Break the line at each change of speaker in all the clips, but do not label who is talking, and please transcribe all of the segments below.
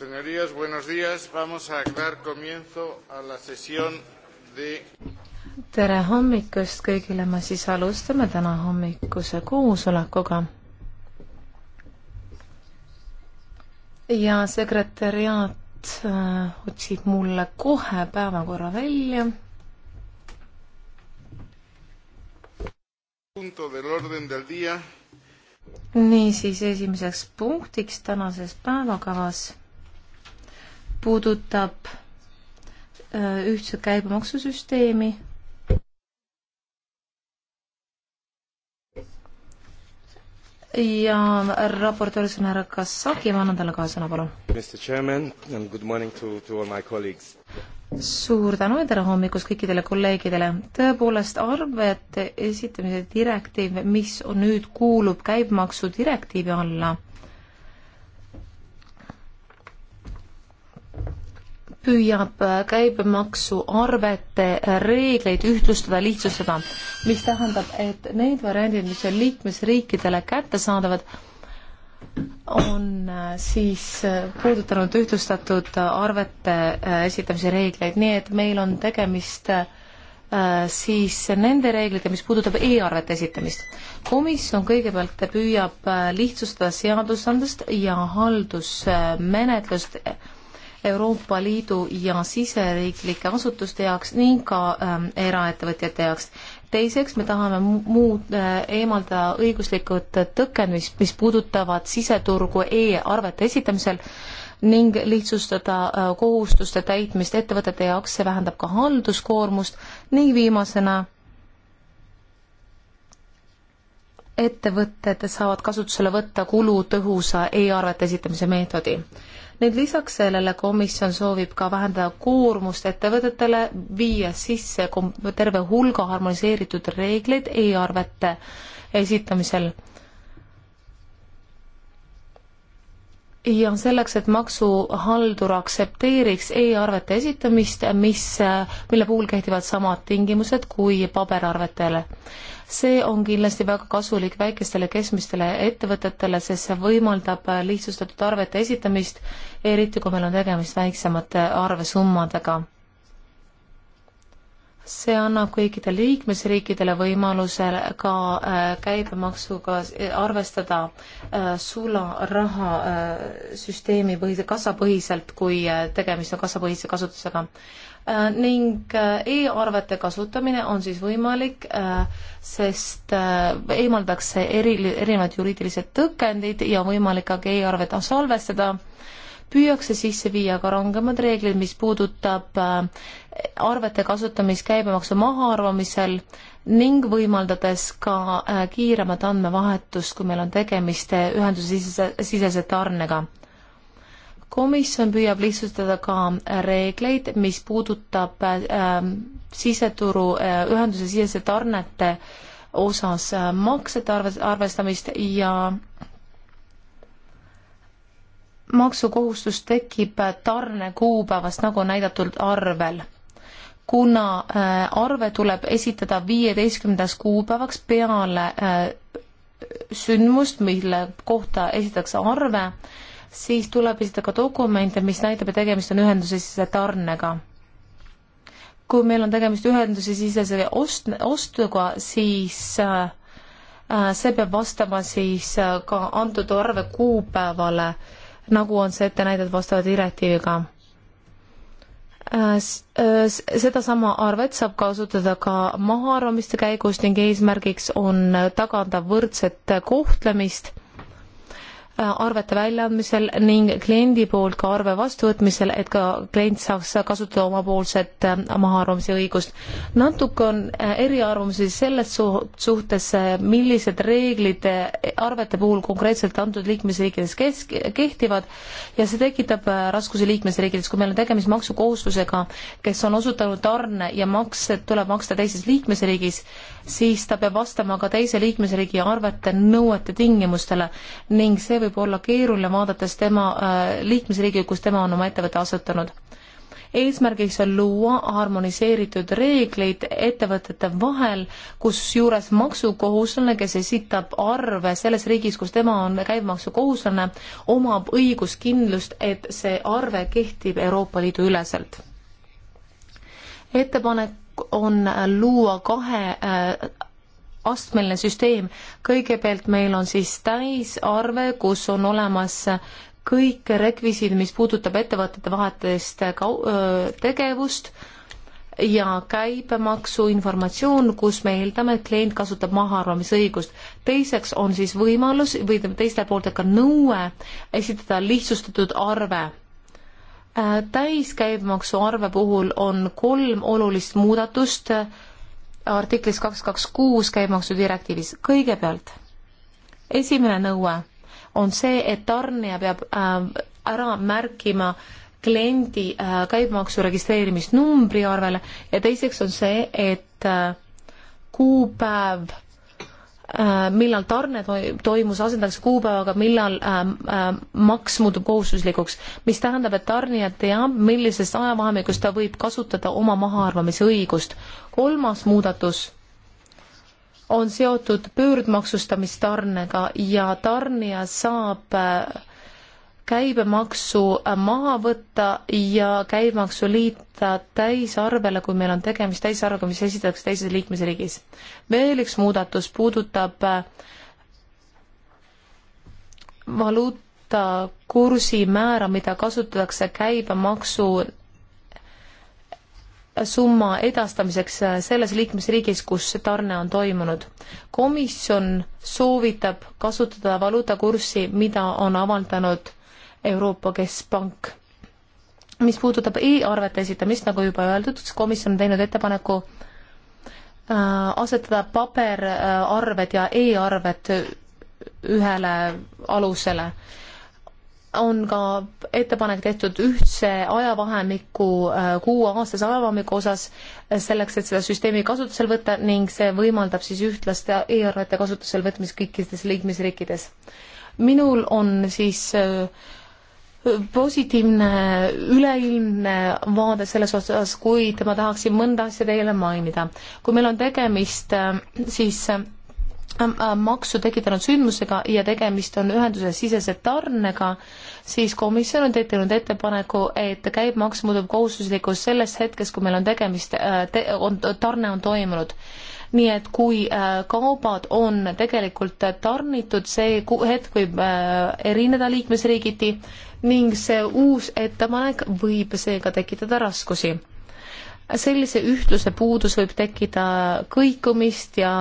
Señorías, buenos días. Vamos a dar comienzo a la sesión
de tere hommikust kõigile, me siis alustame täna hommikuse koosolekuga. ja sekretäriaat äh, otsib mulle kohe päevakorra välja. niisiis, esimeseks punktiks tänases päevakavas puudutab äh, ühtset käibemaksusüsteemi. ja raportöör sõna härra Kassaki, ma annan talle ka sõna, palun. suur tänu ja tere hommikust kõikidele kolleegidele. tõepoolest, arvete esitamise direktiiv, mis nüüd kuulub käibemaksudirektiivi alla püüab äh, käibemaksuarvete äh, reegleid ühtlustada, lihtsustada, mis tähendab, et need variandid, mis on liikmesriikidele kättesaadavad, on äh, siis puudutanud ühtlustatud arvete esitamise reegleid, nii et meil on tegemist siis nende reeglitega, mis puudutab e-arvete esitamist. komisjon kõigepealt püüab lihtsustada seadusandlust ja haldusmenetlust Euroopa Liidu ja siseriiklike asutuste jaoks ning ka ähm, eraettevõtjate jaoks. teiseks, me tahame muud äh, eemaldada õiguslikud tõkked, mis, mis puudutavad siseturgu e-arvete esitamisel ning lihtsustada äh, kohustuste täitmist ettevõtete jaoks, see vähendab ka halduskoormust ning viimasena ettevõtted saavad kasutusele võtta kulutõhusa e-arvete esitamise meetodi nüüd lisaks sellele komisjon soovib ka vähendada koormust ettevõtetele, viia sisse terve hulga harmoniseeritud reegleid e-arvete esitamisel. ja selleks, et maksuhaldur aktsepteeriks e-arvete esitamist, mis, mille puhul kehtivad samad tingimused kui paberarvetele see on kindlasti väga kasulik väikestele keskmistele ettevõtetele, sest see võimaldab lihtsustatud arvete esitamist, eriti kui meil on tegemist väiksemate arvesummadega. see annab kõikidele liikmesriikidele võimaluse ka äh, käibemaksuga arvestada äh, sularaha äh, süsteemi põhise, kassapõhiselt, kui tegemist on kassapõhise kasutusega Äh, ning äh, e-arvete kasutamine on siis võimalik, äh, sest eemaldatakse eri, erinevad juriidilised tõkendid ja on võimalik ka e-arvet salvestada. püüakse sisse viia ka rangemad reeglid, mis puudutab arvete kasutamist käibemaksu mahaarvamisel ning võimaldades ka kiiremat andmevahetust, kui meil on tegemist ühenduse sisese, sisese tarnega komisjon püüab lihtsustada ka äh, reegleid, mis puudutab äh, siseturu äh,, ühenduse sisese tarnete osas äh, maksete arves, arvestamist ja maksukohustus tekib äh, tarnekuupäevast, nagu näidatud arvel. kuna äh, arve tuleb esitada viieteistkümnendaks kuupäevaks peale sündmust, mille kohta esitatakse arve, siis tuleb esitada ka dokumente, mis näitab, et tegemist on ühendusesisese tarnega. kui meil on tegemist ühendusesisese ost, ostuga, siis äh, äh, see peab vastama siis äh, ka antud arve kuupäevale, nagu on see ette näidatud vastava direktiiviga äh,. äh sedasama arvet saab kasutada ka mahaarvamiste käigus ning eesmärgiks on tagada võrdset kohtlemist arvete väljandmisel ning kliendi poolt ka arve vastuvõtmisel, et ka klient saaks kasutada omapoolset äh, mahaarvamise õigust. natuke on äh, eriarvamusi selles suhtes, äh, millised reeglid arvete puhul konkreetselt antud liikmesriikides kesk-, kehtivad ja see tekitab raskusi liikmesriikides, kui meil on tegemist maksukohustusega, kes on osutanud tarne ja maksed tuleb maksta teises liikmesriigis siis ta peab vastama ka teise liikmesriigi arvete nõuete tingimustele ning see võib olla keeruline, vaadates tema äh, liikmesriigi, kus tema on oma ettevõtte asutanud. eesmärgiks on luua harmoniseeritud reegleid ettevõtete vahel, kusjuures maksukohuslane, kes esitab arve selles riigis, kus tema on käibemaksukohuslane, omab õiguskindlust, et see arve kehtib Euroopa Liidu üleselt ettepanek on luua kahe äh, astmeline süsteem. kõigepealt meil on siis täisarve, kus on olemas kõik rekvisiid, mis puudutab ettevõtete vahetist äh, tegevust ja käibemaksu informatsioon, kus me eeldame, et klient kasutab mahaarvamisõigust. teiseks on siis võimalus või teistel pooltel ka nõue esitada lihtsustatud arve Äh, täiskäibemaksuarve puhul on kolm olulist muudatust äh, artiklis kaks kaks kuus käibemaksudirektiivis. kõigepealt esimene nõue on see, et tarnija peab äh, ära märkima kliendi käibemaksu registreerimisnumbri arvele ja teiseks on see, et kuupäev Äh, millal tarne toimus, asendatakse kuupäevaga, millal äh, äh, maks muutub kohustuslikuks, mis tähendab, et tarnija teab, millises ajavahemikus ta võib kasutada oma mahaarvamise õigust. kolmas muudatus on seotud pöördmaksustamistarnega ja tarnija saab äh, käibemaksu äh, maha võtta ja käibemaksu liita täisarvele, kui meil on tegemist täisarvega, mis esitatakse teises liikmesriigis. veel üks muudatus puudutab äh, valuutakursi määra, mida kasutatakse käibemaksu äh, summa edastamiseks selles liikmesriigis, kus tarne on toimunud. komisjon soovitab kasutada valuutakurssi, mida on avaldanud Euroopa Keskpank. mis puudutab e-arvete esitamist, nagu juba öeldud, siis komisjon on teinud ettepaneku äh, asetada paberarved äh, ja e-arved ühele alusele. on ka ettepanek tehtud ühtse ajavahemiku, äh, kuueaastase ajavahemiku osas, selleks, et seda süsteemi kasutusele võtta ning see võimaldab siis ühtlast e-arvete kasutusele võtmist kõikides liikmesriikides. minul on siis äh, positiivne üleilmne vaade selles osas, kuid ma tahaksin mõnda asja teile mainida. kui meil on tegemist äh, siis äh, äh, maksu tekitanud sündmusega ja tegemist on ühenduse sisese tarnega, siis komisjon on tekitanud ettepaneku, et käibemaks muutub kohustuslikuks sellest hetkest, kui meil on tegemist te, on, tarne on toimunud nii et kui äh, kaubad on tegelikult tarnitud, see hetk võib äh, erineda liikmesriigiti ning see uus ettepanek võib seega tekitada raskusi. sellise ühtluse puudus võib tekkida kõikumist ja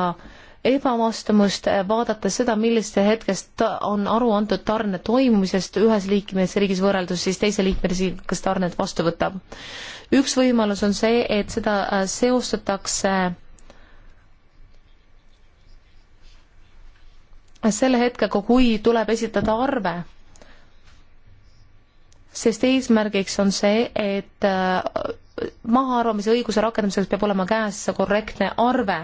ebavastumust, äh, vaadates seda, millistest hetkest on aru antud tarne toimumisest ühes liikmesriigis võrreldes siis teise liikmesriigiga, kes tarnet vastu võtab. üks võimalus on see, et seda seostatakse selle hetkega, kui tuleb esitada arve, sest eesmärgiks on see, et äh, mahaarvamise õiguse rakendamiseks peab olema käes korrektne arve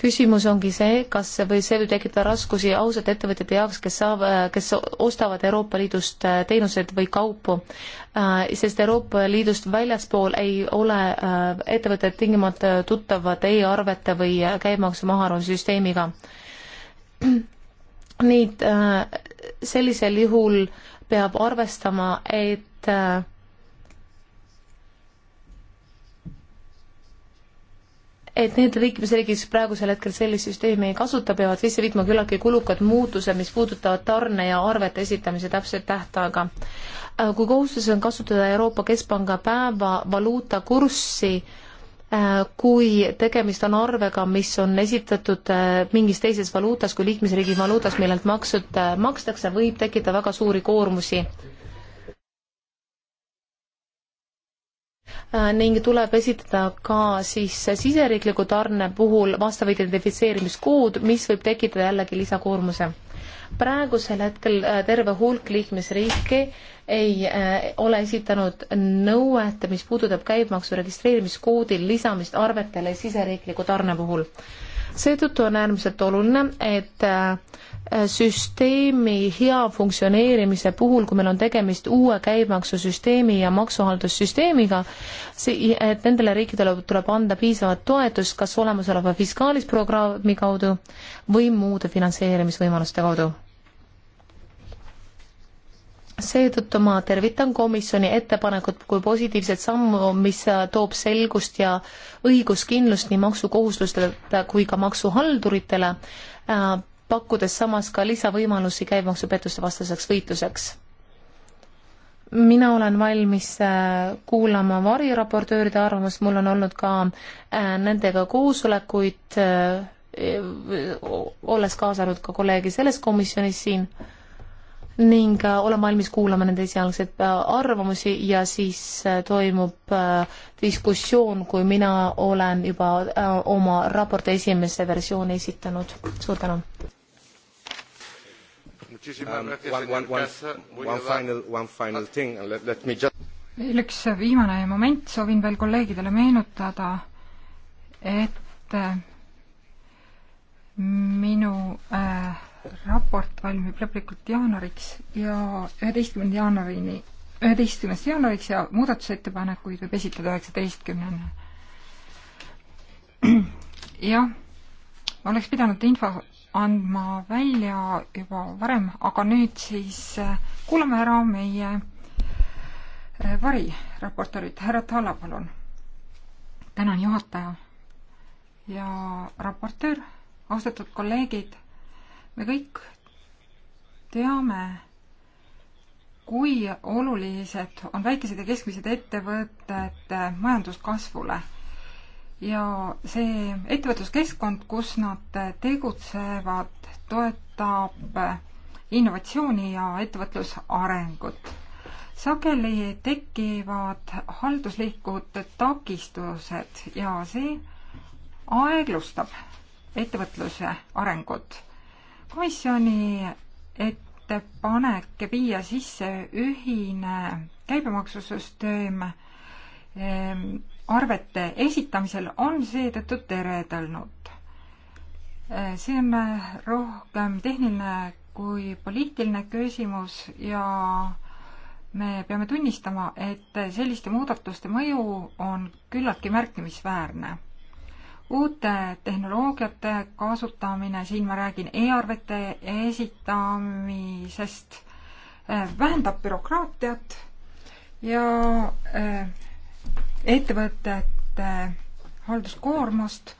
küsimus ongi see, kas või see võib tekitada raskusi ausate ettevõtjate jaoks, kes saab, kes ostavad Euroopa Liidust äh, teenuseid või kaupu, äh, sest Euroopa Liidust väljaspool ei ole äh, ettevõtted tingimata tuttavad e-arvete või käibemaksu mahaarvamissüsteemiga. nii et sellisel juhul peab arvestama, et et need liikmesriigid, kes praegusel hetkel sellist süsteemi ei kasuta, peavad sisse viitma küllaltki kulukad muutused, mis puudutavad tarne ja arvete esitamise täpset tähtaega. Äh, kui kohustus on kasutada Euroopa Keskpanga päeva valuutakurssi, äh, kui tegemist on arvega, mis on esitatud äh, mingis teises valuutas kui liikmesriigi valuutas, millelt maksud makstakse, võib tekkida väga suuri koormusi Äh, ning tuleb esitada ka siis siseriikliku tarne puhul vastav identifitseerimiskood, mis võib tekitada jällegi lisakoormuse. praegusel hetkel äh, terve hulk liikmesriike ei äh, ole esitanud nõuet, mis puudutab käibemaksu registreerimiskoodi lisamist arvetele siseriikliku tarne puhul. seetõttu on äärmiselt oluline, et äh, süsteemi hea funktsioneerimise puhul, kui meil on tegemist uue käibemaksusüsteemi ja maksuhaldussüsteemiga, et nendele riikidele tuleb anda piisavat toetust kas olemasoleva fiskaalisprogrammi kaudu või muude finantseerimisvõimaluste kaudu seetõttu ma tervitan komisjoni ettepanekut kui positiivset sammu, mis toob selgust ja õiguskindlust nii maksukohuslustele kui ka maksuhalduritele äh, pakkudes samas ka lisavõimalusi käibemaksupettuste vastaseks võitluseks. mina olen valmis äh, kuulama variraportööride arvamust, mul on olnud ka äh, nendega koosolekuid, äh, olles kaasanud ka kolleegi selles komisjonis siin, ning olen valmis kuulama nende esialgseid arvamusi ja siis toimub diskussioon, kui mina olen juba oma raporti esimese versiooni esitanud. suur tänu!
Um, one, one, one, one final, one final thing, let, let me just
veel üks viimane moment, soovin veel kolleegidele meenutada, et äh, minu äh, raport valmib lõplikult jaanuariks ja üheteistkümnenda jaanuarini, üheteistkümnest jaanuariks ja muudatusettepanekuid võib esitada üheksateistkümnena. jah, ma oleks pidanud info andma välja juba varem, aga nüüd siis äh, kuulame ära meie äh, variraportorid. härra Tala, palun. tänan, juhataja ja raportöör, austatud kolleegid. me kõik teame, kui olulised on väikesed ja keskmised ettevõtted majanduskasvule ja see ettevõtluskeskkond, kus nad tegutsevad, toetab innovatsiooni ja ettevõtlusarengut. sageli tekivad halduslikud takistused ja see aeglustab ettevõtluse arengut. komisjoni ettepanek viia sisse ühine käibemaksusüsteem ehm, arvete esitamisel on seetõttu teretulnud. see on rohkem tehniline kui poliitiline küsimus ja me peame tunnistama, et selliste muudatuste mõju on küllaltki märkimisväärne. uute tehnoloogiate kasutamine, siin ma räägin e-arvete esitamisest, vähendab bürokraatiat ja äh, ettevõtete eh, halduskoormust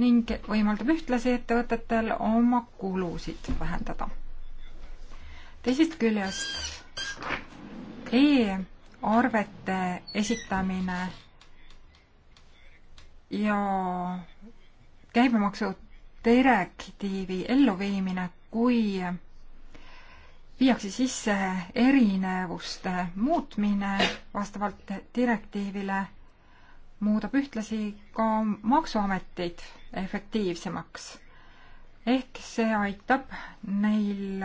ning võimaldab ühtlasi ettevõtetel oma kulusid vähendada. teisest küljest e-arvete esitamine ja käibemaksu direktiivi elluviimine, kui viiakse sisse erinevuste muutmine vastavalt direktiivile muudab ühtlasi ka Maksuametit efektiivsemaks. ehk see aitab neil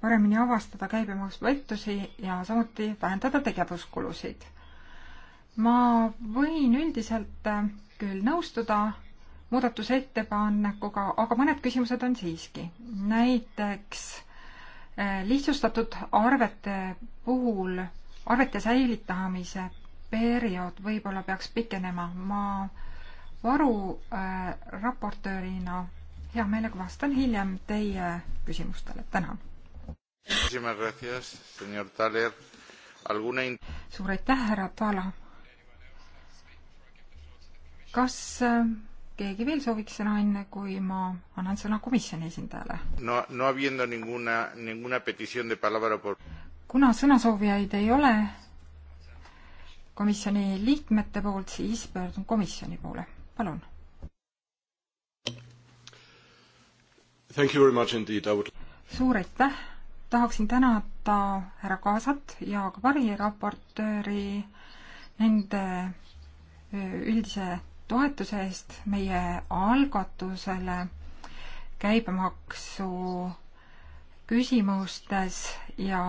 paremini avastada käibemaksupettusi ja samuti vähendada tegevuskulusid. ma võin üldiselt äh, küll nõustuda muudatusettepanekuga, aga mõned küsimused on siiski. näiteks äh, lihtsustatud arvete puhul arvete säilitamise periood võib-olla peaks pikenema. ma varu äh, raportöörina hea meelega vastan hiljem teie küsimustele. tänan. suur aitäh, härra Tala. kas äh, keegi veel sooviks sõna, enne kui ma annan sõna komisjoni esindajale?
no, no habiendo ninguna, ninguna petición de palabra por
kuna sõnasoovijaid ei ole, komisjoni liikmete poolt, siis pöördun komisjoni poole, palun.
Would...
suur aitäh, tahaksin tänada härra Kaasat ja ka variraportööri nende üldise toetuse eest meie algatusele käibemaksu küsimustes ja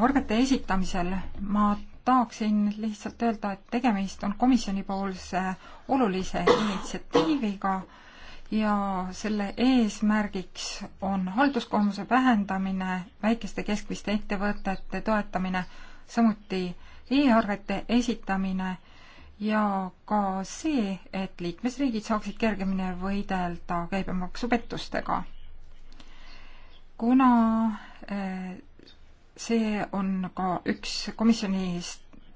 arvete esitamisel. ma tahaksin lihtsalt öelda, et tegemist on komisjonipoolse olulise initsiatiiviga ja selle eesmärgiks on halduskoormuse vähendamine, väikeste keskmiste ettevõtete toetamine, samuti e-arvete esitamine ja ka see, et liikmesriigid saaksid kergemini võidelda käibemaksupettustega. kuna eh, see on ka üks komisjoni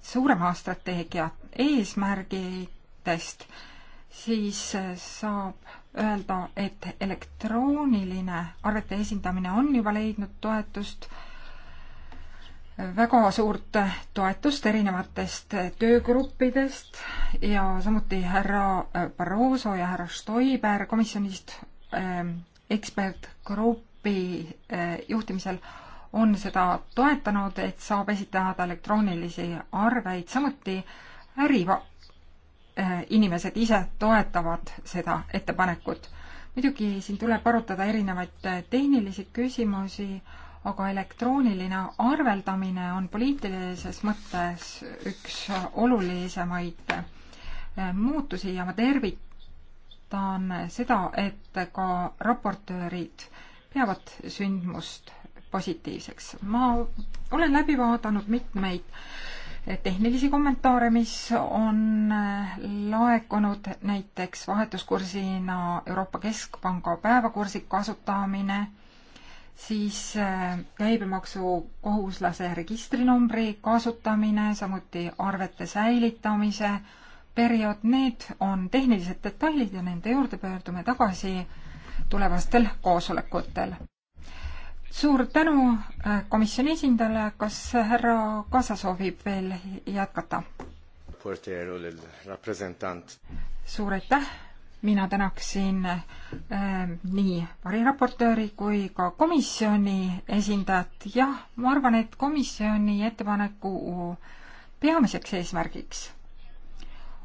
suurema strateegia eesmärgidest, siis saab öelda, et elektrooniline arvete esindamine on juba leidnud toetust, väga suurt toetust erinevatest töögruppidest ja samuti härra Barroso ja härra Stoiber komisjonist ähm, ekspertgrupi äh, juhtimisel on seda toetanud, et saab esitada elektroonilisi arveid, samuti äriva-, äh, inimesed ise toetavad seda ettepanekut. muidugi siin tuleb arutada erinevaid tehnilisi küsimusi, aga elektrooniline arveldamine on poliitilises mõttes üks olulisemaid äh, muutusi ja ma tervitan seda, et ka raportöörid peavad sündmust positiivseks. ma olen läbi vaadanud mitmeid tehnilisi kommentaare, mis on laekunud näiteks vahetuskursina Euroopa Keskpanga päevakursi kasutamine, siis äh, käibemaksukohuslase registrinumbri kasutamine, samuti arvete säilitamise periood, need on tehnilised detailid ja nende juurde pöördume tagasi tulevastel koosolekutel suur tänu äh, komisjoni esindajale, kas härra Kasa soovib veel jätkata? suur aitäh, mina tänaksin äh, nii variraportööri kui ka komisjoni esindajat, jah, ma arvan, et komisjoni ettepaneku peamiseks eesmärgiks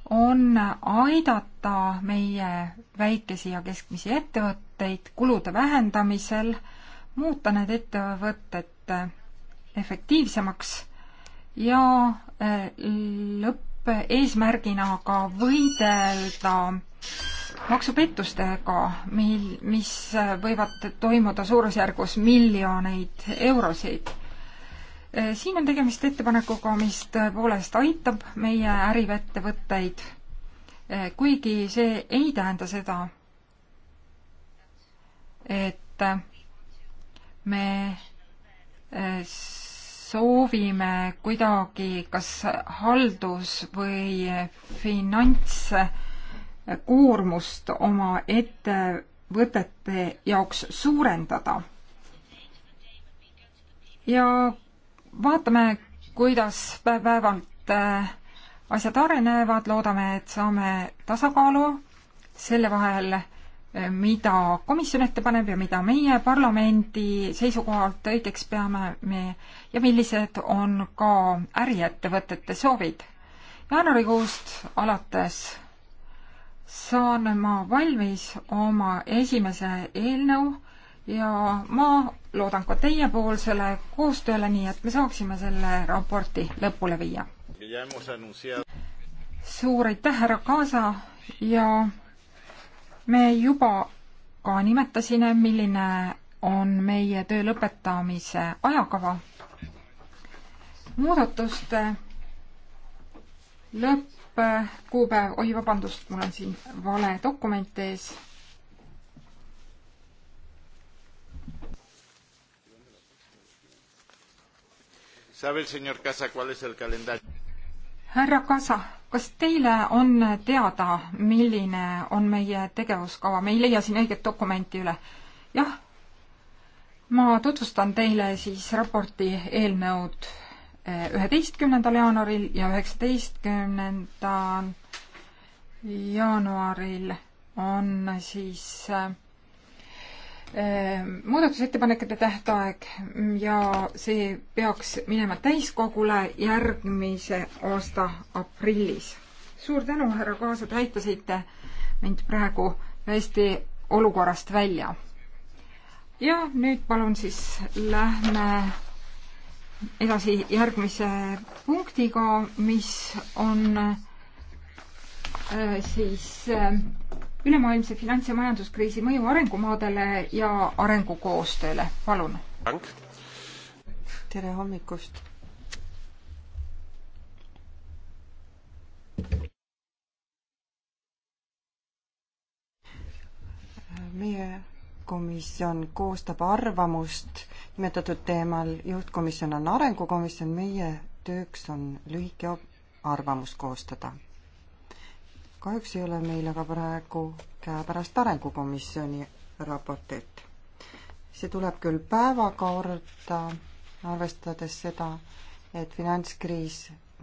on aidata meie väikesi ja keskmisi ettevõtteid kulude vähendamisel äh, muuta need ettevõtted äh, efektiivsemaks ja äh, lõppeesmärgina ka võidelda maksupettustega, mil, mis äh, võivad toimuda suurusjärgus miljoneid eurosid siin on tegemist ettepanekuga, mis tõepoolest aitab meie äriettevõtteid, kuigi see ei tähenda seda, et me äh, soovime kuidagi kas haldus- või finantskoormust oma ettevõtete jaoks suurendada. ja vaatame, kuidas päev-päevalt äh, asjad arenevad, loodame, et saame tasakaalu selle vahel, mida komisjon ette paneb ja mida meie parlamendi seisukohalt õigeks peame me ja millised on ka äriettevõtete soovid. jaanuarikuust alates saan ma valmis oma esimese eelnõu ja ma loodan ka teiepoolsele koostööle, nii et me saaksime selle raporti lõpule viia. suur aitäh, härra Kaasa ja me juba ka nimetasime, milline on meie töö lõpetamise ajakava. muudatuste lõppkuupäev, oi vabandust, mul on siin vale dokument ees sabe el señor Casa cuál es el calendario? Härra Casa, kas teile on teada, milline on meie tegevuskava, me ei leia siin õiget dokumenti üle. jah, ma tutvustan teile siis raporti eelnõud eh, üheteistkümnendal jaanuaril ja üheksateistkümnendal jaanuaril on siis äh, Ehm, muudatusettepanekute tähtaeg ja see peaks minema täiskogule järgmise aasta aprillis. suur tänu, härra Kaasa, te aitasite mind praegu täiesti olukorrast välja. ja nüüd palun siis lähme edasi järgmise punktiga, mis on äh, siis äh, ülemaailmse finants- ja majanduskriisi mõju arengumaadele ja arengukoostööle. palun. tere hommikust.
meie komisjon koostab arvamust nimetatud teemal, juhtkomisjon on arengukomisjon, meie tööks on lühike arvamus koostada kahjuks ei ole meil aga praegu käepärast Arengukomisjoni raportit. see tuleb küll päevakorda, arvestades seda, et finantskriis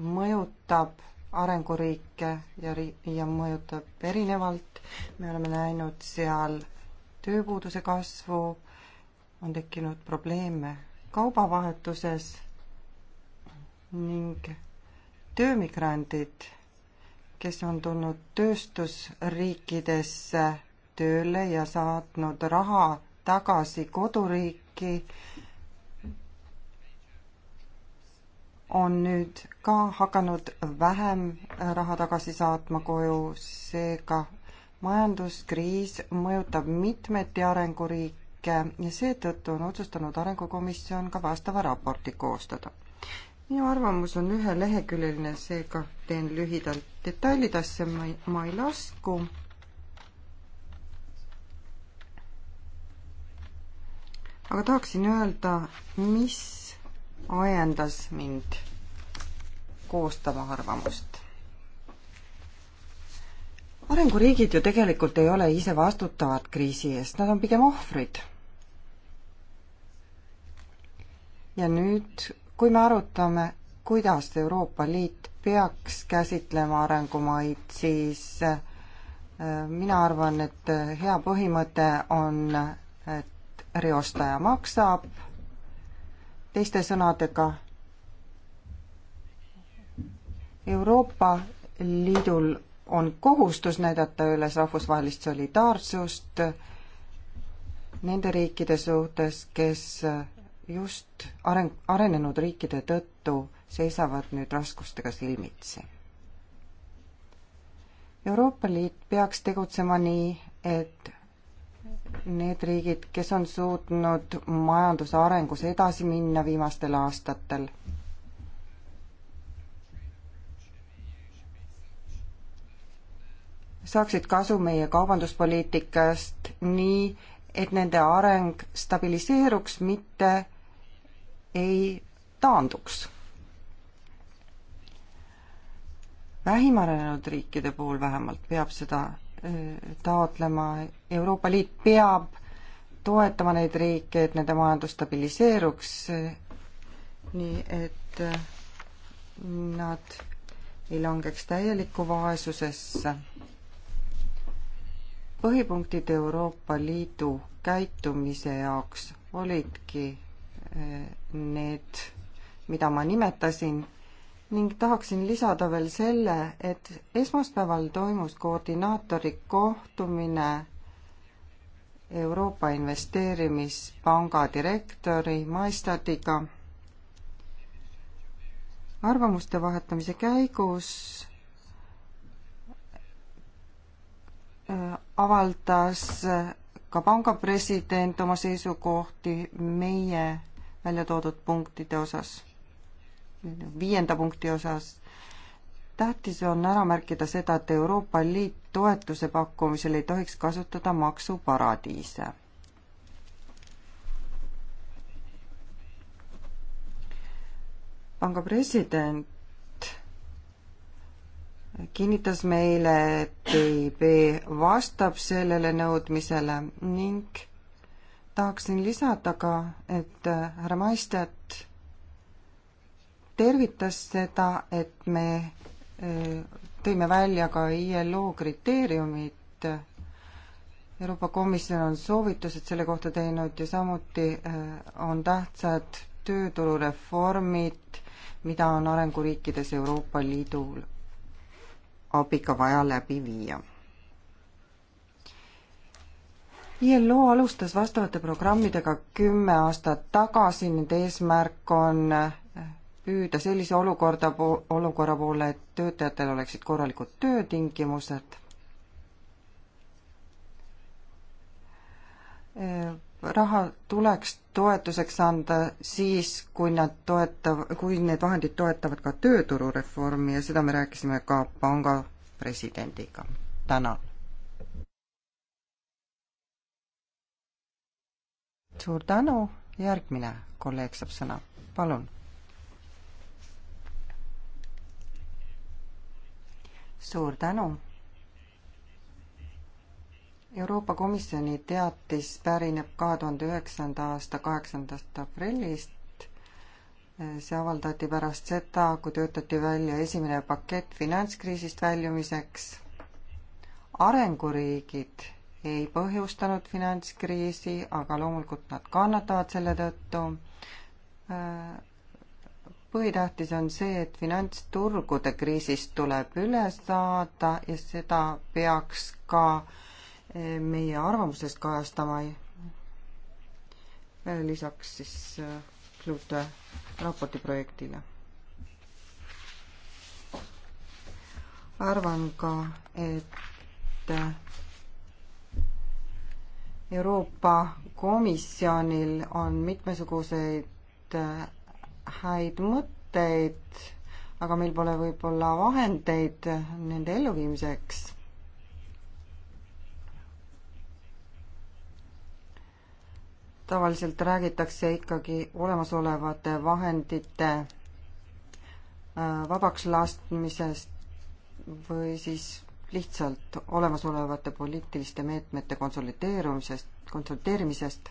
mõjutab arenguriike ja ri-, ja mõjutab erinevalt, me oleme näinud seal tööpuuduse kasvu, on tekkinud probleeme kaubavahetuses ning töömigrandid kes on tulnud tööstusriikidesse tööle ja saatnud raha tagasi koduriiki, on nüüd ka hakanud vähem raha tagasi saatma koju, seega majanduskriis mõjutab mitmeti arenguriike ja seetõttu on otsustanud Arengukomisjon ka vastava raporti koostada minu arvamus on üheleheküljeline, seega teen lühidalt. detailidesse ma ei, ma ei lasku. aga tahaksin öelda, mis ajendas mind koostama arvamust arenguriigid ju tegelikult ei ole ise vastutavad kriisi eest, nad on pigem ohvrid. ja nüüd kui me arutame, kuidas Euroopa Liit peaks käsitlema arengumaid, siis äh, mina arvan, et hea põhimõte on, et reostaja maksab, teiste sõnadega Euroopa Liidul on kohustus näidata üles rahvusvahelist solidaarsust nende riikide suhtes, kes just areng, arenenud riikide tõttu seisavad nüüd raskustega silmitsi. Euroopa Liit peaks tegutsema nii, et need riigid, kes on suutnud majanduse arengus edasi minna viimastel aastatel, saaksid kasu meie kaubanduspoliitikast nii, et nende areng stabiliseeruks, mitte ei taanduks. vähim arenenud riikide puhul vähemalt peab seda äh, taotlema, Euroopa Liit peab toetama neid riike, et nende majandus stabiliseeruks, äh, nii et äh, nad ei langeks täielikku vaesusesse. põhipunktid Euroopa Liidu käitumise jaoks olidki need, mida ma nimetasin, ning tahaksin lisada veel selle, et esmaspäeval toimus koordinaatori kohtumine Euroopa Investeerimispanga direktori Maistadiga. arvamuste vahetamise käigus äh, avaldas ka panga president oma seisukohti meie välja toodud punktide osas, viienda punkti osas. tähtis on ära märkida seda, et Euroopa Liit toetuse pakkumisel ei tohiks kasutada maksuparadiise. panga president kinnitas meile, et EIB vastab sellele nõudmisele ning tahaksin lisada ka, et äh, härra Maistet tervitas seda, et me äh, tõime välja ka ILO kriteeriumid. Euroopa Komisjon on soovitused selle kohta teinud ja samuti äh, on tähtsad tööturureformid, mida on arenguriikides Euroopa Liidul abiga vaja läbi viia ILO alustas vastavate programmidega kümme aastat tagasi, nende eesmärk on eh, püüda sellise olukorda, olukorra poole, et töötajatel oleksid korralikud töötingimused. Eh, raha tuleks toetuseks anda siis, kui nad toetav, kui need vahendid toetavad ka tööturureformi ja seda me rääkisime ka panga presidendiga. tänan. suur tänu, järgmine kolleeg saab sõna, palun. suur tänu. Euroopa Komisjoni teatis pärineb kahe tuhande üheksanda aasta kaheksandast aprillist see avaldati pärast seda, kui töötati välja esimene pakett finantskriisist väljumiseks. arenguriigid ei põhjustanud finantskriisi, aga loomulikult nad kannatavad selle tõttu. põhitähtis on see, et finantsturgude kriisist tuleb üle saada ja seda peaks ka eh, meie arvamuses kajastama. lisaks siis eh, Klute raporti projektile. arvan ka, et eh, Euroopa Komisjonil on mitmesuguseid äh, häid mõtteid, aga meil pole võib-olla vahendeid nende elluviimiseks. tavaliselt räägitakse ikkagi olemasolevate vahendite äh, vabaks laskmisest või siis lihtsalt olemasolevate poliitiliste meetmete konsolideerumisest, konsolideerimisest.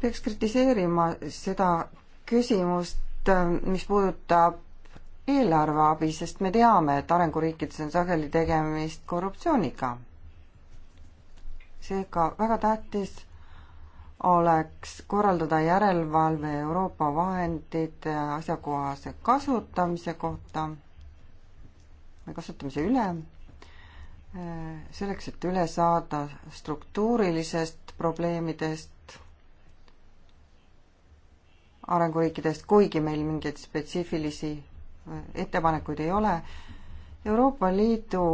peaks kritiseerima seda küsimust, mis puudutab eelarveabi, sest me teame, et arenguriikides on sageli tegemist korruptsiooniga. seega väga tähtis oleks korraldada järelevalve Euroopa vahendite asjakohase kasutamise kohta või kasutamise üle, selleks, et üle saada struktuurilisest probleemidest arenguriikidest, kuigi meil mingeid spetsiifilisi äh, ettepanekuid ei ole. Euroopa Liidu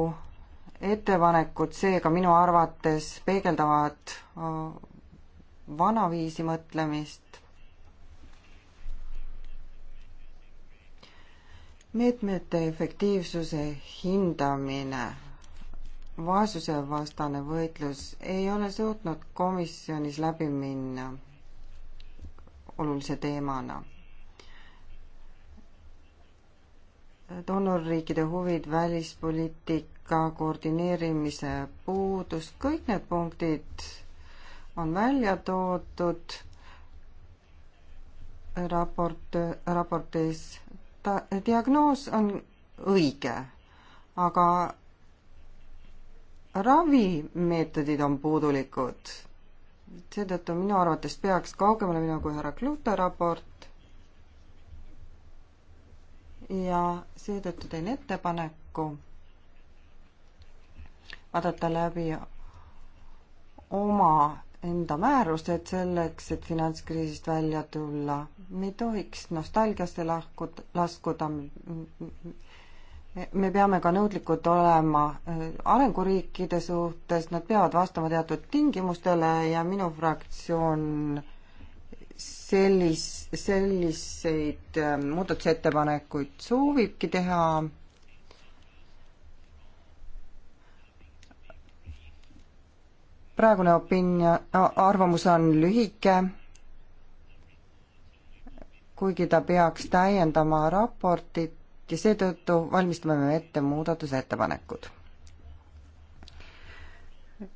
ettepanekud seega minu arvates peegeldavad äh, vanaviisi mõtlemist. meetmete efektiivsuse hindamine, vaesusevastane võitlus ei ole suutnud komisjonis läbi minna olulise teemana. donorriikide huvid, välispoliitika koordineerimise puudus, kõik need punktid on välja toodud raport, raportis, ta, diagnoos on õige, aga ravimeetodid on puudulikud. seetõttu minu arvates peaks kaugemale minema kui härra Klute raport. ja seetõttu teen ettepaneku vaadata läbi oma enda määrust, et selleks, et finantskriisist välja tulla, me ei tohiks nostalgiasse lahkud, laskuda. me peame ka nõudlikud olema äh, arenguriikide suhtes, nad peavad vastama teatud tingimustele ja minu fraktsioon sellis, selliseid äh, muudatusettepanekuid soovibki teha praegune opinio-, arvamus on lühike, kuigi ta peaks täiendama raportit ja seetõttu valmistame me ette muudatusettepanekud.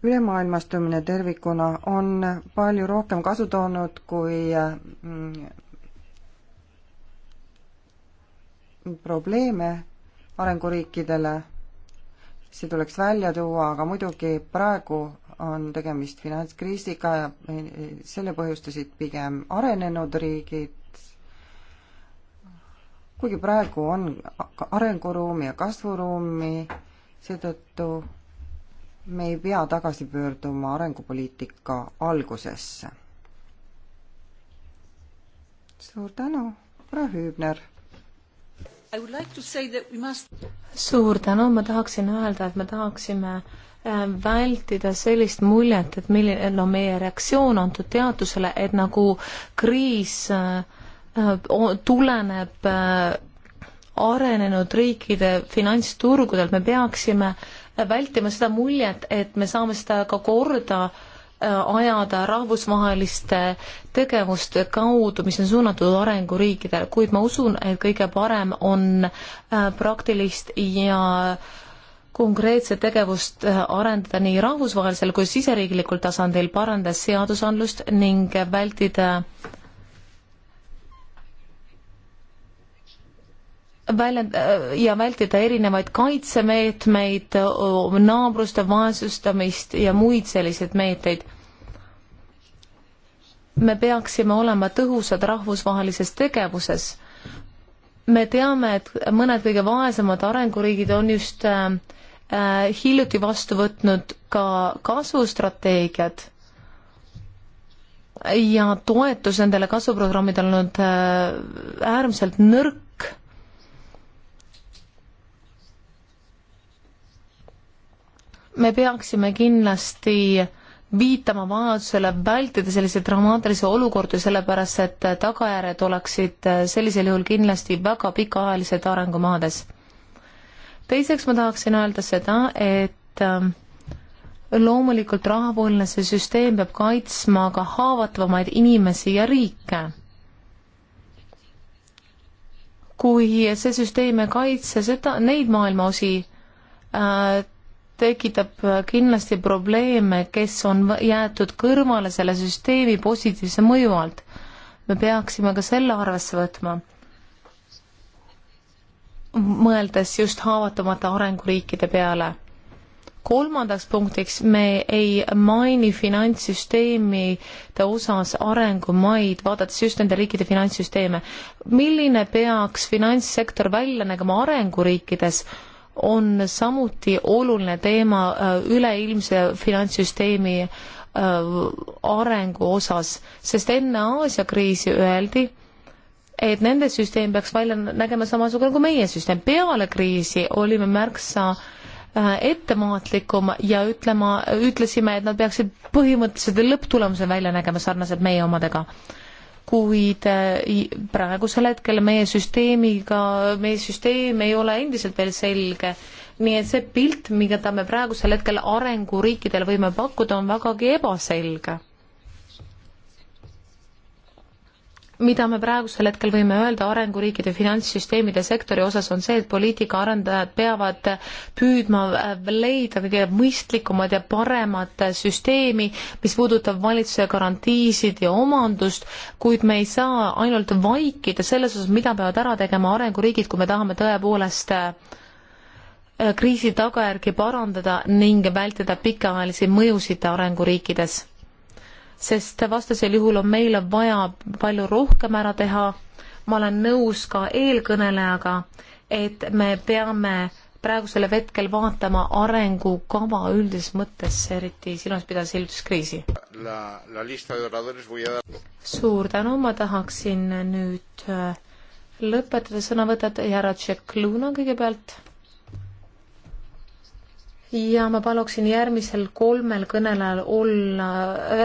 ülemaailmastumine tervikuna on palju rohkem kasu toonud kui mm, probleeme arenguriikidele, see tuleks välja tuua, aga muidugi praegu on tegemist finantskriisiga ja selle põhjustasid pigem arenenud riigid, kuigi praegu on arenguruumi ja kasvuruumi, seetõttu me ei pea tagasi pöörduma arengupoliitika algusesse.
suur tänu, härra Hüübner!
Like
must... suur tänu, ma tahaksin öelda, et me tahaksime äh, Äh, vältida sellist muljet, et milline, no meie reaktsioon antud teadusele, et nagu kriis äh, äh, tuleneb arenenud riikide finantsturgudelt, me peaksime vältima seda muljet, et me saame seda ka korda ajada rahvusvaheliste tegevuste kaudu, mis on suunatud arenguriikidele, kuid ma usun, et kõige parem on praktilist ja äh, konkreetset tegevust äh, arendada nii rahvusvahelisel kui siseriiklikul tasandil, parandades seadusandlust ning vältida väljend- äh, ja vältida erinevaid kaitsemeetmeid, äh, naabruste vaesustamist ja muid selliseid meetmeid. me peaksime olema tõhusad rahvusvahelises tegevuses. me teame, et mõned kõige vaesemad arenguriigid on just äh, Äh, hiljuti vastu võtnud ka kasvustrateegiad ja toetus nendele kasvuprogrammidele on olnud äh, äärmiselt nõrk. me peaksime kindlasti viitama vajadusele vältida selliseid dramaatilisi olukordi, sellepärast et tagajärjed oleksid äh, sellisel juhul kindlasti väga pikaajalised arengumaades teiseks ma tahaksin öelda seda, et ähm, loomulikult rahvapoolne see süsteem peab kaitsma ka haavatavamaid inimesi ja riike. kui see süsteem ei kaitse seda, neid maailmaosi äh,, tekitab kindlasti probleeme, kes on jäetud kõrvale selle süsteemi positiivse mõju alt. me peaksime ka selle arvesse võtma mõeldes just haavatavate arenguriikide peale. kolmandaks punktiks me ei maini finantssüsteemide osas arengumaid, vaadates just nende riikide finantssüsteeme. milline peaks finantssektor välja nägema arenguriikides, on samuti oluline teema äh, üleilmse finantssüsteemi äh, arengu osas, sest enne Aasia kriisi öeldi, et nende süsteem peaks välja nägema samasugune kui meie süsteem. peale kriisi olime märksa äh, ettevaatlikum ja ütlema, ütlesime, et nad peaksid põhimõtteliselt lõpptulemuse välja nägema sarnaselt meie omadega. kuid äh, praegusel hetkel meie süsteemiga, meie süsteem ei ole endiselt veel selge nii et see pilt, mida me praegusel hetkel arenguriikidele võime pakkuda, on vägagi ebaselge. mida me praegusel hetkel võime öelda arenguriikide finantssüsteemide sektori osas, on see, et poliitikaarendajad peavad püüdma leida kõige mõistlikumad ja paremad süsteemi, mis puudutab valitsuse garantiisid ja omandust, kuid me ei saa ainult vaikida selles osas, mida peavad ära tegema arenguriigid, kui me tahame tõepoolest äh, kriisi tagajärgi parandada ning vältida pikaajalisi mõjusid arenguriikides sest vastasel juhul on meile vaja palju rohkem ära teha. ma olen nõus ka eelkõnelejaga, et me peame praegusel hetkel vaatama arengukava üldises mõttes, eriti silmas pidades hiljutuskriisi. suur tänu, ma tahaksin nüüd äh, lõpetada sõnavõtet härra Tšekluna kõigepealt ja ma paluksin järgmisel kolmel kõnelejal olla,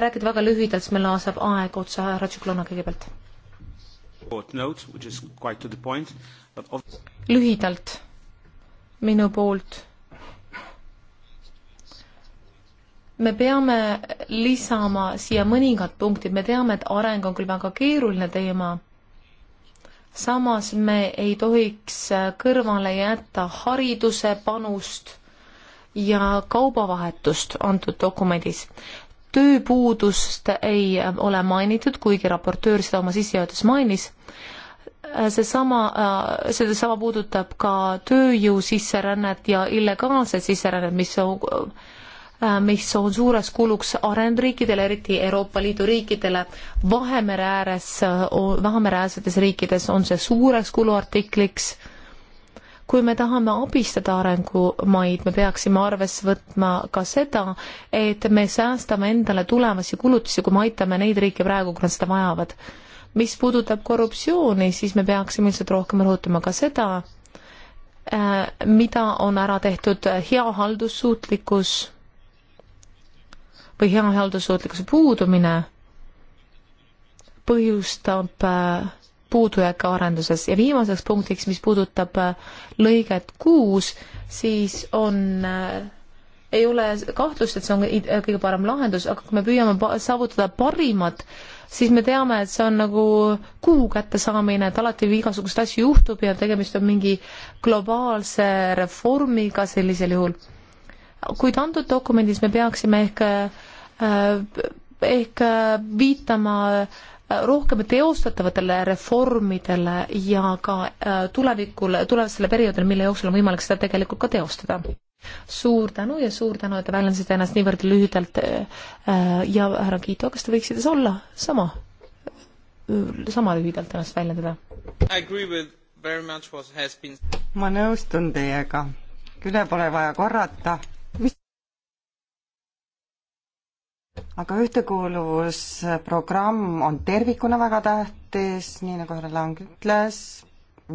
rääkida väga lühidalt, sest meil naaseb aeg otsa, härra Tšiklona kõigepealt. lühidalt minu poolt. me peame lisama siia mõningad punktid, me teame, et areng on küll väga keeruline teema samas me ei tohiks kõrvale jätta hariduse panust ja kaubavahetust antud dokumendis. tööpuudust ei ole mainitud, kuigi raportöör seda oma sissejuhatuses mainis, seesama, sedasama puudutab ka tööjõu sisserännet ja illegaalset sisserännet, mis on mis on suureks kuluks arenguriikidele, eriti Euroopa Liidu riikidele. Vahemere ääres, Vahemere äärsetes riikides on see suureks kuluartikliks kui me tahame abistada arengumaid, me peaksime arvesse võtma ka seda, et me säästame endale tulevasi kulutusi, kui me aitame neid riike praegu, kui nad seda vajavad. mis puudutab korruptsiooni, siis me peaksime ilmselt rohkem rõhutama ka seda, äh, mida on ära tehtud hea haldussuutlikkus või hea haldussuutlikkuse puudumine põhjustab äh, puudujääke arenduses ja viimaseks punktiks, mis puudutab äh, lõiget kuus, siis on äh, ei ole kahtlust, et see on kõige parem lahendus, aga kui me püüame saavutada parimat, siis me teame, et see on nagu kuu kättesaamine, et alati igasuguseid asju juhtub ja tegemist on mingi globaalse reformiga sellisel juhul. kuid antud dokumendis me peaksime ehk äh, ehk viitama rohkem teostatavatele reformidele ja ka äh, tulevikul, tulevasele perioodile, mille jooksul on võimalik seda tegelikult ka teostada. suur tänu ja suur tänu, et te väljendasite ennast niivõrd lühidalt äh, äh, ja härra Kiito, kas te võiksite olla sama, sama lühidalt ennast väljendada? ma
nõustun teiega, üle pole vaja korrata aga ühtekuuluvusprogramm on tervikuna väga tähtis, nii nagu härra Lang ütles,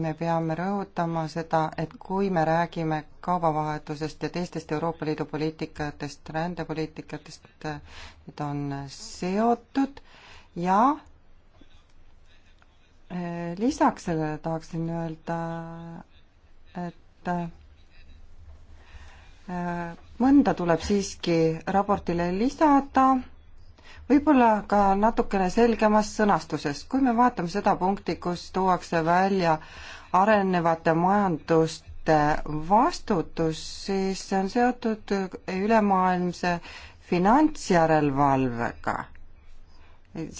me peame rõhutama seda, et kui me räägime kaubavahetusest ja teistest Euroopa Liidu poliitikatest, rändepoliitikatest, need on seotud ja eh, lisaks sellele tahaksin öelda, et Äh, mõnda tuleb siiski raportile lisada, võib-olla ka natukene selgemas sõnastuses. kui me vaatame seda punkti, kus tuuakse välja arenevate majanduste vastutus, siis see on seotud ülemaailmse finantsjärelevalvega.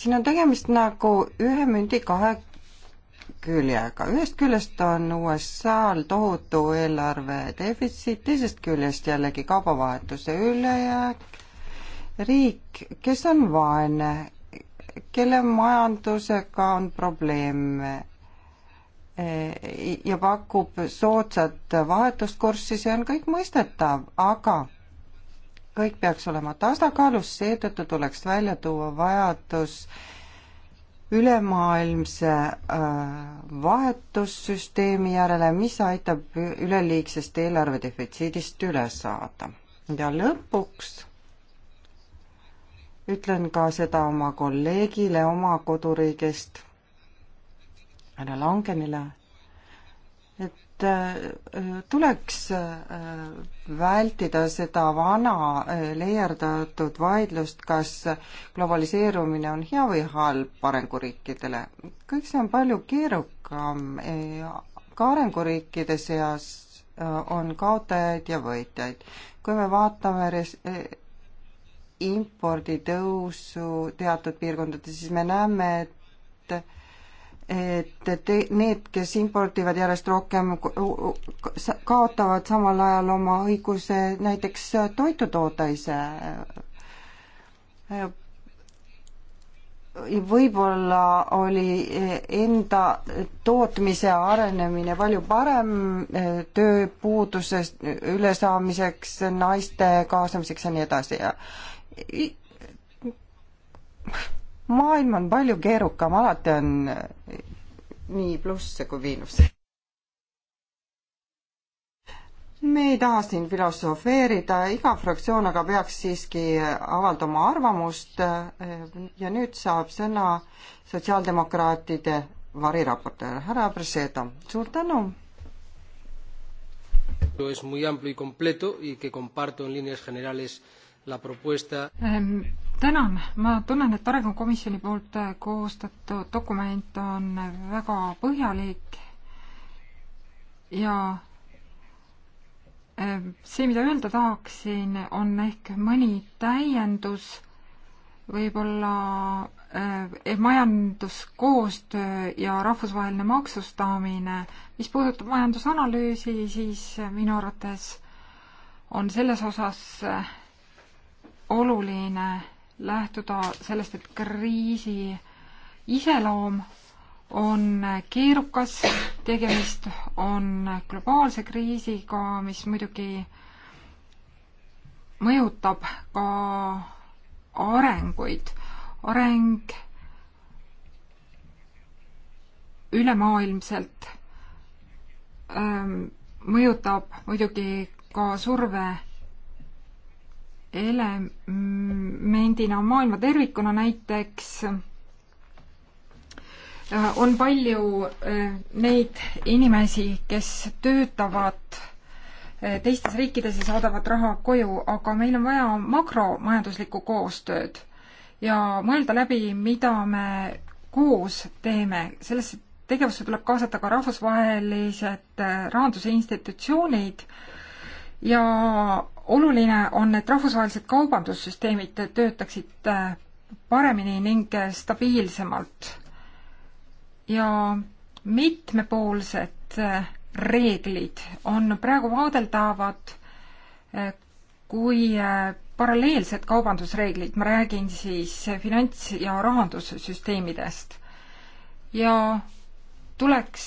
siin on tegemist nagu ühe mündi kahe küljega. ühest küljest on USA-l tohutu eelarve defitsiit, teisest küljest jällegi kaubavahetuse ülejääk. riik, kes on vaene, kelle majandusega on probleeme eh, ja pakub soodsat vahetuskurssi, see on kõik mõistetav, aga kõik peaks olema tasakaalus, seetõttu tuleks välja tuua vajadus äh, ülemaailmse äh, vahetussüsteemi järele, mis aitab üleliigsest eelarvedefitsiidist üle saada. ja lõpuks ütlen ka seda oma kolleegile oma koduriigist, härra Langenile, Äh, tuleks äh, vältida seda vana äh, leierdatud vaidlust, kas globaliseerumine on hea või halb arenguriikidele. kõik see on palju keerukam. ka arenguriikide seas on kaotajaid ja võitjaid. kui me vaatame res-, imporditõusu teatud piirkondades, siis me näeme, et et te, need, kes impordivad järjest rohkem, kaotavad samal ajal oma õiguse näiteks toitu toota ise. võib-olla oli enda tootmise arenemine palju parem tööpuudusest ülesaamiseks, naiste kaasamiseks ja nii edasi ja maailm on palju keerukam, alati on eh, nii plusse kui miinuseid. me ei taha siin filosofeerida, iga fraktsioon aga peaks siiski avaldama arvamust eh, ja nüüd saab sõna sotsiaaldemokraatide variraportöör härra Presedo, suur tänu!
es muy amplio y completo y que comparto en líneas generales la propuesta
ähm tänan, ma tunnen, et Arengukomisjoni poolt äh, koostatud dokument on väga põhjalik ja äh, see, mida öelda tahaksin, on ehk mõni täiendus võib-olla eh, majanduskoostöö ja rahvusvaheline maksustamine. mis puudutab majandusanalüüsi, siis minu arvates on selles osas oluline lähtuda sellest, et kriisi iseloom on keerukas, tegemist on globaalse kriisiga, mis muidugi mõjutab ka arenguid. areng ülemaailmselt ähm, mõjutab muidugi ka surve elemendina maailma tervikuna näiteks äh, on palju äh, neid inimesi, kes töötavad äh, teistes riikides ja saadavad raha koju, aga meil on vaja makromajanduslikku koostööd ja mõelda läbi, mida me koos teeme, sellesse tegevusse tuleb kaasata ka rahvusvahelised rahanduse institutsioonid ja oluline on, et rahvusvahelised kaubandussüsteemid töötaksid äh, paremini ning stabiilsemalt ja mitmepoolsed äh, reeglid on praegu vaadeldavad äh, kui paralleelsed kaubandusreeglid, ma räägin siis finants- ja rahandussüsteemidest. ja tuleks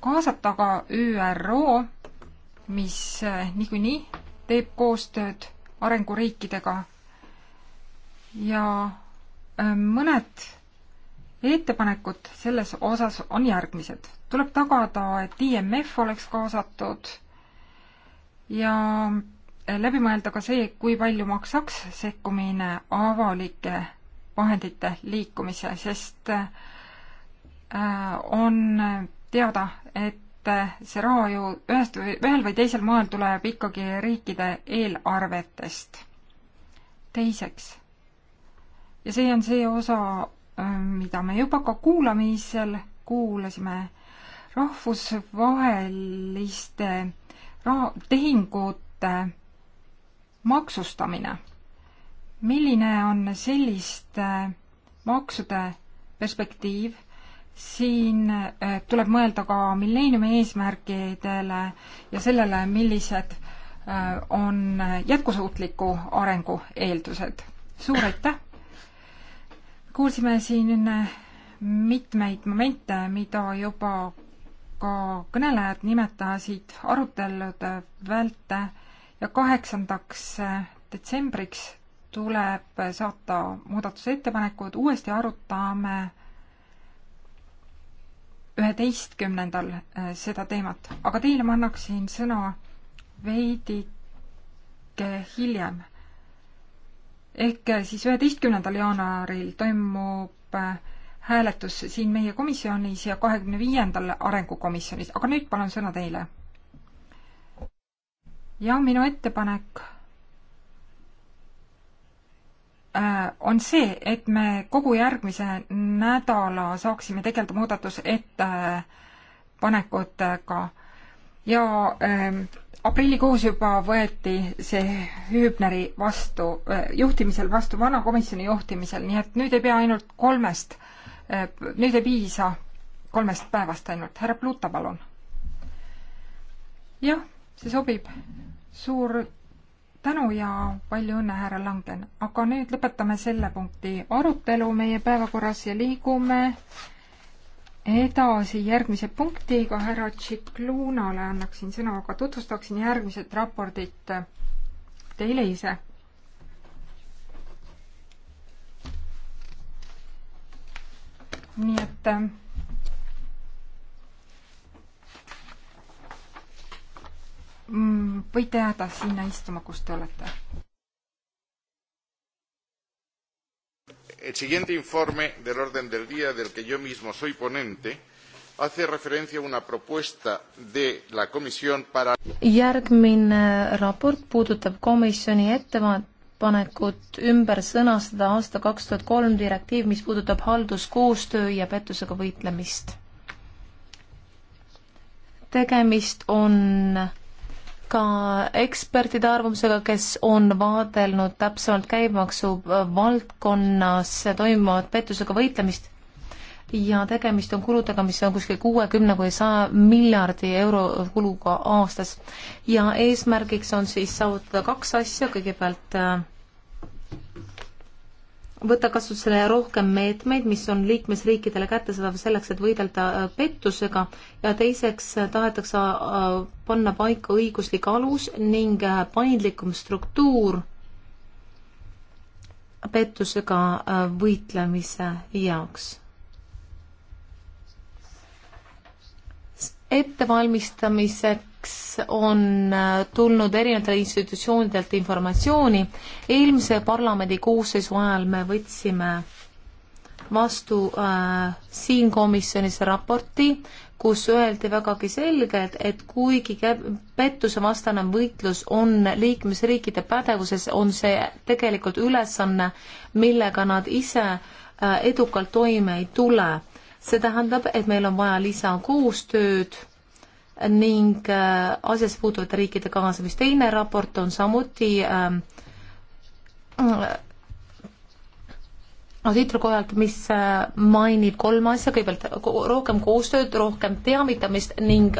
kaasata ka ÜRO, mis niikuinii teeb koostööd arenguriikidega ja äh, mõned ettepanekud selles osas on järgmised. tuleb tagada, et IMF oleks kaasatud ja äh, läbi mõelda ka see, kui palju maksaks sekkumine avalike vahendite liikumise, sest äh, on teada, et et see raha ju ühest või, ühel või teisel moel tuleb ikkagi riikide eelarvetest. teiseks, ja see on see osa, ähm, mida me juba ka kuulamisel kuulasime, rahvusvaheliste raha, tehingute maksustamine. milline on selliste maksude perspektiiv siin eh, tuleb mõelda ka milleeniumi eesmärkidele ja sellele, millised eh, on jätkusuutliku arengu eeldused. suur aitäh! kuulsime siin eh, mitmeid momente, mida juba ka kõnelejad nimetasid arutelude välte ja kaheksandaks detsembriks tuleb saata muudatusettepanekud, uuesti arutame üheteistkümnendal äh, seda teemat, aga teile ma annaksin sõna veidike hiljem. ehk äh, siis üheteistkümnendal jaanuaril toimub äh, hääletus siin meie komisjonis ja kahekümne viiendal arengukomisjonis, aga nüüd palun sõna teile. ja minu ettepanek Äh, on see, et me kogu järgmise nädala saaksime tegeleda muudatusettepanekutega ja ähm, aprillikuus juba võeti see Hübneri vastu, äh, juhtimisel vastu, vana komisjoni juhtimisel, nii et nüüd ei pea ainult kolmest, äh, nüüd ei piisa kolmest päevast ainult. härra Pluta, palun. jah, see sobib. suur tänu ja palju õnne, härra Langen. aga nüüd lõpetame selle punkti arutelu meie päevakorras ja liigume edasi järgmise punktiga. härra Tšiklunale annaksin sõna, aga tutvustaksin järgmised raportit teile ise. nii et Mm, võite jääda sinna istuma, kus te olete.
El siguiente informe del orden del día del que yo mismo soy ponente hace referencia a una propuesta de la Comisión
para
järgmine raport puudutab komisjoni ettepanekut ümber sõnastada aasta kaks tuhat kolm direktiiv, mis puudutab halduskoostöö ja pettusega võitlemist. tegemist on ka ekspertide arvamusega, kes on vaadelnud täpsemalt käibemaksu valdkonnas toimuvat pettusega võitlemist ja tegemist on kuludega, mis on kuskil kuuekümne kuni saja miljardi euro kuluga aastas. ja eesmärgiks on siis saavutada kaks asja, kõigepealt äh, võtta kasutusele rohkem meetmeid, mis on liikmesriikidele kättesaadav selleks, et võidelda äh, pettusega ja teiseks äh, tahetakse äh, panna paika õiguslik alus ning paindlikum struktuur pettusega võitlemise jaoks. ettevalmistamised miks on äh, tulnud erinevatelt institutsioonidelt informatsiooni. eelmise parlamendi koosseisu ajal me võtsime vastu äh, siin komisjonis raporti, kus öeldi vägagi selgelt, et kuigi pettusevastane võitlus on liikmesriikide pädevuses, on see tegelikult ülesanne, millega nad ise äh, edukalt toime ei tule. see tähendab, et meil on vaja lisakoostööd ning äh, asjasse puutuvate riikide kaasamist. teine raport on samuti audiitorkojalt, ähm, äh, mis äh, mainib kolm asja, kõigepealt rohkem koostööd, rohkem teavitamist ning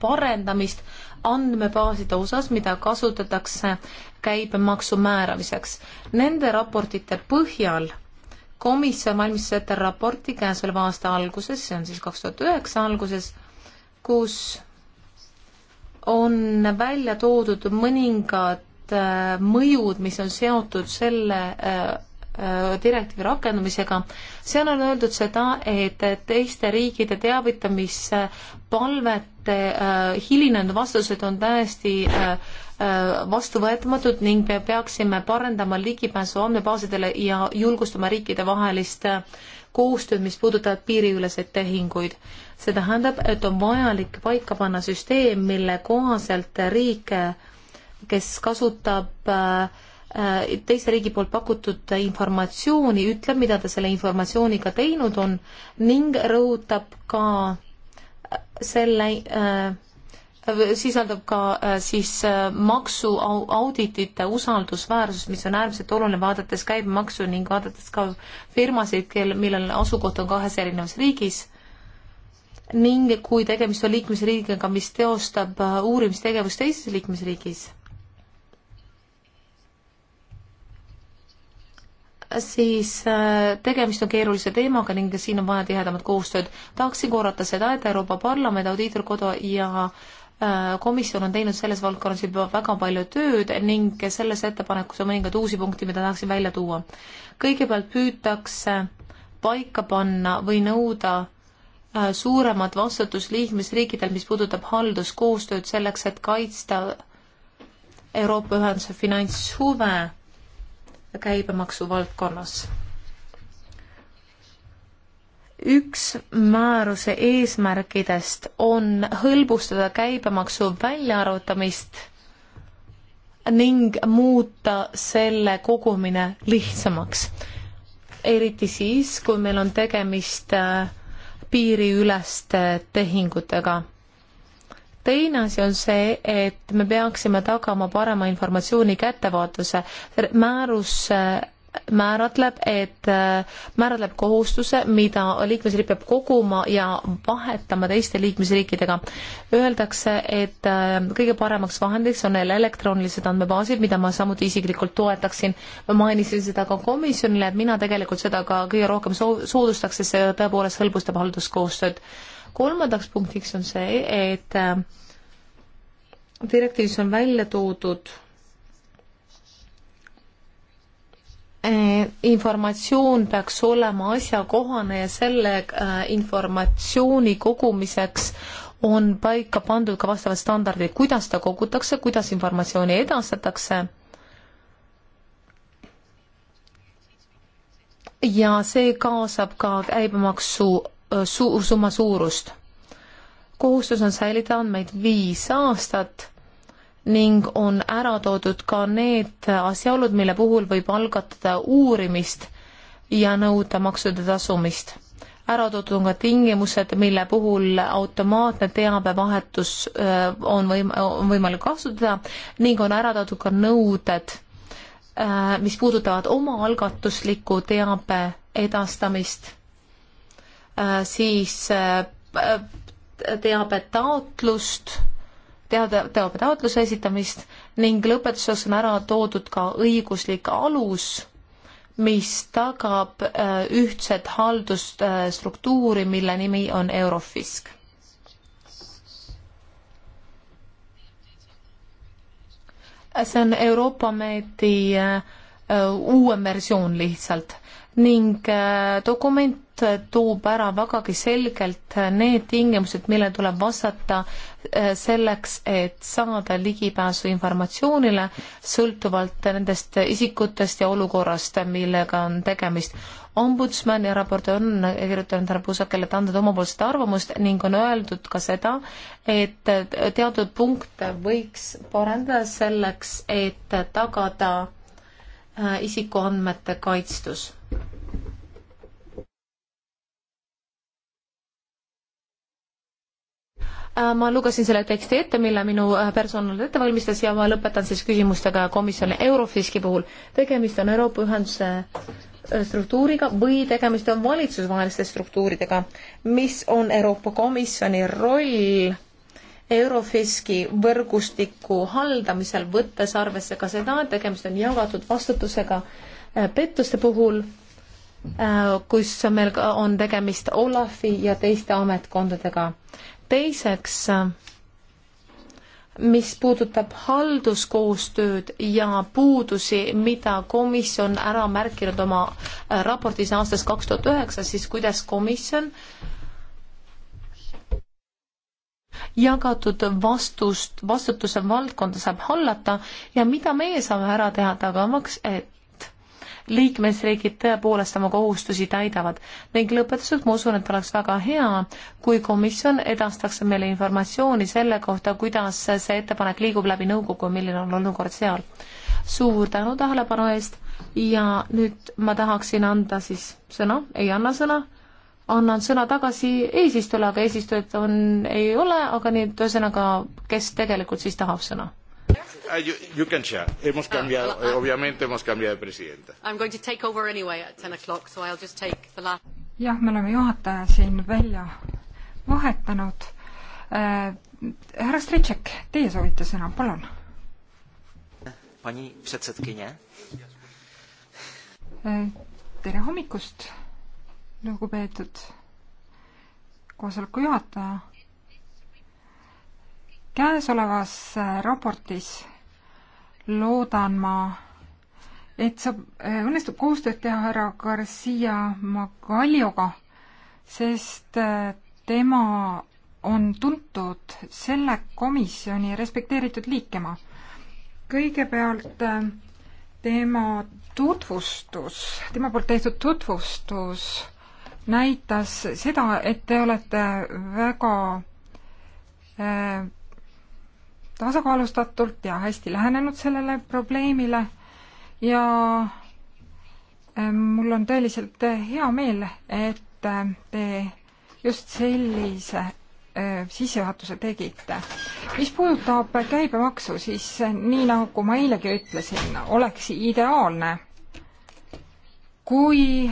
parendamist andmebaaside osas, mida kasutatakse käibemaksu määramiseks. Nende raportite põhjal komisjon valmistas ette raporti käesoleva aasta alguses, see on siis kaks tuhat üheksa alguses, kus on välja toodud mõningad äh, mõjud, mis on seotud selle äh, äh, direktiivi rakendamisega, seal on öeldud seda, et teiste riikide teavitamispalvete hilinenud vastused on täiesti vastuvõetamatud ning me peaksime parandama ligipääsu andmebaasidele ja julgustama riikide vahelist koostööd, mis puudutavad piiriüleseid tehinguid see tähendab, et on vajalik paika panna süsteem, mille kohaselt riik, kes kasutab äh, teise riigi poolt pakutud informatsiooni, ütleb, mida ta selle informatsiooniga teinud on ning rõhutab ka äh, selle äh, sisaldab ka äh, siis maksuauditite usaldusväärsust, mis on äärmiselt oluline, vaadates käibemaksu ning vaadates ka firmasid, kel, millel asukoht on kahes erinevas riigis ning kui tegemist on liikmesriigiga, mis teostab äh, uurimistegevust teises liikmesriigis, siis äh, tegemist on keerulise teemaga ning siin on vaja tihedamat koostööd. tahaksin korrata seda, et Euroopa Parlament, Audiitorkoda ja äh, komisjon on teinud selles valdkonnas juba väga palju tööd ning selles ettepanekus on mõningaid uusi punkte, mida tahaksin välja tuua. kõigepealt püütakse paika panna või nõuda Äh, suuremat vastutust liikmesriikidel, mis puudutab halduskoostööd selleks, et kaitsta Euroopa Ühenduse finantshuve käibemaksu valdkonnas. üks määruse eesmärkidest on hõlbustada käibemaksu väljaarvutamist ning muuta selle kogumine lihtsamaks. eriti siis, kui meil on tegemist äh, piiriüleste tehingutega. teine asi on see, et me peaksime tagama parema informatsiooni kättevaatuse. määrus määratleb, et äh, määratleb kohustuse, mida liikmesriik peab koguma ja vahetama teiste liikmesriikidega. Öeldakse, et äh, kõige paremaks vahendiks on neil elektroonilised andmebaasid, mida ma samuti isiklikult toetaksin. ma mainisin seda ka komisjonile, et mina tegelikult seda ka kõige rohkem soo-, soodustaks, sest see tõepoolest hõlbustab halduskoostööd. kolmandaks punktiks on see, et äh, direktiivis on välja toodud Eh, informatsioon peaks olema asjakohane ja selle äh, informatsiooni kogumiseks on paika pandud ka vastavad standardid, kuidas ta kogutakse, kuidas informatsiooni edastatakse. ja see kaasab ka käibemaksu äh, su summa suurust. kohustus on säilida andmeid viis aastat ning on ära toodud ka need asjaolud, mille puhul võib algatada uurimist ja nõuda maksude tasumist. ära toodud on ka tingimused, mille puhul automaatne teabevahetus äh, on võim-, on võimalik kasutada ning on ära toodud ka nõuded, äh, mis puudutavad omaalgatuslikku teabe edastamist, äh, siis teabetaotlust teada, teabe taotluse esitamist ning lõpetuses on ära toodud ka õiguslik alus, mis tagab äh, ühtset haldusstruktuuri, äh, mille nimi on Eurofisk see on Euroopa Meedi äh, äh, uuem versioon lihtsalt ning äh, dokument Äh, toob ära vägagi selgelt äh, need tingimused, millele tuleb vastata äh, selleks, et saada ligipääsu informatsioonile sõltuvalt nendest isikutest ja olukorrast, millega on tegemist. ombudsman ja raportöör on kirjutanud härra Puusakele, et anda omapoolset arvamust ning on öeldud ka seda, et teatud punkte võiks parandada selleks, et tagada isikuandmete kaitstus Äh, ma lugesin selle teksti ette, mille minu äh, personal ette valmistas ja ma lõpetan siis küsimustega komisjoni Eurofiski puhul. tegemist on Euroopa Ühenduse äh, struktuuriga või tegemist on valitsusvaheliste struktuuridega. mis on Euroopa Komisjoni roll Eurofiski võrgustiku haldamisel, võttes arvesse ka seda, et tegemist on jagatud vastutusega pettuste puhul Äh, kus meil on tegemist Olafi ja teiste ametkondadega. teiseks, äh, mis puudutab halduskoostööd ja puudusi, mida komisjon ära märkinud oma äh, raportis aastast kaks tuhat üheksa, siis kuidas komisjon jagatud vastust, vastutuse valdkonda saab hallata ja mida meie saame ära teha tagamaks, et liikmesriigid tõepoolest oma kohustusi täidavad. ning lõpetuseks ma usun, et oleks väga hea, kui komisjon edastaks meile informatsiooni selle kohta, kuidas see ettepanek liigub läbi nõukogu ja milline on olukord seal. suur tänu tähelepanu eest ja nüüd ma tahaksin anda siis sõna, ei anna sõna, annan sõna tagasi eesistujale, aga eesistujat on, ei ole, aga nii, et ühesõnaga, kes tegelikult siis tahab sõna
Uh, you, you can share. Hemos ah, cambiado, uh, well, eh, obviamente hemos cambiado de presidenta.
I'm going to take over anyway at 10 o'clock, so I'll just take the last.
jah, me oleme juhataja siin välja vahetanud äh,. härra Stritšek, teie soovite sõna, palun.
pani predsedkinje
äh,. tere hommikust, lugupeetud koosoleku juhataja käesolevas äh, raportis loodan ma, et saab, äh, õnnestub koostööd teha härra Garcia Magaljoga, sest äh, tema on tuntud selle komisjoni respekteeritud liikema. kõigepealt tema tutvustus, tema poolt tehtud tutvustus näitas seda, et te olete väga äh, tasakaalustatult ja hästi lähenenud sellele probleemile ja eh, mul on tõeliselt eh, hea meel, et eh, te just sellise sissejuhatuse tegite. mis puudutab käibemaksu, siis nii nagu ma eilegi ütlesin, oleks ideaalne, kui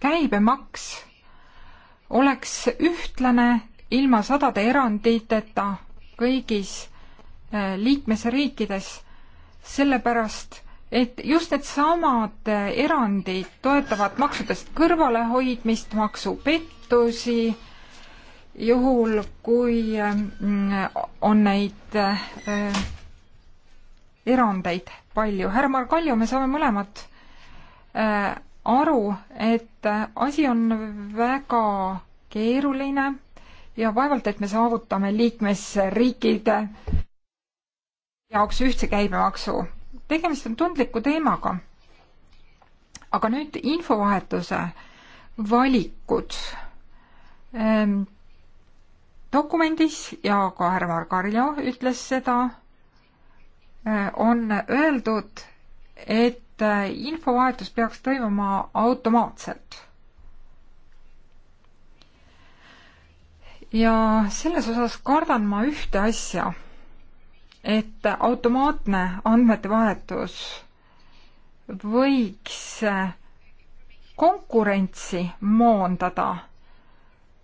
käibemaks oleks ühtlane ilma sadade eranditeta kõigis äh, liikmesriikides, sellepärast et just needsamad äh, erandid toetavad maksudest kõrvalehoidmist, maksupettusi, juhul kui äh, mm, on neid erandeid palju. härra Margaljo, me saame mõlemad aru, et asi on väga keeruline ja vaevalt, et me saavutame liikmesriikide jaoks ühtse käibemaksu. tegemist on tundliku teemaga. aga nüüd infovahetuse valikud ähm, dokumendis ja ka härra Margarillo ütles seda äh,, on öeldud, et et äh, infovahetus peaks toimuma automaatselt. ja selles osas kardan ma ühte asja, et automaatne andmete vahetus võiks äh, konkurentsi moondada,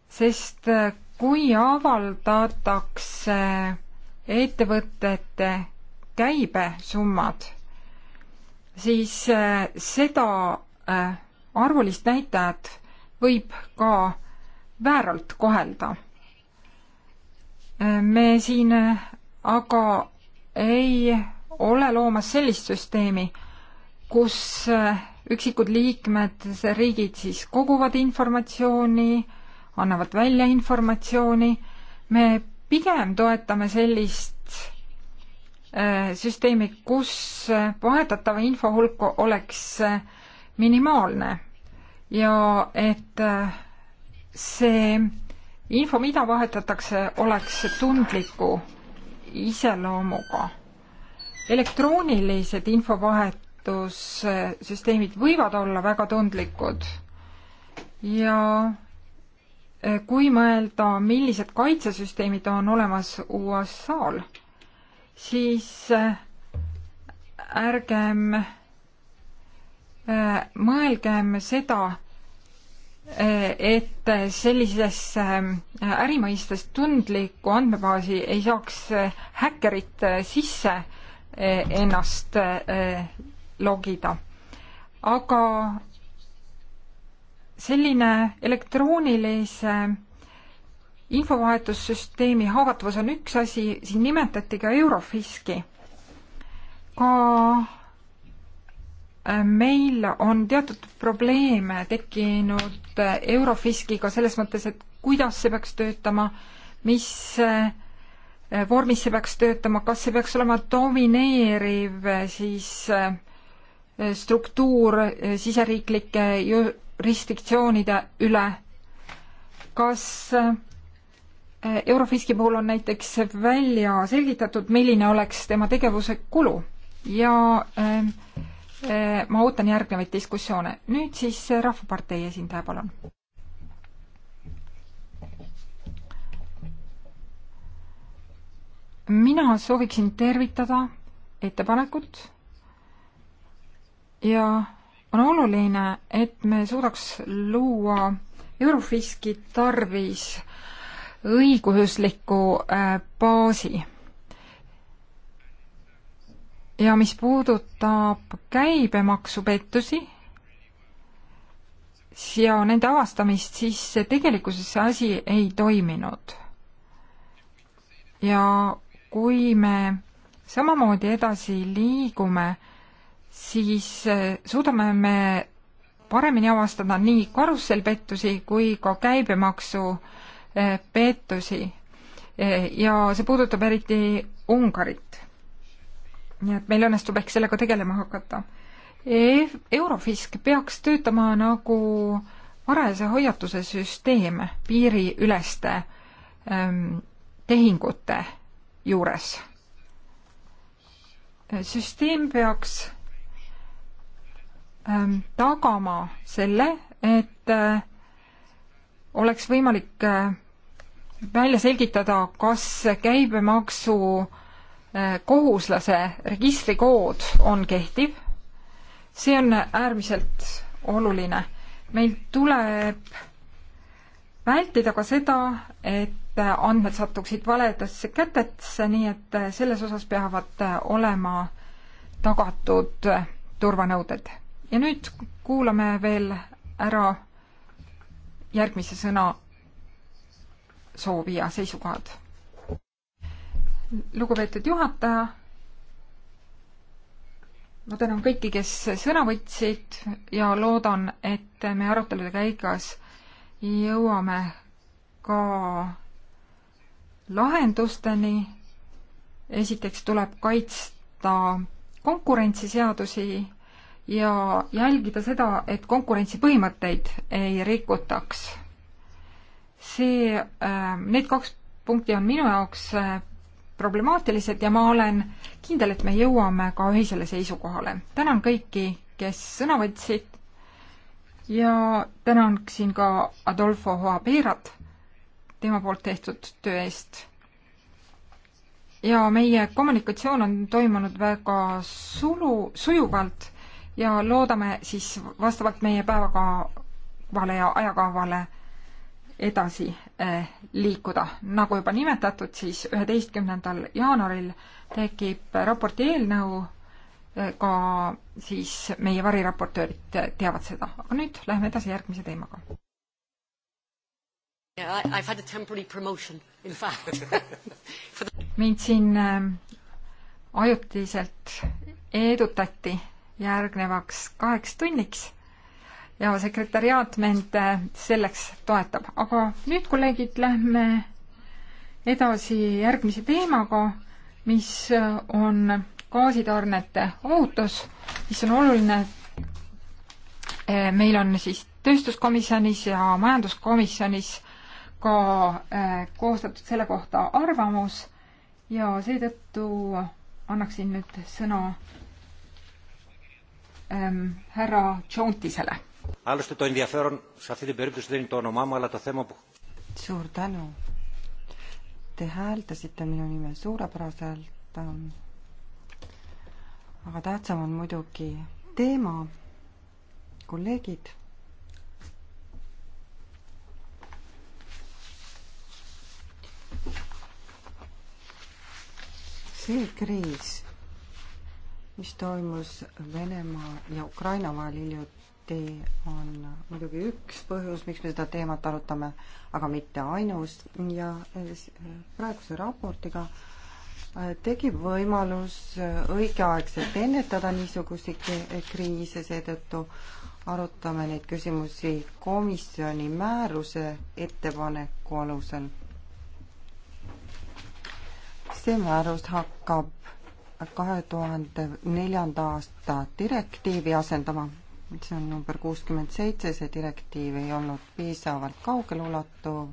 sest äh, kui avaldatakse ettevõtete käibesummad siis äh, seda äh, arvulist näitajat võib ka vääralt kohelda. Äh, me siin aga ei ole loomas sellist süsteemi, kus üksikud liikmed, riigid siis koguvad informatsiooni, annavad välja informatsiooni, me pigem toetame sellist Äh, süsteemi, kus äh, vahetatava info hulk oleks äh, minimaalne ja et see info, mida vahetatakse, oleks tundliku iseloomuga. elektroonilised infovahetussüsteemid võivad olla väga tundlikud ja kui mõelda, millised kaitsesüsteemid on olemas USA-l siis äh, ärgem äh, mõelgem seda, äh, et sellisesse ärimõistest tundlikku andmebaasi ei saaks häkkerid sisse ennast logida. aga selline elektroonilise infovahetussüsteemi haavatavus on üks asi, siin nimetati ka Eurofiski. ka äh, meil on teatud probleeme tekkinud äh, Eurofiskiga selles mõttes, et kuidas see peaks töötama, mis äh, vormis see peaks töötama, kas see peaks olema domineeriv siis struktuur siseriiklike jurisdiktsioonide üle, kas äh, Eurofiski puhul on näiteks välja selgitatud, milline oleks tema tegevuse kulu ja äh, äh, ma ootan järgnevaid diskussioone. nüüd siis Rahvapartei esindaja, palun. mina sooviksin tervitada ettepanekut ja on oluline, et me suudaks luua Eurofiski tarvis õigusliku äh, baasi. ja mis puudutab käibemaksupettusi ja nende avastamist, siis tegelikkuses see asi ei toiminud. ja kui me samamoodi edasi liigume, siis äh, suudame me paremini avastada nii karussellpettusi kui ka käibemaksu Eh, pettusi eh, ja see puudutab eriti Ungarit. nii et meil õnnestub ehk sellega tegelema hakata e. Eurofisk peaks töötama nagu varajase hoiatuse süsteem piiriüleste ähm, tehingute juures. Eh, süsteem peaks ähm, tagama selle, et äh, oleks võimalik äh, välja selgitada, kas käibemaksu äh, kohuslase registrikood on kehtiv. see on äärmiselt oluline. meil tuleb vältida ka seda, et andmed satuksid valedesse kätetesse, nii et selles osas peavad olema tagatud turvanõuded. ja nüüd kuulame veel ära järgmise sõna soovija seisukohad. lugupeetud juhataja, ma tänan kõiki, kes sõna võtsid ja loodan, et me arutelude käigus jõuame ka lahendusteni. esiteks tuleb kaitsta konkurentsiseadusi ja jälgida seda, et konkurentsipõhimõtteid ei rikutaks. see, ähm, need kaks punkti on minu jaoks äh, problemaatilised ja ma olen kindel, et me jõuame ka ühisele seisukohale. tänan kõiki, kes sõna võtsid ja tänaksin ka Adolfo Hoaberat tema poolt tehtud töö eest. ja meie kommunikatsioon on toimunud väga sulu, sujuvalt ja loodame siis vastavalt meie päevakavale ja ajakavale edasi eh, liikuda. nagu juba nimetatud, siis üheteistkümnendal jaanuaril tekib raporti eelnõu, eh, ka siis meie variraportöörid teavad seda, aga nüüd läheme edasi järgmise teemaga. I've had a temporary promotion in fact mind siin eh, ajutiselt edutati järgnevaks kaheks tunniks ja sekretäriaat mind äh, selleks toetab. aga nüüd, kolleegid, lähme edasi järgmise teemaga, mis äh, on gaasitarnete ohutus, mis on oluline. Äh, meil on siis tööstuskomisjonis ja majanduskomisjonis ka koostatud selle kohta arvamus ja seetõttu annaksin nüüd sõna ähm, härra Jonesile. suur tänu.
Te hääldasite minu nime suurepäraselt ähm,. aga tähtsam on muidugi teema, kolleegid see kriis mis toimus Venemaa ja Ukraina vahel hiljuti, on muidugi üks põhjus, miks me seda teemat arutame, aga mitte ainus ja eh, praeguse raportiga eh, tekib võimalus eh, õigeaegselt ennetada niisuguseid kriise, seetõttu arutame neid küsimusi komisjoni määruse ettepaneku alusel. see määrus hakkab kahe tuhande neljanda aasta direktiivi asendama. see on number kuuskümmend seitse, see direktiiv ei olnud piisavalt kaugeleulatuv.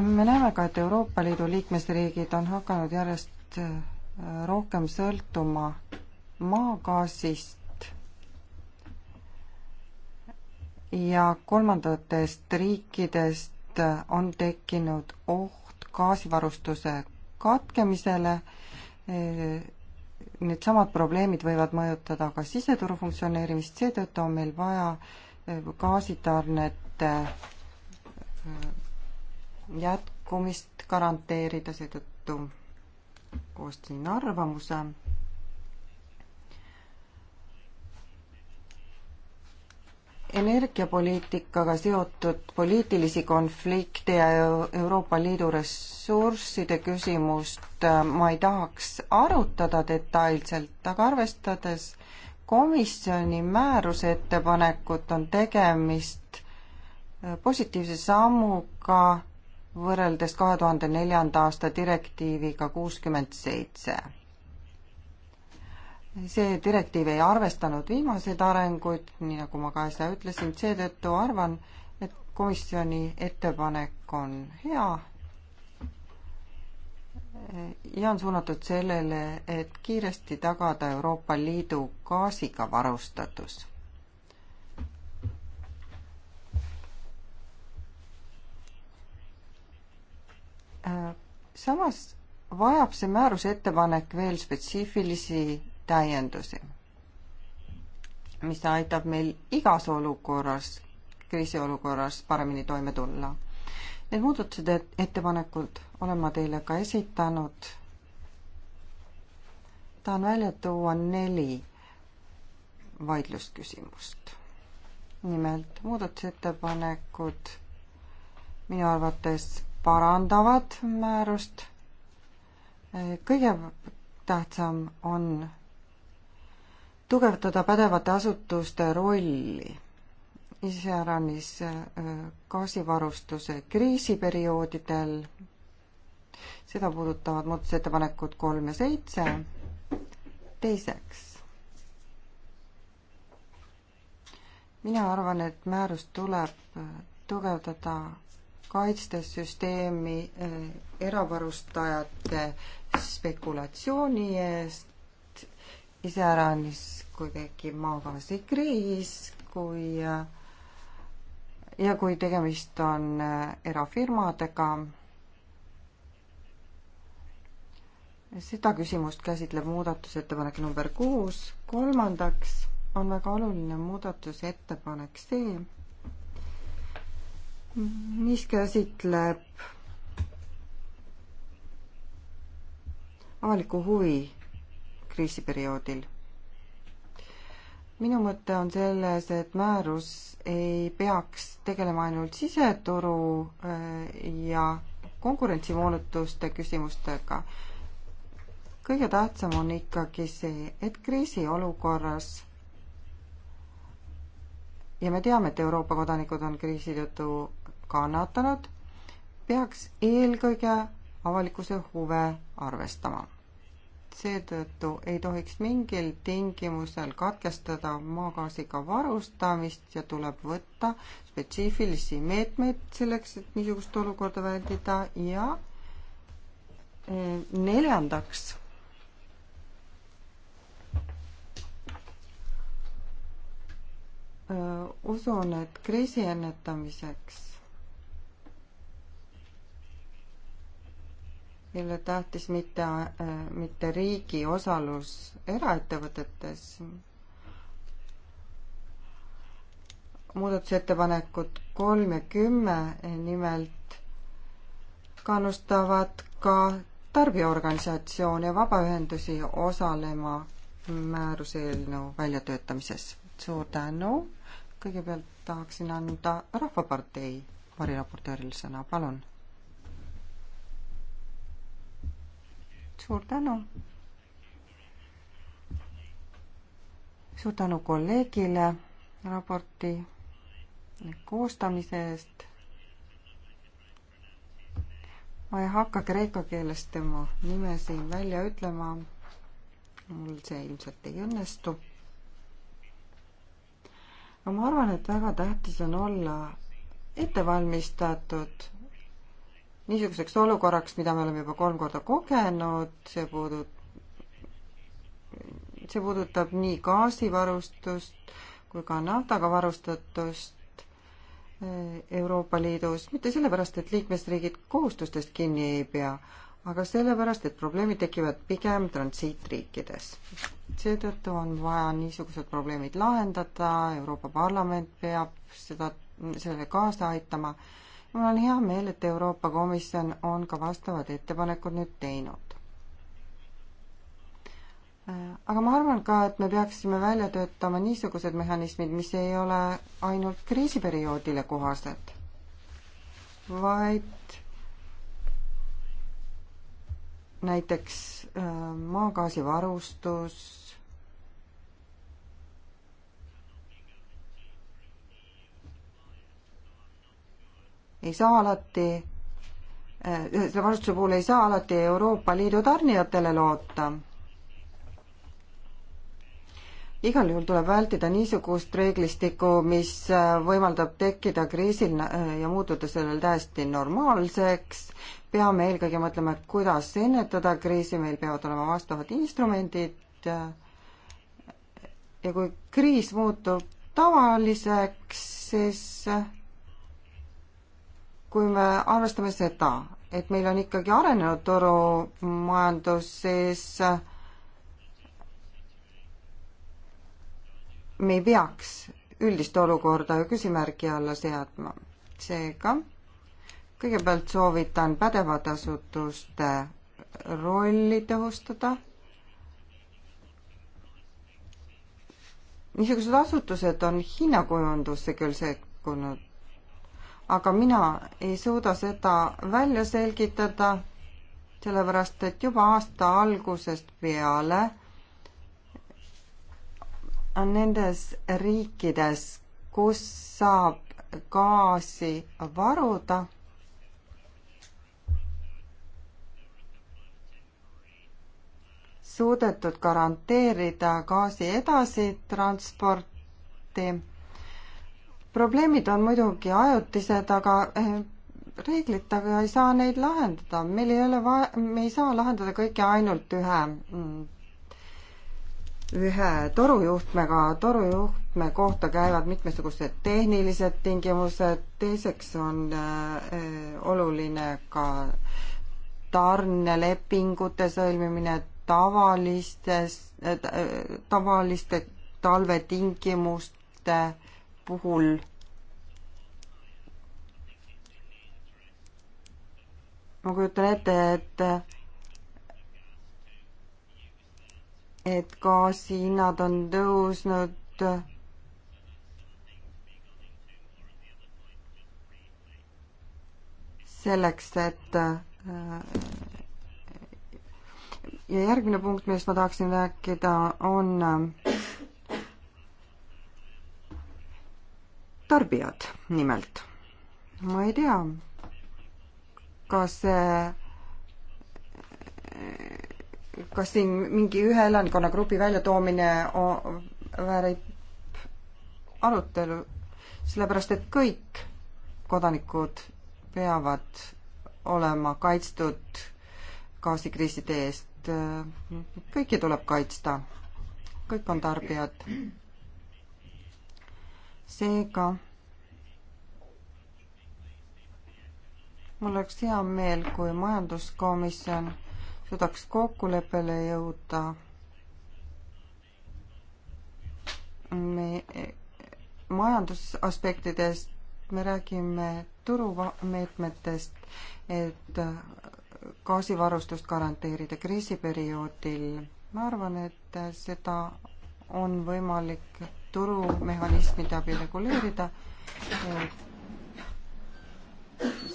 me näeme ka, et Euroopa Liidu liikmesriigid on hakanud järjest äh, rohkem sõltuma maagaasist ja kolmandatest riikidest äh, on tekkinud oht gaasivarustuse katkemisele. Needsamad probleemid võivad mõjutada ka siseturu funktsioneerimist, seetõttu on meil vaja eh, gaasitarnete eh, jätkumist garanteerida, seetõttu koostasin arvamuse energiapoliitikaga seotud poliitilisi konflikte ja Euroopa Liidu ressursside küsimust äh, ma ei tahaks arutada detailselt, aga arvestades komisjoni määruse ettepanekut, on tegemist äh, positiivse sammuga võrreldes kahe tuhande neljanda aasta direktiiviga kuuskümmend seitse see direktiiv ei arvestanud viimaseid arenguid, nii nagu ma ka äsja ütlesin, seetõttu arvan, et komisjoni ettepanek on hea ja on suunatud sellele, et kiiresti tagada Euroopa Liidu gaasiga varustatus. Äh, samas vajab see määruse ettepanek veel spetsiifilisi täiendusi, mis aitab meil igas olukorras, kriisiolukorras paremini toime tulla. Need muudatused, ettepanekud olen ma teile ka esitanud. tahan välja tuua neli vaidlusküsimust. nimelt muudatusettepanekud minu arvates parandavad määrust. kõige tähtsam on tugevdada pädevate asutuste rolli iseäranis äh, gaasivarustuse kriisiperioodidel. seda puudutavad muudatusettepanekud kolm ja seitse. teiseks, mina arvan, et määrus tuleb tugevdada kaitstes süsteemi äh, eravarustajate spekulatsiooni eest iseäranis, kui tekib maagaasinkriis, kui ja kui tegemist on äh, erafirmadega. seda küsimust käsitleb muudatusettepanek number kuus. kolmandaks on väga oluline muudatusettepanek see, mis käsitleb avalikku huvi kriisiperioodil. minu mõte on selles, et määrus ei peaks tegelema ainult siseturu äh, ja konkurentsimoonutuste küsimustega. kõige tähtsam on ikkagi see, et kriisiolukorras ja me teame, et Euroopa kodanikud on kriisi tõttu kannatanud, peaks eelkõige avalikkuse huve arvestama seetõttu ei tohiks mingil tingimusel katkestada maagaasiga varustamist ja tuleb võtta spetsiifilisi meetmeid selleks, et niisugust olukorda väldida ja eh, neljandaks eh, usun, et kriisi ennetamiseks ei ole tähtis mitte, äh, mitte riigi osalus eraettevõtetes. muudatusettepanekud kolm ja kümme nimelt kannustavad ka tarbijaorganisatsioone ja vabaühendusi osalema määruse eelnõu väljatöötamises. suur tänu. kõigepealt tahaksin anda Rahvapartei variraportööril sõna, palun suur tänu. suur tänu kolleegile raporti koostamise eest. ma ei hakka kreeka keeles tema nime siin välja ütlema. mul see ilmselt ei õnnestu. aga ma arvan, et väga tähtis on olla ettevalmistatud niisuguseks olukorraks, mida me oleme juba kolm korda kogenud, see puudub, see puudutab nii gaasivarustust kui ka naftaga varustatust eh, Euroopa Liidus, mitte sellepärast, et liikmesriigid kohustustest kinni ei pea, aga sellepärast, et probleemid tekivad pigem transiitriikides. seetõttu on vaja niisugused probleemid lahendada, Euroopa Parlament peab seda, sellele kaasa aitama mul on hea meel, et Euroopa Komisjon on ka vastavad ettepanekud nüüd teinud. Äh, aga ma arvan ka, et me peaksime välja töötama niisugused mehhanismid, mis ei ole ainult kriisiperioodile kohased, vaid näiteks äh, maagaasivarustus ei saa alati, eh, selle varustuse puhul ei saa alati Euroopa Liidu tarnijatele loota. igal juhul tuleb vältida niisugust reeglistikku, mis eh, võimaldab tekkida kriisil eh, ja muutuda sellel täiesti normaalseks, peame eelkõige mõtlema, et kuidas ennetada kriisi, meil peavad olema vastavad instrumendid ja kui kriis muutub tavaliseks, siis kui me arvestame seda, et meil on ikkagi arenenud turumajandus, siis me ei peaks üldist olukorda küsimärgi alla seadma. seega kõigepealt soovitan pädevate asutuste rolli tõhustada. niisugused asutused on hinnakujundusse küll sekkunud, aga mina ei suuda seda välja selgitada, sellepärast et juba aasta algusest peale on nendes riikides, kus saab gaasi varuda suudetud garanteerida gaasi edasitransporti probleemid on muidugi ajutised, aga eh, reeglitega ei saa neid lahendada, meil ei ole vaja, me ei saa lahendada kõike ainult ühe, mm, ühe torujuhtmega, torujuhtme kohta käivad mitmesugused tehnilised tingimused, teiseks on äh, oluline ka tarnelepingute sõlmimine tavalistes äh,, tavaliste talvetingimuste äh, puhul ma kujutan ette, et et gaasi hinnad on tõusnud selleks, et ja järgmine punkt, millest ma tahaksin rääkida, on tarbijad nimelt. ma ei tea, kas kas siin mingi ühe elanikkonnagrupi väljatoomine väärib arutelu, sellepärast et kõik kodanikud peavad olema kaitstud gaasikriiside eest. kõiki tuleb kaitsta, kõik on tarbijad seega mul oleks hea meel, kui majanduskomisjon suudaks kokkuleppele jõuda. me majandusaspektidest, me räägime turumeetmetest, et gaasivarustust garanteerida kriisiperioodil. ma arvan, et seda on võimalik turumehhanismide abil reguleerida,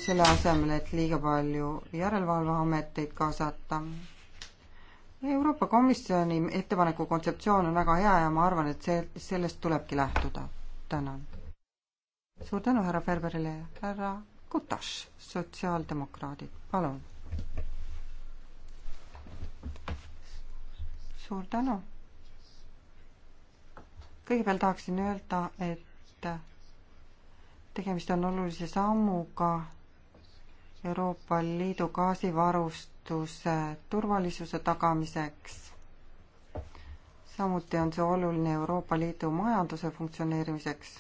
selle asemel, et liiga palju järelevalveameteid kaasata. Euroopa Komisjoni ettepaneku kontseptsioon on väga hea ja ma arvan, et see, sellest tulebki lähtuda. tänan. suur tänu härra Ferberile, härra Kutaš, sotsiaaldemokraadid, palun. suur tänu kõigepealt tahaksin öelda, et tegemist on olulise sammuga Euroopa Liidu gaasivarustuse turvalisuse tagamiseks. samuti on see oluline Euroopa Liidu majanduse funktsioneerimiseks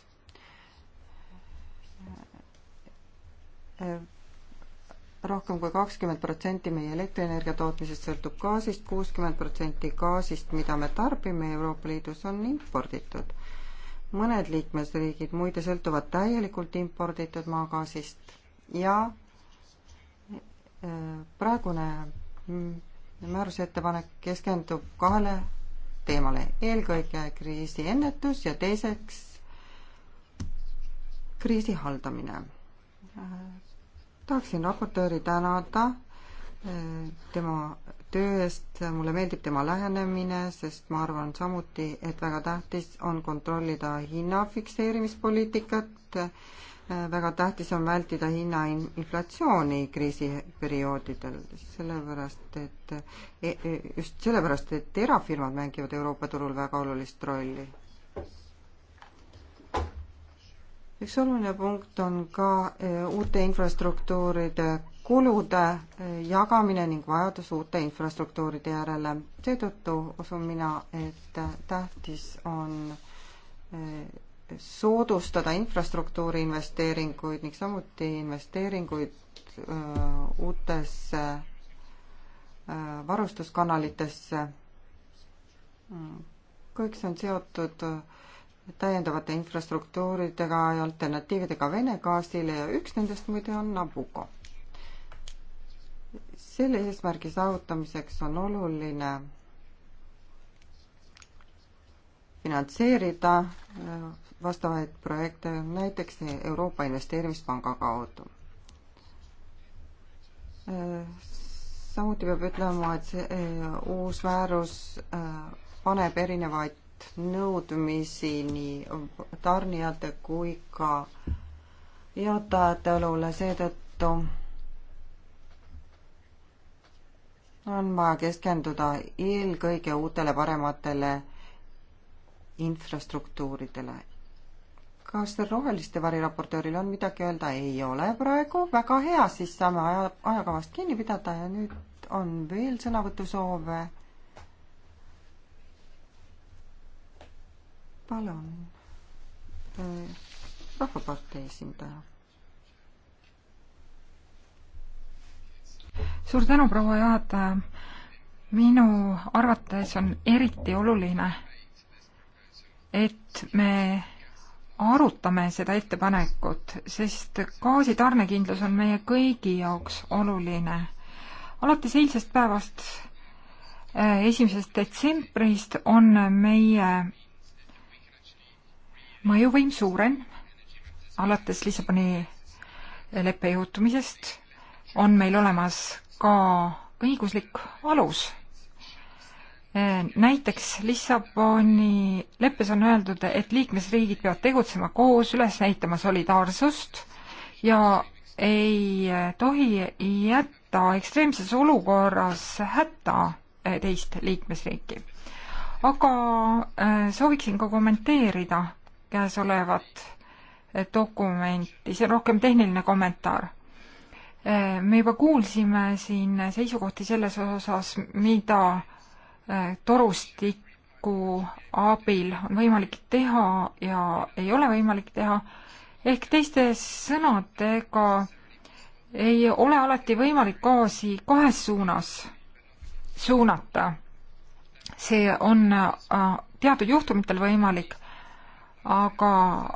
rohkem kui kakskümmend protsenti meie elektrienergia tootmisest sõltub gaasist, kuuskümmend protsenti gaasist, mida me tarbime Euroopa Liidus, on imporditud. mõned liikmesriigid muide sõltuvad täielikult imporditud maagaasist ja äh, praegune mm, määruse ettepanek keskendub kahele teemale, eelkõige kriisiennetus ja teiseks kriisi haldamine äh, tahaksin raportööri tänada eh, tema töö eest, mulle meeldib tema lähenemine, sest ma arvan samuti, et väga tähtis on kontrollida hinna fikseerimispoliitikat, eh, väga tähtis on vältida hinna inflatsiooni kriisiperioodidel, sellepärast et e-, e-, just sellepärast, et erafirmad mängivad Euroopa turul väga olulist rolli üks oluline punkt on ka eh, uute infrastruktuuride kulude eh, jagamine ning vajadus uute infrastruktuuride järele. seetõttu usun mina, et eh, tähtis on soodustada infrastruktuuri investeeringuid ning samuti investeeringuid uutesse varustuskanalitesse. Mm, kõik see on seotud öö, täiendavate infrastruktuuridega ja alternatiividega Vene gaasile ja üks nendest muide on Nabucco. selle eesmärgi saavutamiseks on oluline finantseerida äh, vastavaid projekte näiteks Euroopa Investeerimispanga kaudu. Äh, samuti peab ütlema, et see äh, uus määrus paneb erinevaid rangelt nõudmisi nii tarnijate kui ka jaotajate õlule, seetõttu on vaja keskenduda eelkõige uutele parematele infrastruktuuridele. kas roheliste variraportööril on midagi öelda? ei ole praegu, väga hea, siis saame aja, ajakavast kinni pidada ja nüüd on veel sõnavõtusoove palun, äh, Rahvapartei esindaja.
suur tänu, proua juhataja. minu arvates on eriti oluline, et me arutame seda ettepanekut, sest gaasi tarnekindlus on meie kõigi jaoks oluline. alates eilsest päevast, äh, esimesest detsembrist on meie mõjuvõim suuren alates Lissaboni leppe jõutumisest on meil olemas ka õiguslik alus. näiteks Lissaboni leppes on öeldud, et liikmesriigid peavad tegutsema koos, üles näitama solidaarsust ja ei tohi jätta ekstreemses olukorras hätta teist liikmesriiki. aga äh, sooviksin ka kommenteerida käesolevat eh, dokumenti, see on rohkem tehniline kommentaar. Eh, me juba kuulsime siin seisukohti selles osas, mida eh, torustiku abil on võimalik teha ja ei ole võimalik teha, ehk teiste sõnadega ei ole alati võimalik gaasi kahes suunas suunata. see on teatud juhtumitel võimalik, aga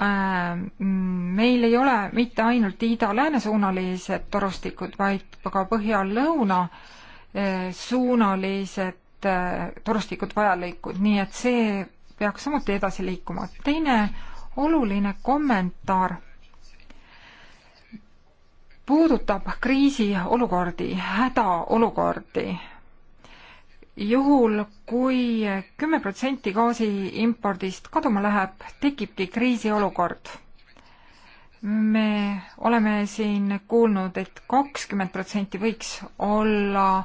äh, mm, meil ei ole mitte ainult ida-lääne suunalised torustikud, vaid ka põhja-lõuna äh, suunalised äh, torustikud vajalikud, nii et see peaks samuti edasi liikuma. teine oluline kommentaar puudutab kriisiolukordi, hädaolukordi juhul kui, kui kümme protsenti gaasi impordist kaduma läheb, tekibki kriisiolukord. me oleme siin kuulnud et, et kakskümmend protsenti võiks olla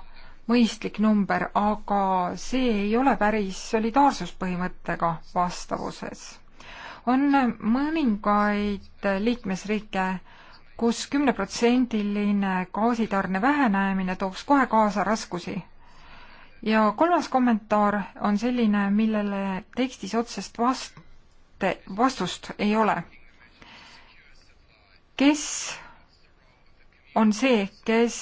mõistlik number, aga see ei ole päris solidaarsuspõhimõttega vastavuses. on mõningaid liikmesriike, kus kümneprotsendiline gaasitarne vähenemine tooks kohe kaasa raskusi ja kolmas kommentaar on selline, millele tekstis otsest vast-, vastust ei ole. kes on see, kes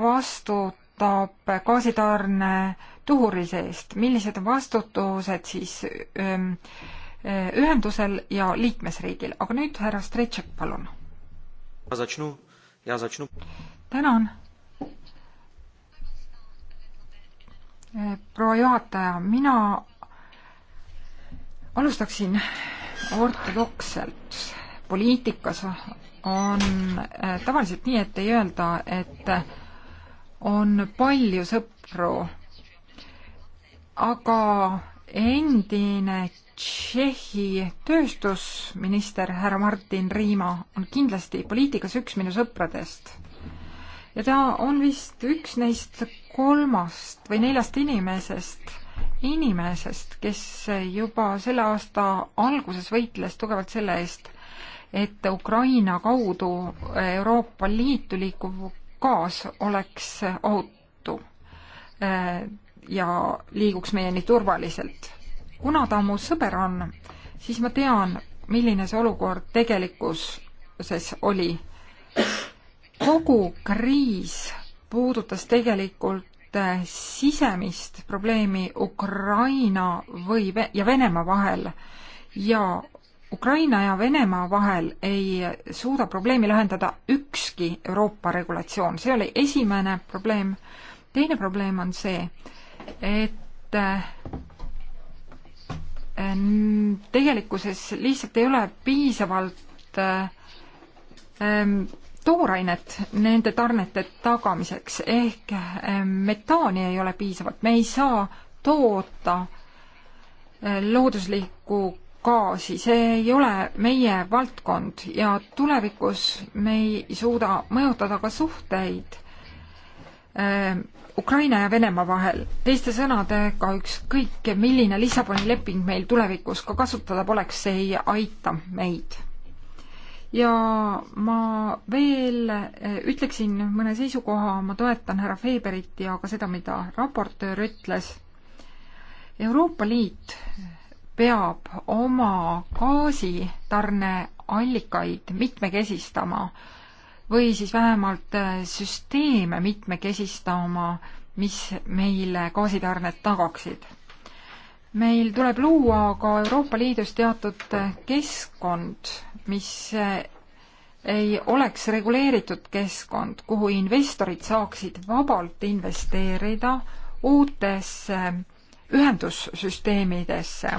vastutab gaasitarne tuhurise eest, millised on vastutused siis öö, ähm, äh, ühendusel ja liikmesriigil, aga nüüd härra Strejček, palun. tänan Eh, proua juhataja, mina alustaksin ortodokselt. poliitikas on eh, tavaliselt nii, et ei öelda, et on palju sõpru, aga endine Tšehhi tööstusminister härra Martin Riima on kindlasti poliitikas üks minu sõpradest. ja ta on vist üks neist kolmast või neljast inimesest, inimesest, kes juba selle aasta alguses võitles tugevalt selle eest, et Ukraina kaudu Euroopa Liitu liikuv gaas oleks ohutu eh, ja liiguks meieni turvaliselt. kuna ta mu sõber on, siis ma tean, milline see olukord tegelikkuses oli. kogu kriis puudutas tegelikult äh, sisemist probleemi Ukraina või ja Venemaa vahel ja Ukraina ja Venemaa vahel ei suuda probleemi lahendada ükski Euroopa regulatsioon, see oli esimene probleem. teine probleem on see, et äh, tegelikkuses lihtsalt ei ole piisavalt äh, ähm, toorainet nende tarnete tagamiseks ehk eh, metaani ei ole piisavalt, me ei saa toota eh, looduslikku gaasi, see ei ole meie valdkond ja tulevikus me ei suuda mõjutada ka suhteid eh, Ukraina ja Venemaa vahel. teiste sõnadega, ükskõik milline Lissaboni leping meil tulevikus ka kasutada poleks, see ei aita meid ja ma veel eh, ütleksin mõne seisukoha, ma toetan härra Feberit ja ka seda, mida raportöör ütles. Euroopa Liit peab oma gaasitarneallikaid mitmekesistama või siis vähemalt eh, süsteeme mitmekesistama, mis meile gaasitarned tagaksid meil tuleb luua ka Euroopa Liidus teatud keskkond, mis eh, ei oleks reguleeritud keskkond, kuhu investorid saaksid vabalt investeerida uutesse eh, ühendussüsteemidesse.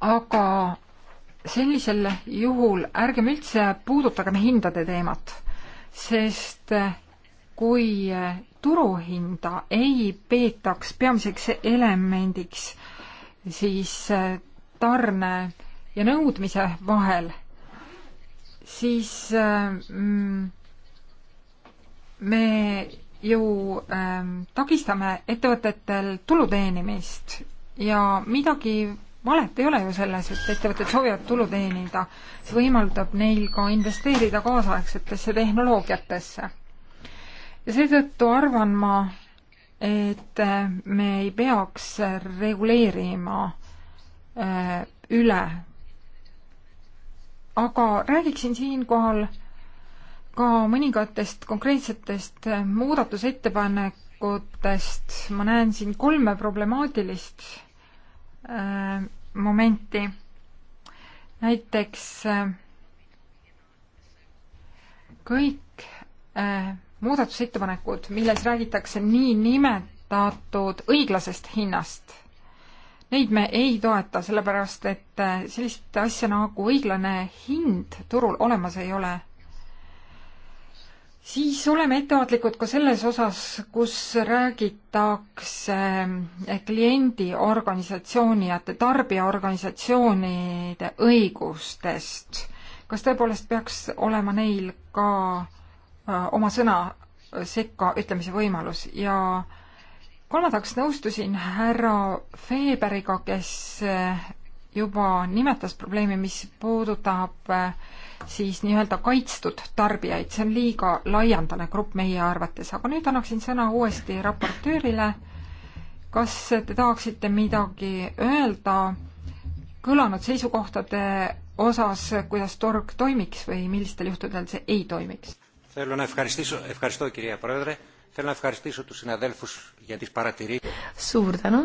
aga sellisel juhul ärgem üldse puudutagem hindade teemat, sest eh, kui turuhinda ei peetaks peamiseks elemendiks siis äh, tarne ja nõudmise vahel, siis äh, mm, me ju ähm, takistame ettevõtetel tulu teenimist ja midagi valet ei ole ju selles, et ettevõtted soovivad tulu teenida. see võimaldab neil ka investeerida kaasaegsetesse tehnoloogiatesse ja seetõttu arvan ma, et me ei peaks reguleerima äh, üle. aga räägiksin siinkohal ka mõningatest konkreetsetest äh, muudatusettepanekutest, ma näen siin kolme problemaatilist äh, momenti. näiteks äh, kõik äh, muudatusettepanekud, milles räägitakse niinimetatud õiglasest hinnast. Neid me ei toeta, sellepärast et äh, sellist asja nagu õiglane hind turul olemas ei ole. siis oleme ettevaatlikud ka selles osas, kus räägitakse äh, kliendi organisatsiooni ja tarbijaorganisatsioonide õigustest. kas tõepoolest peaks olema neil ka Äh, oma sõna sekka ütlemise võimalus ja kolmandaks nõustusin härra Feeberiga, kes äh, juba nimetas probleemi, mis puudutab äh, siis nii-öelda kaitstud tarbijaid, see on liiga laialdane grupp meie arvates, aga nüüd annaksin sõna uuesti raportöörile. kas te tahaksite midagi öelda kõlanud seisukohtade osas, kuidas turg toimiks või millistel juhtudel see ei toimiks? Θέλω να ευχαριστήσω, ευχαριστώ κυρία Πρόεδρε, θέλω να ευχαριστήσω τους συναδέλφους για τις παρατηρήσεις.
Suur tänu.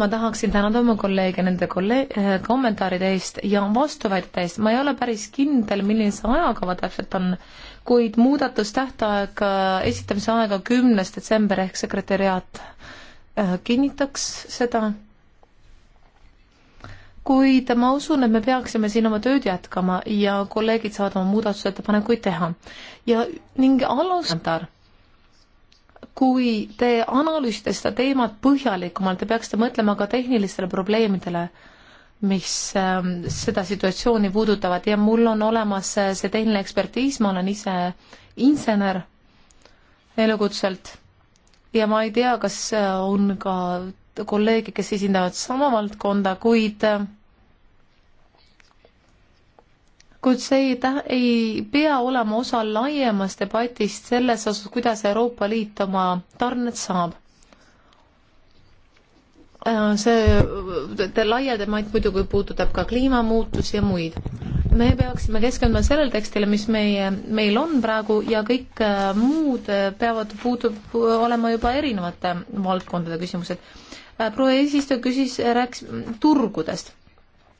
ma tahaksin tänada oma kolleege nende kolleeg-, kommentaaride eest ja vastuväidete eest. ma ei ole päris kindel, milline see ajakava täpselt on, kuid muudatustähtaeg, esitamise aeg on kümnes detsember ehk sekretäriaat kinnitaks seda kuid ma usun, et me peaksime siin oma tööd jätkama ja kolleegid saavad oma muudatusettepanekuid teha. ja ning alustar, kui te analüüsite seda teemat põhjalikumalt, te peaksite mõtlema ka tehnilistele probleemidele, mis äh, seda situatsiooni puudutavad ja mul on olemas äh, see tehniline ekspertiis, ma olen ise insener elukutselt ja ma ei tea, kas äh, on ka kolleege, kes esindavad sama valdkonda, kuid äh, kuid see ei tä-, ei pea olema osa laiemast debatist selles osas, kuidas Euroopa Liit oma tarned saab. Äh, see te, laia debatt muidugi puudutab ka kliimamuutusi ja muid. me peaksime keskenduma sellele tekstile, mis meie, meil on praegu ja kõik äh, muud äh, peavad, puudub olema juba erinevate valdkondade küsimused. proua eesistuja küsis, rääkis turgudest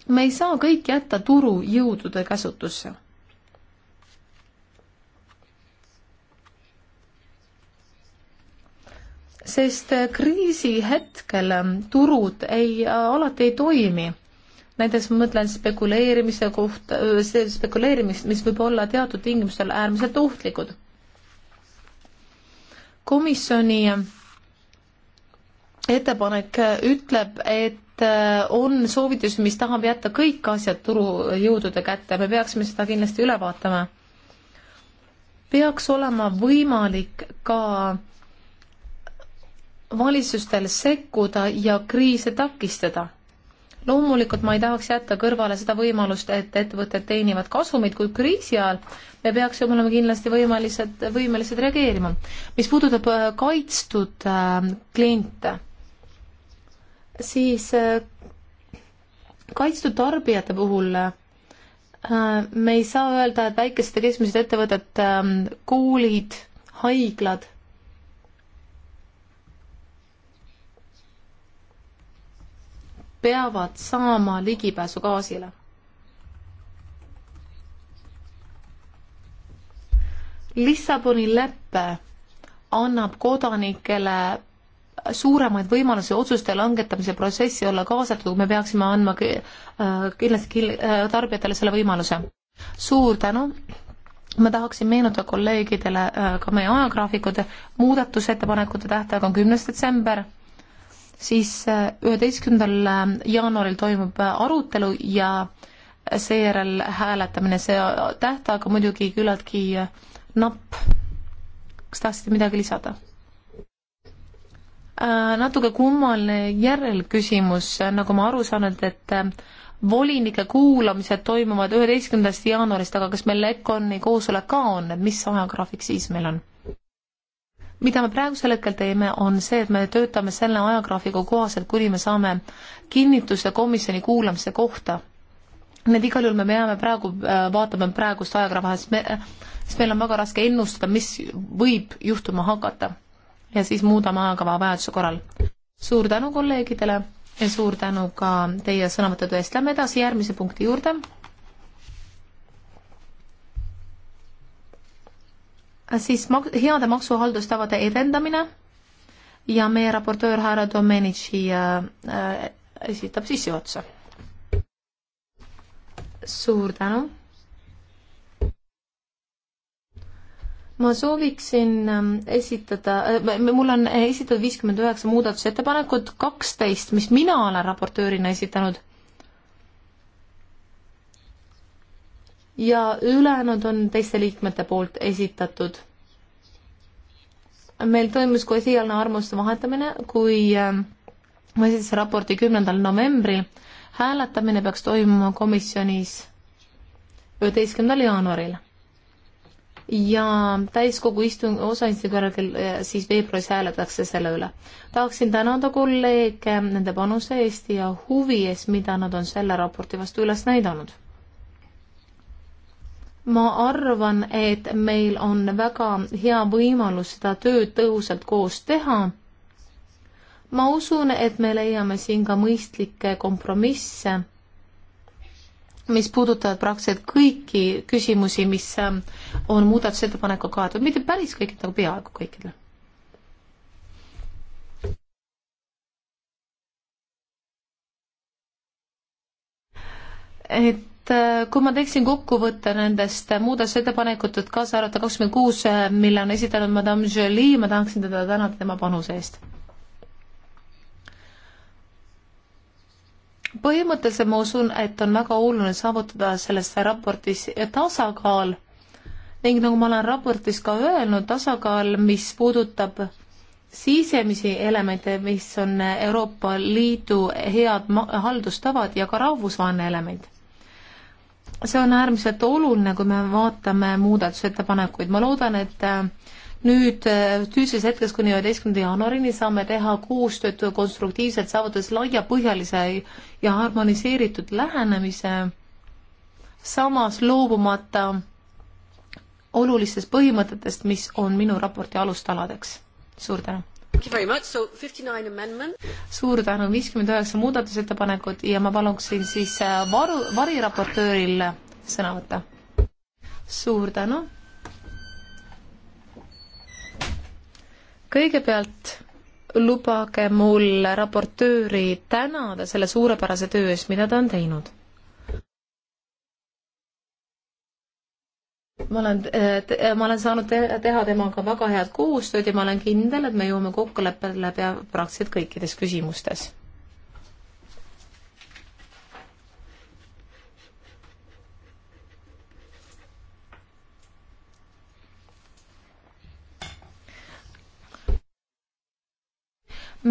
me ei saa kõik jätta turujõudude käsutusse. sest kriisi hetkel turud ei, alati ei toimi. näiteks ma mõtlen spekuleerimise kohta, see spekuleerimist, mis võib olla teatud tingimustel äärmiselt ohtlikud. komisjoni ettepanek ütleb, et Äh, on soovitus, mis tahab jätta kõik asjad turujõudude kätte, me peaksime seda kindlasti üle vaatama. peaks olema võimalik ka valitsustel sekkuda ja kriise takistada. loomulikult ma ei tahaks jätta kõrvale seda võimalust, et ettevõtted teenivad kasumit, kuid kriisi ajal me peaksime olema kindlasti võimelised, võimelised reageerima. mis puudutab äh, kaitstud äh, kliente siis äh, kaitstud tarbijate puhul äh, me ei saa öelda, et väikesed ja keskmised ettevõtted, ähm, koolid, haiglad peavad saama ligipääsu gaasile. Lissaboni lepe annab kodanikele suuremaid võimalusi otsuste langetamise protsessi olla kaasatud, me peaksime andma äh, kindlasti äh, tarbijatele selle võimaluse. suur tänu, ma tahaksin meenutada kolleegidele äh, ka meie ajagraafikud, muudatusettepanekute tähtaeg on kümnes detsember, siis üheteistkümnendal jaanuaril toimub arutelu ja seejärel hääletamine, see tähtaeg on muidugi küllaltki napp. kas tahtsite midagi lisada? Äh, natuke kummaline järelküsimus, nagu ma aru saan, et, et äh, volinike kuulamised toimuvad üheteistkümnendast jaanuarist, aga kas meil EKON-i koosolek ka on, et mis ajagraafik siis meil on? mida me praegusel hetkel teeme, on see, et me töötame selle ajagraafiku kohaselt, kuni me saame kinnituse komisjoni kuulamise kohta. nii et igal juhul me peame praegu, äh, vaatame praegust ajagraafikut, sest me, sest meil on väga raske ennustada, mis võib juhtuma hakata ja siis muudame ajakava vajaduse korral. suur tänu kolleegidele ja suur tänu ka teie sõnavõttude eest. Lähme edasi järgmise punkti juurde. siis mak-, heade maksuhaldustavade edendamine ja meie raportöör härra Domenici äh, äh, esitab sissejuhatuse. suur tänu ma sooviksin ähm, esitada, äh, mul on äh, esitatud viiskümmend üheksa muudatusettepanekut, kaksteist, mis mina olen raportöörina esitanud. ja ülejäänud on teiste liikmete poolt esitatud. meil toimus ka esialgne armuste vahetamine, kui ähm, ma esitasin raporti kümnendal novembril, hääletamine peaks toimuma komisjonis üheteistkümnendal jaanuaril ja täiskogu istung, osaistungi kõrgel eh, siis veebruaris hääletatakse selle üle. tahaksin tänada kolleege nende panuse eest ja huvi eest, mida nad on selle raporti vastu üles näidanud. ma arvan, et meil on väga hea võimalus seda tööd tõhusalt koos teha. ma usun, et me leiame siin ka mõistlikke kompromisse mis puudutavad praktiliselt kõiki küsimusi, mis ähm, on muudatusettepanekuga kaetud, mitte päris kõikidele, aga peaaegu kõikidele. et äh, kui ma teeksin kokkuvõtte nendest muudatusettepanekutest, kaasa arvatud kakskümmend kuus, äh, mille on esitanud Madame Jolie, ma tahaksin teda tänada tema panuse eest põhimõtteliselt ma usun, et on väga oluline saavutada selles raportis tasakaal ning nagu ma olen raportis ka öelnud, tasakaal, mis puudutab sisemisi elemente, mis on Euroopa Liidu head haldustavad ja ka rahvusvaheline element. see on äärmiselt oluline, kui me vaatame muudatusettepanekuid, ma loodan, et äh, nüüd tüüdises äh, hetkes kuni üheteistkümnenda jaanuarini saame teha koostööd konstruktiivselt, saavutades laiapõhjalise ja harmoniseeritud lähenemise, samas loobumata olulistest põhimõtetest, mis on minu raporti alustaladeks. suur tänu! suur tänu, viiskümmend üheksa muudatusettepanekut ja ma paluksin siis äh, varu, variraportööril sõna võtta. suur tänu! kõigepealt lubage mul raportööri tänada selle suurepärase töö eest, mida ta on teinud. ma olen, eh, ma olen saanud te teha temaga väga head koostööd ja ma olen kindel, et me jõuame kokkuleppele pea praktiliselt kõikides küsimustes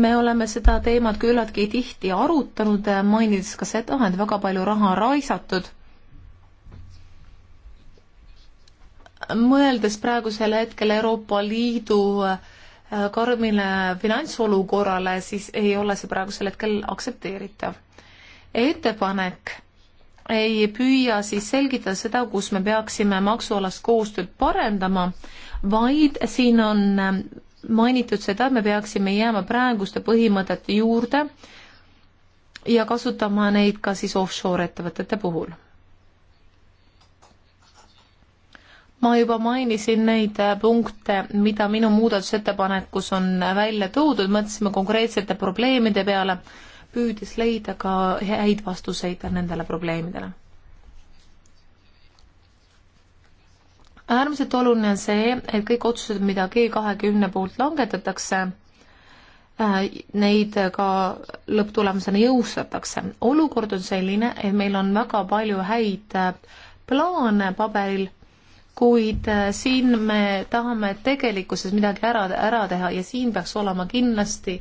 me oleme seda teemat küllaltki tihti arutanud, mainides ka seda, et väga palju raha on raisatud. mõeldes praegusel hetkel Euroopa Liidu äh, karmile finantsolukorrale, siis ei ole see praegusel hetkel aktsepteeritav. ettepanek ei püüa siis selgitada seda, kus me peaksime maksualast koostööd parendama, vaid siin on äh, mainitud seda, et me peaksime jääma praeguste põhimõtete juurde ja kasutama neid ka siis offshore ettevõtete puhul. ma juba mainisin neid punkte, mida minu muudatusettepanekus on välja toodud, mõtlesime konkreetsete probleemide peale, püüdes leida ka häid vastuseid nendele probleemidele äärmiselt oluline on see, et kõik otsused, mida G kahekümne poolt langetatakse, äh, neid ka lõpptulemusena jõustatakse. olukord on selline, et meil on väga palju häid äh, plaane paberil, kuid äh, siin me tahame tegelikkuses midagi ära, ära teha ja siin peaks olema kindlasti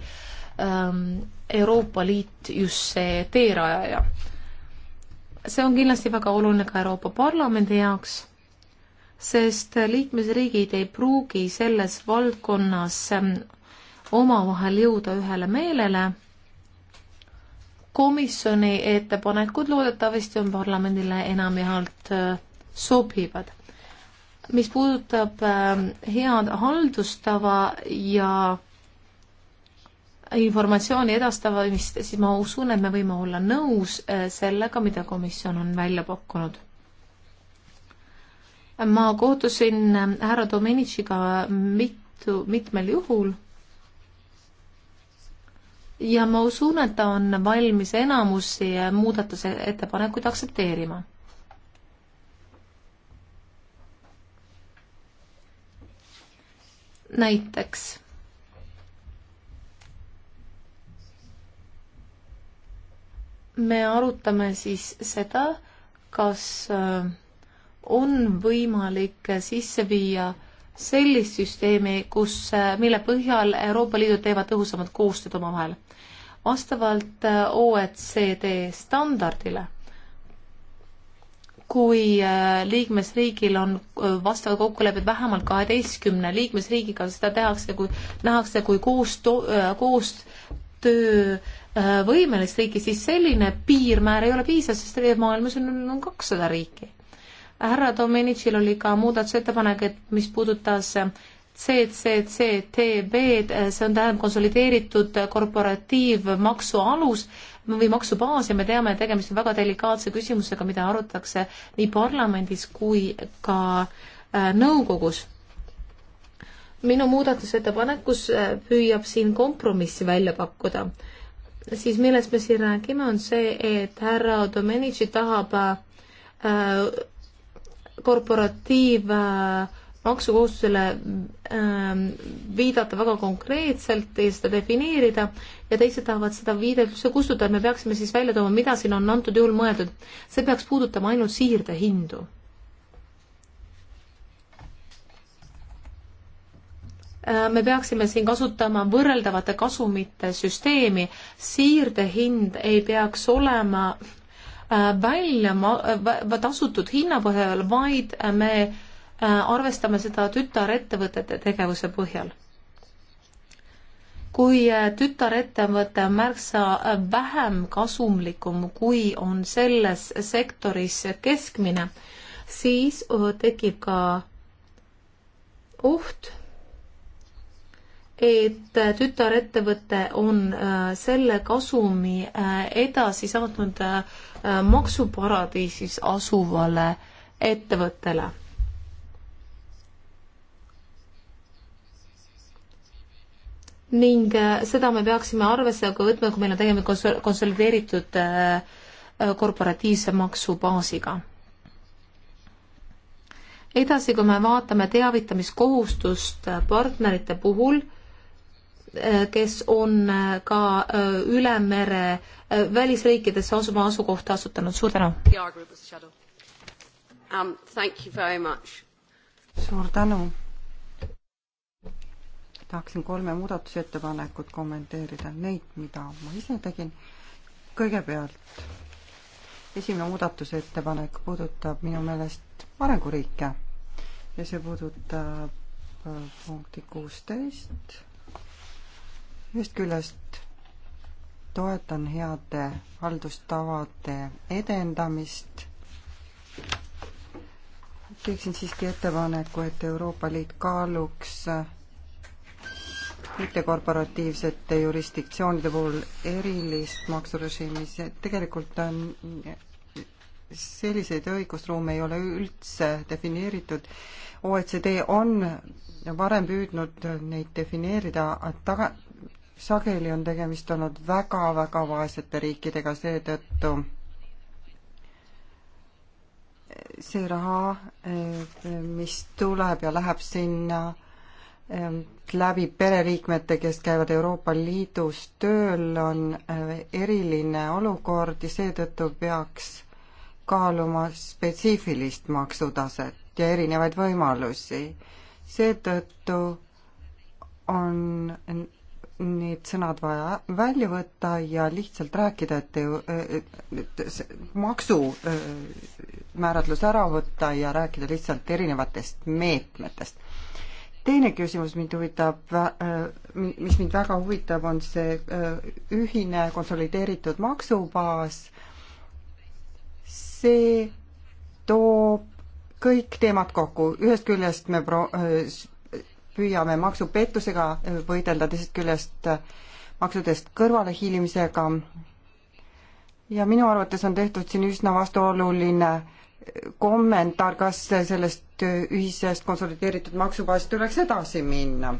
ähm, Euroopa Liit just see teerajaja. see on kindlasti väga oluline ka Euroopa Parlamendi jaoks sest liikmesriigid ei pruugi selles valdkonnas ähm, omavahel jõuda ühele meelele. komisjoni ettepanekud loodetavasti on parlamendile enamjaolt äh, sobivad. mis puudutab ähm, head haldustava ja informatsiooni edastamist, siis ma usun, et me võime olla nõus äh, sellega, mida komisjon on välja pakkunud ma kohtusin härra Domenitšiga mitu, mitmel juhul ja ma usun, et ta on valmis enamusi muudatuse ettepanekuid aktsepteerima. näiteks me arutame siis seda, kas äh, on võimalik sisse viia sellist süsteemi, kus, mille põhjal Euroopa Liidud teevad tõhusamat koostööd omavahel. vastavalt äh, OECD standardile, kui äh, liikmesriigil on äh, vastavad kokkulepped vähemalt kaheteistkümne liikmesriigiga, seda tehakse, kui nähakse kui koostöö, koostöö võimelist riiki, siis selline piirmäär ei ole piisav, sest maailmas on, on kakssada riiki härra Domenitšil oli ka muudatusettepanek, et mis puudutas CCCTB-d, see on tähendab konsolideeritud korporatiivmaksu alus või maksubaas ja me teame, et tegemist on väga delikaatse küsimusega, mida arutatakse nii parlamendis kui ka äh, nõukogus. minu muudatusettepanekus äh, püüab siin kompromissi välja pakkuda siis millest me siin räägime, on see, et härra Domenici tahab äh, korporatiivmaksukohustusele äh, ähm, viidata väga konkreetselt ja seda defineerida ja teised tahavad seda viidet üldse kustutada, me peaksime siis välja tooma, mida siin on antud juhul mõeldud. see peaks puudutama ainult siirdehindu. Äh, me peaksime siin kasutama võrreldavate kasumite süsteemi, siirdehind ei peaks olema välja äh, ma-, äh, tasutud hinna põhjal, vaid äh, me arvestame seda tütarettevõtete tegevuse põhjal. kui tütarettevõte on märksa vähem kasumlikum, kui on selles sektoris keskmine, siis tekib ka oht et tütarettevõte on äh, selle kasumi äh, edasi saatnud äh, maksuparadiisis asuvale ettevõttele. ning seda me peaksime arvesse ka võtma, kui meil on tegemist konsolideeritud korporatiivse maksubaasiga edasi, kui me vaatame teavitamiskohustust partnerite puhul, Eh, kes on eh, ka eh, üle mere välisriikidesse asuma asukohta asutanud. suur tänu! Um, suur tänu!
tahaksin kolme muudatusettepanekut kommenteerida, neid, mida ma ise tegin. kõigepealt esimene muudatusettepanek puudutab minu meelest arenguriike ja see puudutab punkti kuusteist ühest küljest toetan heade haldustavade edendamist. teeksin siiski ettepaneku, et Euroopa Liit kaaluks mittekorporatiivsete jurisdiktsioonide puhul erilist maksurežiimi, see tegelikult on selliseid õigusruume ei ole üldse defineeritud. OECD on varem püüdnud neid defineerida, taga, sageli on tegemist olnud väga-väga vaesete riikidega, seetõttu see raha, eh, mis tuleb ja läheb sinna eh, läbi pereliikmete, kes käivad Euroopa Liidus tööl, on eh, eriline olukord ja seetõttu peaks kaaluma spetsiifilist maksutaset ja erinevaid võimalusi. seetõttu on need sõnad vaja välja võtta ja lihtsalt rääkida, et, et maksumääratlus äh, ära võtta ja rääkida lihtsalt erinevatest meetmetest. teine küsimus mind huvitab, äh, mis mind väga huvitab, on see äh, ühine konsolideeritud maksubaas. see toob kõik teemad kokku, ühest küljest me pro-, püüame maksupettusega võidelda, teisest küljest äh, maksudest kõrvalehiilimisega. ja minu arvates on tehtud siin üsna vastuoluline äh, kommentaar, kas sellest äh, ühisest konsolideeritud maksubaasist tuleks edasi minna.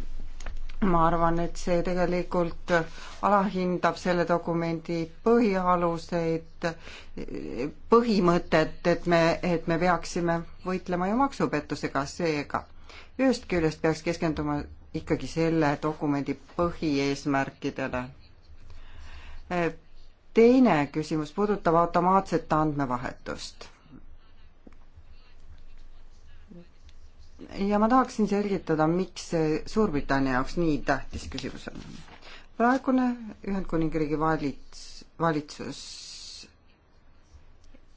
ma arvan, et see tegelikult alahindab selle dokumendi põhialuseid, põhimõtet, et me, et me peaksime võitlema ju maksupettusega, seega ühest küljest peaks keskenduma ikkagi selle dokumendi põhieesmärkidele. teine küsimus puudutab automaatset andmevahetust. ja ma tahaksin selgitada, miks see Suurbritannia jaoks nii tähtis küsimus on. praegune Ühendkuningriigi valits, valitsus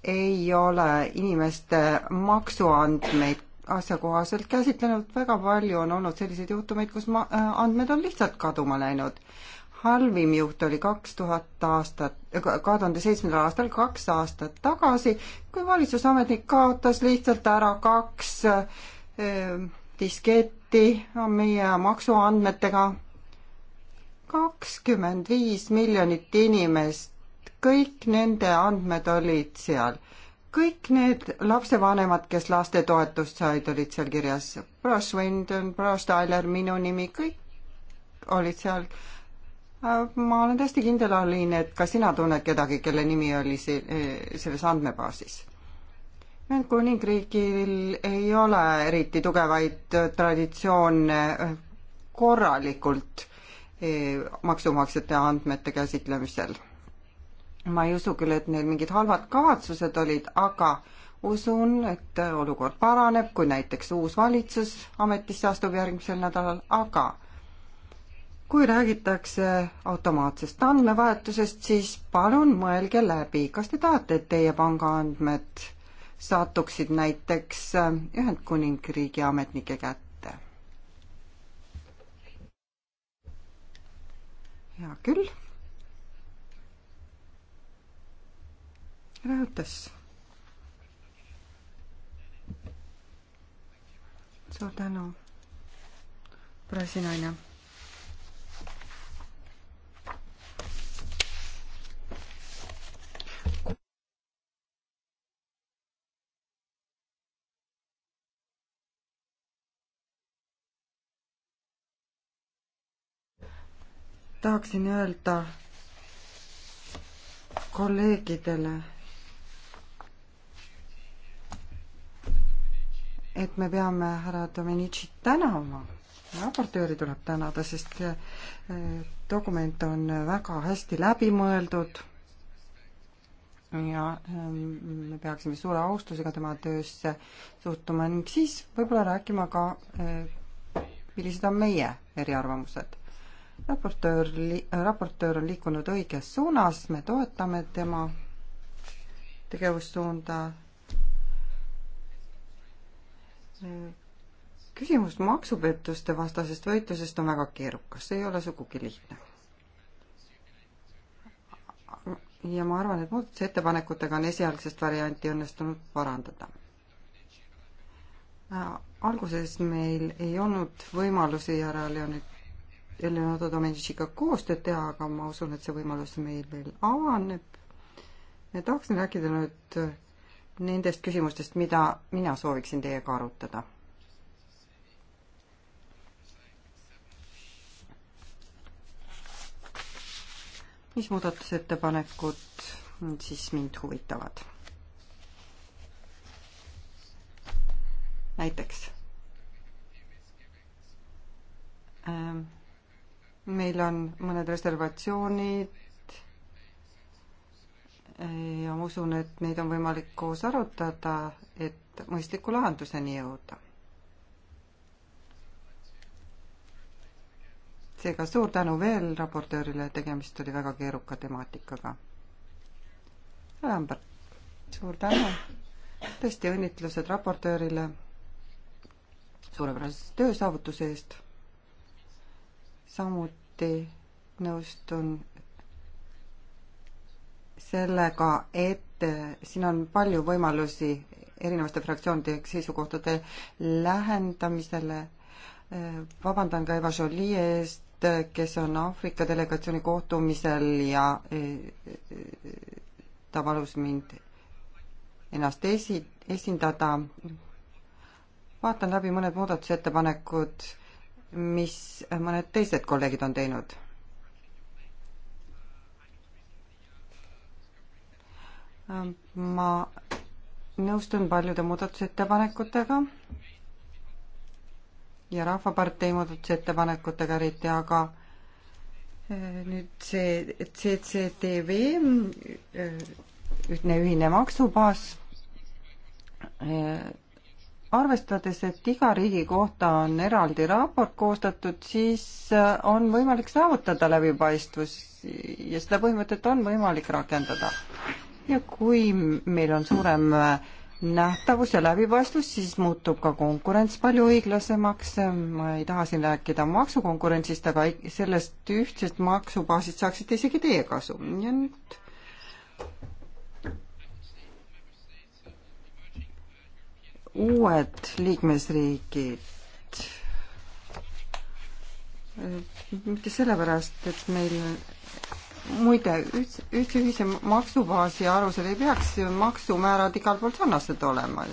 ei ole inimeste maksuandmeid asjakohaselt käsitlenud, väga palju on olnud selliseid juhtumeid, kus ma, äh, andmed on lihtsalt kaduma läinud. halvim juht oli kaks tuhat aastat, äh, kahe tuhande seitsmendal aastal, kaks aastat tagasi, kui valitsusametnik kaotas lihtsalt ära kaks äh, disketti meie maksuandmetega. kakskümmend viis miljonit inimest, kõik nende andmed olid seal kõik need lapsevanemad, kes lastetoetust said, olid seal kirjas. Bro Swindon, Bro Styler, minu nimi, kõik olid seal. Äh, ma olen täiesti kindel, Aliin, et ka sina tunned kedagi, kelle nimi oli see, äh, selles andmebaasis. Ühendkuningriigil ei ole eriti tugevaid äh, traditsioone korralikult maksumaksjate andmete käsitlemisel ma ei usu küll, et neil mingid halvad kavatsused olid, aga usun, et olukord paraneb, kui näiteks uus valitsus ametisse astub järgmisel nädalal, aga kui räägitakse automaatsest andmevahetusest, siis palun mõelge läbi, kas te tahate, et teie pangaandmed satuksid näiteks Ühendkuningriigi ametnike kätte? hea küll rõhutas. suur tänu, Brasiilia. tahaksin öelda kolleegidele et me peame härra Domenici tänama. raportööri tuleb tänada, sest eh, dokument on väga hästi läbimõeldud ja ehm, me peaksime suure austusega tema töösse suhtuma ning siis võib-olla rääkima ka, eh, millised on meie eriarvamused. raportöör, raportöör on liikunud õiges suunas, me toetame tema tegevussuunda küsimus maksupettuste vastasest võitlusest on väga keerukas, see ei ole sugugi lihtne. ja ma arvan, et muudatusettepanekutega on esialgsest varianti õnnestunud parandada. Äh, alguses meil ei olnud võimalusi härra Leonid Eleonora Domenšiga koostööd teha, aga ma usun, et see võimalus meil veel avaneb. me tahaksime rääkida nüüd nendest küsimustest, mida mina sooviksin teiega arutada. mis muudatusettepanekud siis mind huvitavad? näiteks ähm, meil on mõned reservatsioonid ja ma usun, et neid on võimalik koos arutada, et mõistliku lahenduseni jõuda. seega suur tänu veel raportöörile, tegemist oli väga keeruka temaatikaga. Lambert, suur tänu, tõesti õnnitlused raportöörile suurepärase töösaavutuse eest. samuti nõustun sellega, et siin on palju võimalusi erinevate fraktsioonide seisukohtade lähendamisele. vabandan ka Eva Jolie eest, kes on Aafrika delegatsiooni kohtumisel ja e, e, ta palus mind ennast esi, esindada. vaatan läbi mõned muudatusettepanekud, mis mõned teised kolleegid on teinud ma nõustun paljude muudatusettepanekutega ja Rahvapartei muudatusettepanekutega eriti, aga eh, nüüd see CCTV, eh, ühtne ühine maksubaas, eh, arvestades, et iga riigi kohta on eraldi raport koostatud, siis on võimalik saavutada läbipaistvus ja seda põhimõtet on võimalik rakendada ja kui meil on suurem äh, nähtavus ja läbipaistvus, siis muutub ka konkurents palju õiglasemaks. ma ei taha siin rääkida maksukonkurentsist, aga sellest ühtsest maksubaasist saaksite isegi teie kasu. ja nüüd uued liikmesriigid mitte sellepärast, et meil muide, üldse, üldse ühise maksubaasi alusel ei peaks maksumäärad igal pool sarnased olema.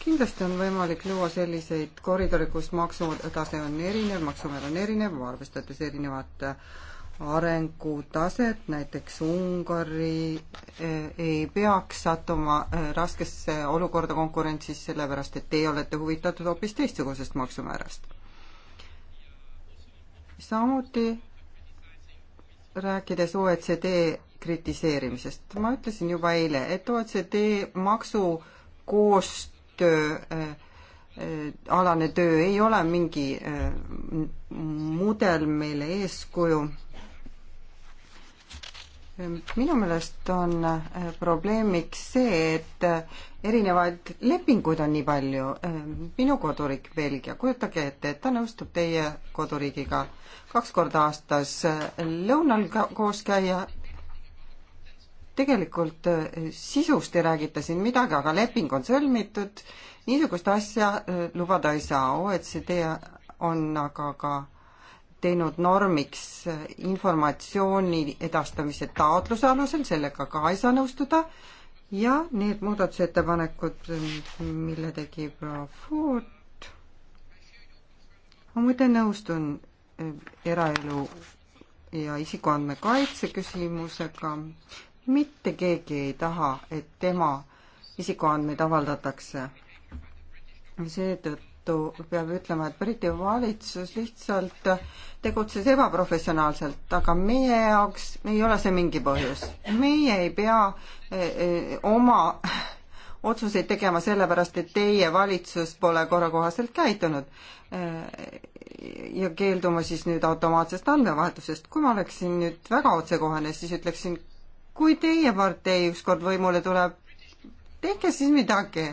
kindlasti on võimalik luua selliseid koridore, kus maksutase on erinev, maksumäär on erinev, arvestades erinevat äh, arengutaset, näiteks Ungari äh, ei peaks sattuma äh, raskesse olukorda konkurentsis, sellepärast et teie olete huvitatud hoopis teistsugusest maksumäärast. samuti rääkides OECD kritiseerimisest, ma ütlesin juba eile, et OECD maksukoostöö äh, äh, alane töö ei ole mingi äh, mudel meile eeskuju minu meelest on äh, probleemiks see, et äh, erinevaid lepinguid on nii palju. Äh, minu koduriik Belgia, kujutage ette, et ta nõustub teie koduriigiga kaks korda aastas lõunal koos käia. tegelikult sisust ei räägita siin midagi, aga leping on sõlmitud. niisugust asja lubada ei saa. OECD on aga ka, ka teinud normiks informatsiooni edastamise taotluse alusel, sellega ka ei saa nõustuda, ja need muudatusettepanekud, mille tegi proua Ford, ma muide nõustun eh, eraelu ja isikuandmekaitse küsimusega, mitte keegi ei taha, et tema isikuandmeid avaldatakse. seetõttu vastu peab ütlema, et Briti valitsus lihtsalt tegutses ebaprofessionaalselt, aga meie jaoks ei ole see mingi põhjus. meie ei pea eh, eh, oma otsuseid tegema sellepärast, et teie valitsus pole korrakohaselt käitunud. Eh, ja keelduma siis nüüd automaatsest andmevahetusest. kui ma oleksin nüüd väga otsekohane, siis ütleksin, kui teie partei ükskord võimule tuleb, tehke siis midagi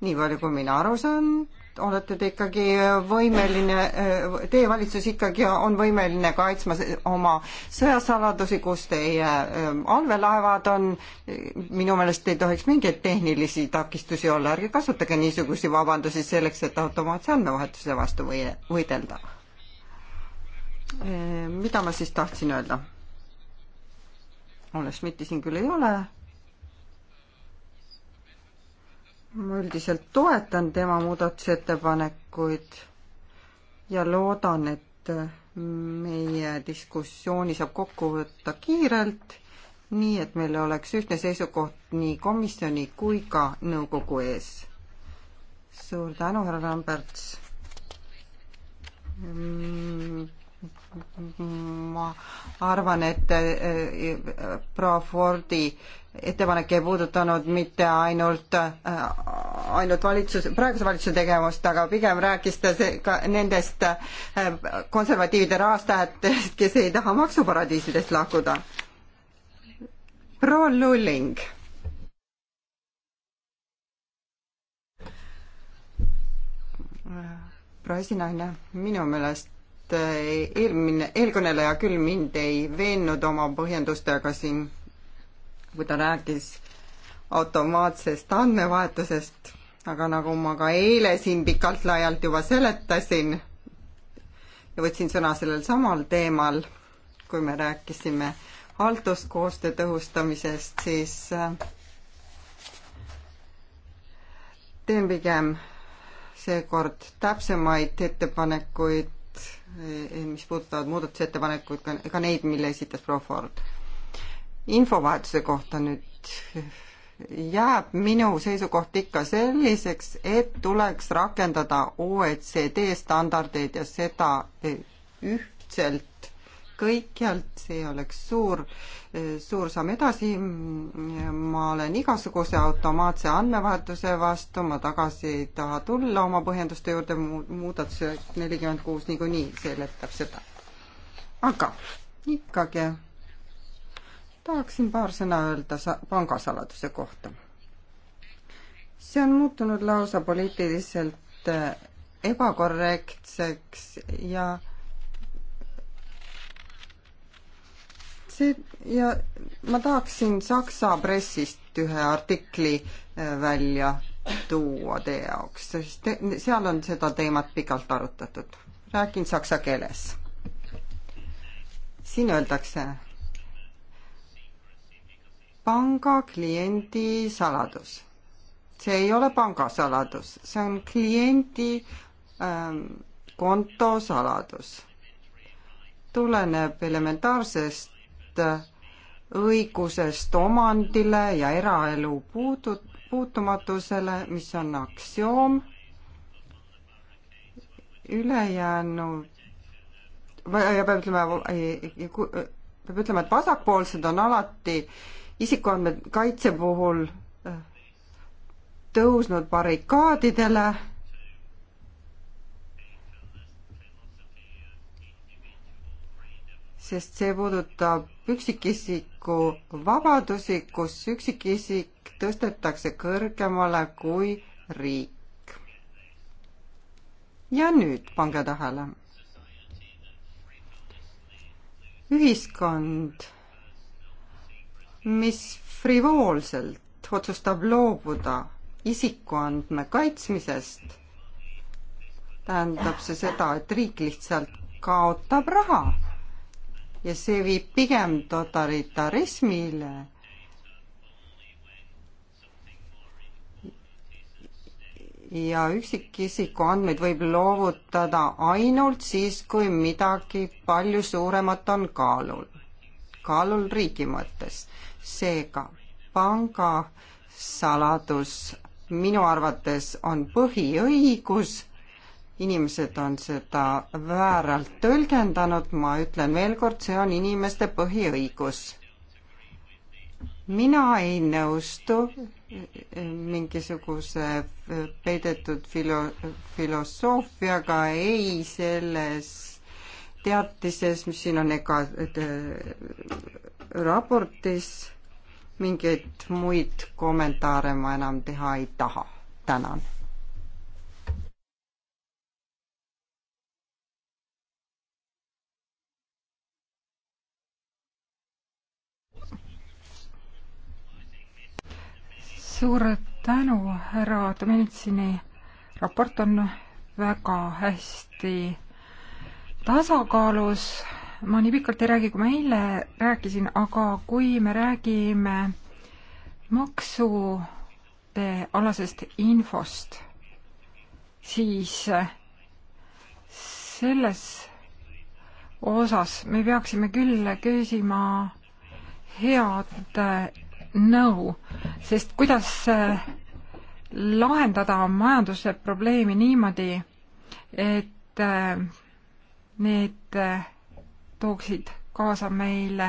nii palju, kui mina aru saan, olete te ikkagi võimeline, teie valitsus ikkagi on võimeline kaitsma oma sõjasaladusi, kus teie ähm, allveelaevad on, minu meelest ei tohiks mingeid tehnilisi takistusi olla, ärge kasutage niisuguseid vabandusi selleks, et automaatse andmevahetuse vastu või-, võidelda. Äh, mida ma siis tahtsin öelda? Olle Schmidti siin küll ei ole ma üldiselt toetan tema muudatusettepanekuid ja loodan, et meie diskussiooni saab kokku võtta kiirelt, nii et meil oleks ühtne seisukoht nii komisjoni kui ka nõukogu ees. suur tänu, härra Lamberts mm ma arvan, et eh, proua Fordi ettepanek ei puudutanud mitte ainult, eh, ainult valitsuse, praeguse valitsuse tegevust, aga pigem rääkis ta ka nendest eh, konservatiivide rahastajatest, kes ei taha maksuparadiisidest lahkuda. proua Lulling proua esinaine, minu meelest Eh, eelmine, eelkõneleja küll mind ei veennud oma põhjendustega siin, kui ta rääkis automaatsest andmevahetusest, aga nagu ma ka eile siin pikalt-laialt juba seletasin ja võtsin sõna sellel samal teemal, kui me rääkisime halduskoostöö tõhustamisest, siis eh, teen pigem seekord täpsemaid ettepanekuid mis puudutavad muudatusettepanekuid, ka, ka neid, mille esitas proua Ford. infovahetuse kohta nüüd jääb minu seisukoht ikka selliseks, et tuleks rakendada OECD standardeid ja seda ühtselt kõikjalt, see oleks suur, suur samm edasi. ma olen igasuguse automaatse andmevahetuse vastu, ma tagasi ei taha tulla oma põhjenduste juurde, muudatuse nelikümmend kuus niikuinii seletab seda. aga ikkagi tahaksin paar sõna öelda pangasaladuse kohta. see on muutunud lausa poliitiliselt ebakorrektseks ja see ja ma tahaksin Saksa pressist ühe artikli äh, välja tuua teie jaoks, sest te, seal on seda teemat pikalt arutatud. räägin saksa keeles. siin öeldakse panga kliendi saladus. see ei ole pangasaladus, see on kliendi ähm, kontosaladus. tuleneb elementaarsest et õigusest omandile ja eraelu puudu, puutumatusele, mis on aktsioom, ülejäänud, peab ütlema, peab ütlema, et vasakpoolsed on alati isikuandmete kaitse puhul äh, tõusnud barrikaadidele sest see puudutab üksikisiku vabadusi, kus üksikisik tõstetakse kõrgemale kui riik. ja nüüd pange tähele. ühiskond, mis frivoolselt otsustab loobuda isikuandme kaitsmisest, tähendab see seda, et riik lihtsalt kaotab raha ja see viib pigem totalitarismile. ja üksikisiku andmeid võib loovutada ainult siis, kui midagi palju suuremat on kaalul, kaalul riigi mõttes. seega pangasaladus minu arvates on põhiõigus inimesed on seda vääralt tõlgendanud, ma ütlen veel kord, see on inimeste põhiõigus. mina ei nõustu eh, mingisuguse eh, peidetud filo-, filosoofiaga, ei selles teatises, mis siin on, ega eh, raportis mingeid muid kommentaare ma enam teha ei taha. tänan
suur tänu, härra Domenitsini raport on väga hästi tasakaalus. ma nii pikalt ei räägi, kui ma eile rääkisin, aga kui me räägime maksude alasest infost, siis selles osas me peaksime küll küsima head nõu, sest kuidas äh, lahendada majanduse probleemi niimoodi, et äh, need äh, tooksid kaasa meile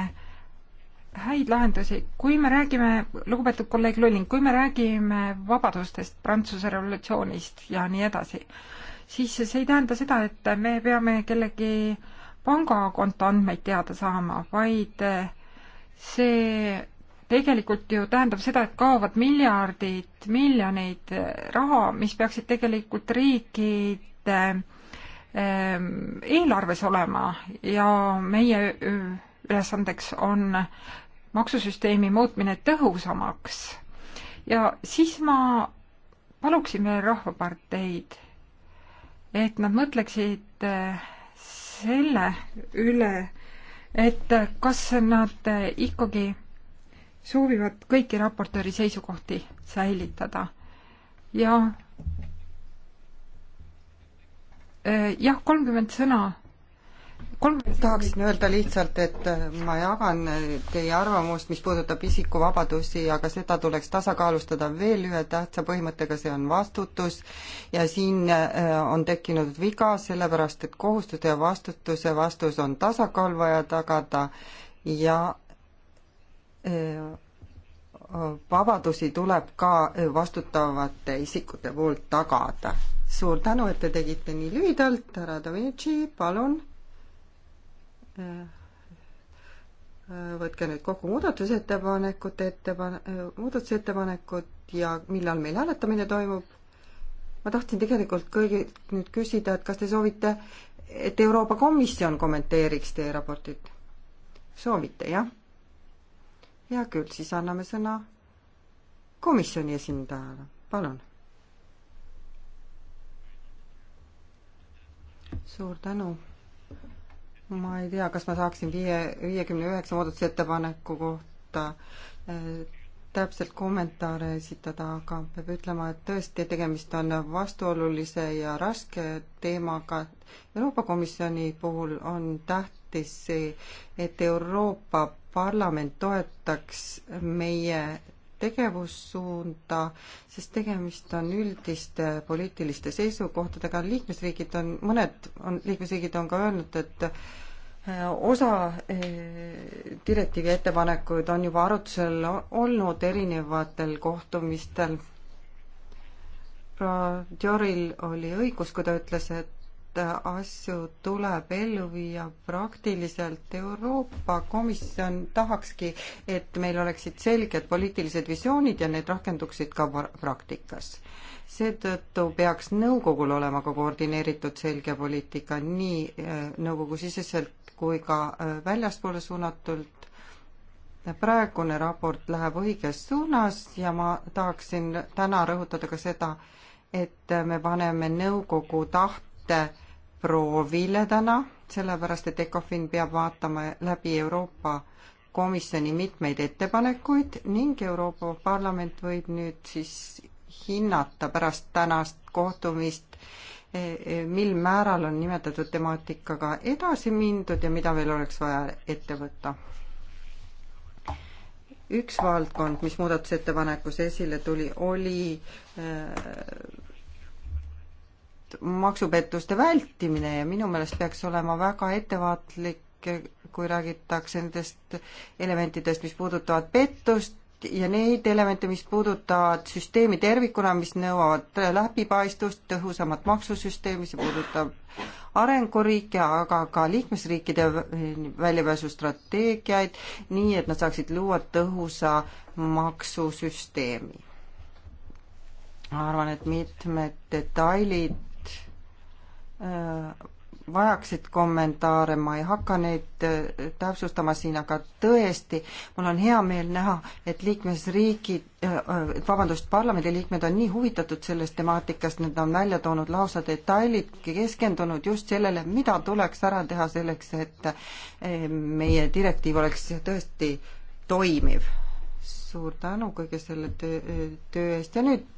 häid lahendusi. kui me räägime, lugupeetud kolleeg Lulling, kui me räägime vabadustest, Prantsuse revolutsioonist ja nii edasi, siis see ei tähenda seda, et me peame kellegi pangakonto andmeid teada saama, vaid see tegelikult ju tähendab seda, et kaovad miljardid, miljoneid eh, raha, mis peaksid tegelikult riikide ehm, eelarves olema ja meie eh, ülesandeks on maksusüsteemi muutmine tõhusamaks. ja siis ma paluksin veel Rahvaparteid, et nad mõtleksid eh, selle üle, et kas nad ikkagi soovivad kõiki raportööri seisukohti säilitada ja äh, jah,
kolmkümmend sõna. tahaksin öelda lihtsalt, et äh, ma jagan äh, teie arvamust, mis puudutab isikuvabadusi, aga seda tuleks tasakaalustada veel ühe tähtsa põhimõttega, see on vastutus. ja siin on tekkinud viga, sellepärast et kohustuse ja vastutuse vastus on tasakaal vaja tagada ja Äh, vabadusi tuleb ka äh, vastutavate isikute poolt tagada. suur tänu, et te tegite nii lühidalt, härra Davinci, palun. Äh, võtke nüüd kokku muudatusettepanekute ettepan-, muudatusettepanekud ja millal meil hääletamine toimub. ma tahtsin tegelikult kõigilt nüüd küsida, et kas te soovite, et Euroopa Komisjon kommenteeriks teie raportit? soovite, jah? hea küll, siis anname sõna komisjoni esindajale, palun. suur tänu. ma ei tea, kas ma saaksin viie, viiekümne üheksa muudatusettepaneku kohta äh, täpselt kommentaare esitada, aga peab ütlema, et tõesti, tegemist on vastuolulise ja raske teemaga. Euroopa Komisjoni puhul on tähtis see, et Euroopa parlament toetaks meie tegevussuunda, sest tegemist on üldiste poliitiliste seisukohtadega, liikmesriigid on, mõned on, liikmesriigid on ka öelnud, et äh, osa äh, direktiivi ettepanekuid on juba arutusel olnud erinevatel kohtumistel. Dioril oli õigus, kui ta ütles, et asju tuleb ellu viia praktiliselt. Euroopa Komisjon tahakski, et meil oleksid selged poliitilised visioonid ja need rakenduksid ka praktikas. seetõttu peaks nõukogul olema ka koordineeritud selge poliitika nii äh, nõukogusiseselt kui ka äh, väljaspoole suunatult. praegune raport läheb õiges suunas ja ma tahaksin täna rõhutada ka seda, et me paneme nõukogu tahte mitte proovile täna, sellepärast et ECOFIN peab vaatama läbi Euroopa Komisjoni mitmeid ettepanekuid ning Euroopa Parlament võib nüüd siis hinnata pärast tänast kohtumist, mil määral on nimetatud temaatikaga edasi mindud ja mida veel oleks vaja ette võtta. üks valdkond, mis muudatusettepanekus esile tuli, oli äh, maksupettuste vältimine ja minu meelest peaks olema väga ettevaatlik, kui räägitakse nendest elementidest, mis puudutavad pettust ja neid elemente, mis puudutavad süsteemi tervikuna, mis nõuavad läbipaistvust, tõhusamat maksusüsteemi, see puudutab arenguriike, aga ka liikmesriikide väljapääsustrateegiaid, nii et nad saaksid luua tõhusa maksusüsteemi. ma arvan, et mitmed detailid Äh, vajaksid kommentaare, ma ei hakka neid äh, täpsustama siin, aga tõesti, mul on hea meel näha, et liikmesriigid, äh, vabandust, parlamendiliikmed on nii huvitatud sellest temaatikast, nad on välja toonud lausa detailid, keskendunud just sellele, mida tuleks ära teha selleks, et meie direktiiv oleks tõesti toimiv. suur tänu kõige selle töö eest ja nüüd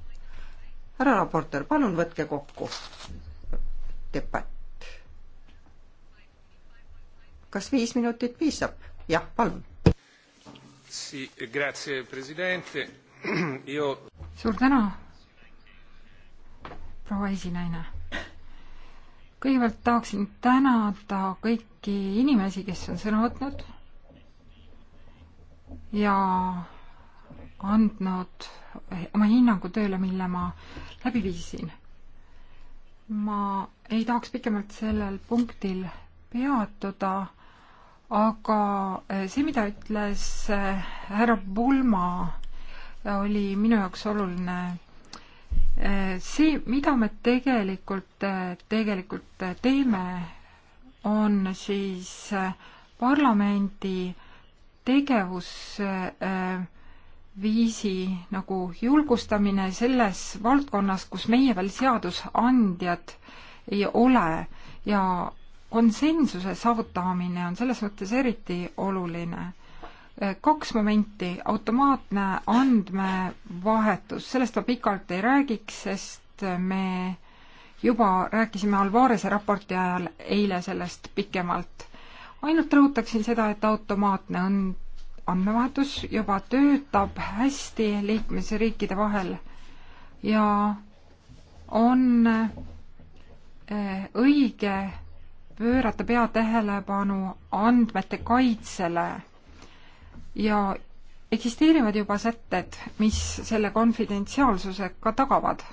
härra raportöör, palun võtke kokku debatt. kas viis minutit piisab? jah, palun.
suur tänu, proua esinaine. kõigepealt tahaksin tänada kõiki inimesi, kes on sõna võtnud ja andnud oma hinnangu tööle, mille ma läbi viisin ma ei tahaks pikemalt sellel punktil peatuda, aga eh, see, mida ütles eh, härra Pulma, oli minu jaoks oluline. Eh, see, mida me tegelikult, tegelikult teeme, on siis parlamendi tegevus äh, viisi nagu julgustamine selles valdkonnas, kus meie veel seadusandjad ei ole ja konsensuse saavutamine on selles mõttes eriti oluline. kaks momenti, automaatne andmevahetus, sellest ma pikalt ei räägiks, sest me juba rääkisime Alvarese raporti ajal eile sellest pikemalt. ainult rõhutaksin seda, et automaatne õnd-, andmevahetus juba töötab hästi liikmesriikide vahel ja on eh, õige pöörata pea tähelepanu andmete kaitsele ja eksisteerivad juba sätted, mis selle konfidentsiaalsuse ka tagavad.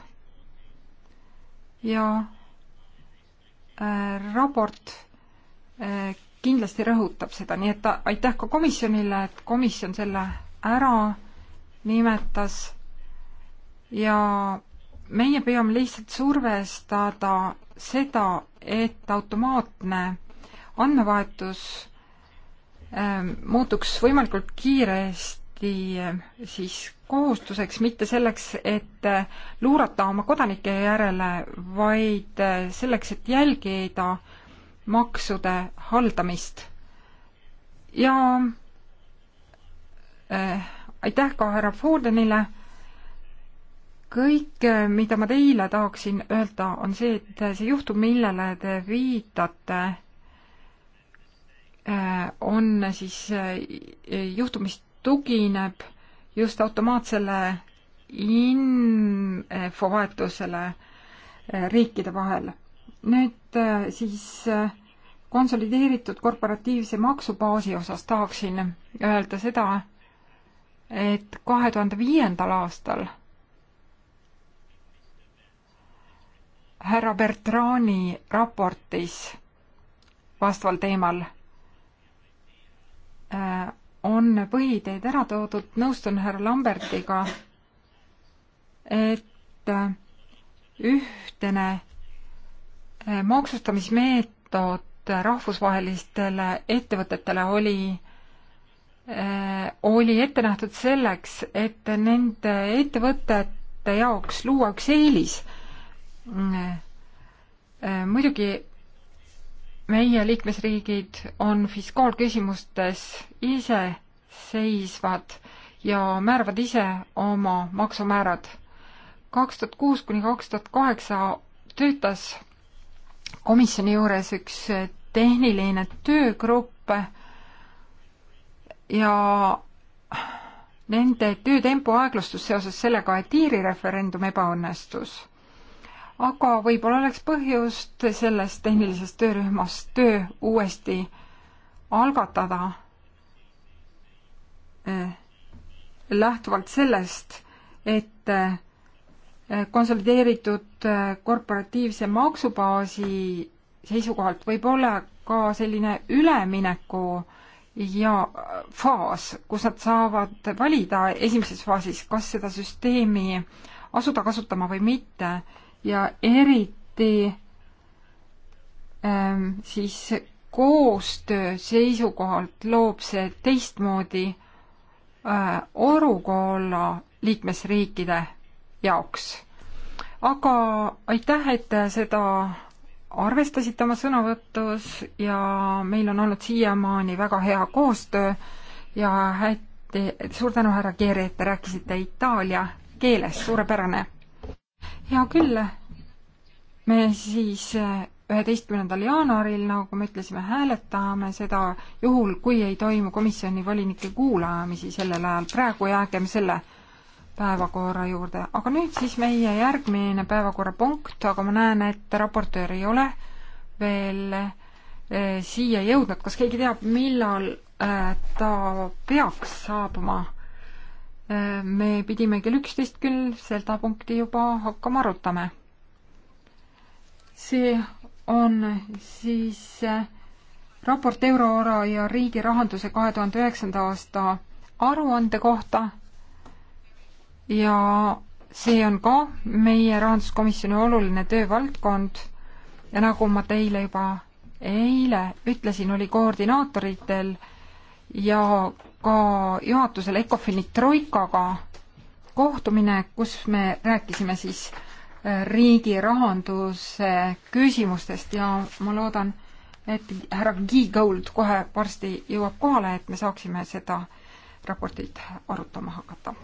ja äh, raport äh, kindlasti rõhutab seda, nii et aitäh ka komisjonile, et komisjon selle ära nimetas ja meie püüame lihtsalt survestada seda, et automaatne andmevahetus ähm, muutuks võimalikult kiiresti äh, siis kohustuseks, mitte selleks, et äh, luurata oma kodanike järele, vaid äh, selleks, et jälgida äh, maksude haldamist. ja äh, aitäh ka härra Fordenile. kõik, eh, mida ma teile tahaksin öelda, on see, et see juhtum, millele te viitate äh,, on siis äh, juhtum, mis tugineb just automaatsele infovahetusele riikide vahel. nüüd siis äh, konsolideeritud korporatiivse maksubaasi osas tahaksin öelda seda, et kahe tuhande viiendal aastal härra Bertrani raportis vastaval teemal äh, on põhiideid ära toodud, nõustun härra Lambertiga, et äh, ühtene äh, maksustamismeetod et rahvusvahelistele ettevõtetele oli eh, oli ette nähtud selleks, et nende ettevõtete jaoks luua üks eelis. Mm, eh, muidugi meie liikmesriigid on fiskaalküsimustes iseseisvad ja määravad ise oma maksumäärad. kaks tuhat kuus kuni kaks tuhat kaheksa töötas komisjoni juures üks tehniline töögrupp ja nende töötempo aeglustus seoses sellega, et Iiri referendum ebaõnnestus. aga võib-olla oleks põhjust sellest tehnilisest töörühmast töö uuesti algatada eh, lähtuvalt sellest, et eh, konsolideeritud äh, korporatiivse maksubaasi seisukohalt võib olla ka selline ülemineku ja äh, faas, kus nad saavad valida esimeses faasis, kas seda süsteemi asuda kasutama või mitte ja eriti ähm, siis koostöö seisukohalt loob see teistmoodi äh, olukorra liikmesriikide jaoks. aga aitäh, et seda arvestasite oma sõnavõtus ja meil on olnud siiamaani väga hea koostöö ja hästi, suur tänu, härra Keeri, et te rääkisite itaalia keeles, suurepärane. hea küll, me siis üheteistkümnendal jaanuaril, nagu me ütlesime, hääletame seda juhul, kui ei toimu komisjoni volinike kuulamisi sellel ajal, praegu jäägem selle päevakorra juurde, aga nüüd siis meie järgmine päevakorrapunkt, aga ma näen, et raportöör ei ole veel eh, siia jõudnud, kas keegi teab, millal eh, ta peaks saabuma? Eh, me pidime kell üksteist küll seda punkti juba hakkama arutama. see on siis raport euroala ja riigi rahanduse kahe tuhande üheksanda aasta aruande kohta ja see on ka meie rahanduskomisjoni oluline töövaldkond ja nagu ma teile juba eile ütlesin, oli koordinaatoritel ja ka juhatusel ECOFIN-i troikaga kohtumine, kus me rääkisime siis äh, riigi rahanduse küsimustest ja ma loodan, et härra Giigold kohe varsti jõuab kohale, et me saaksime seda
raportit arutama hakata.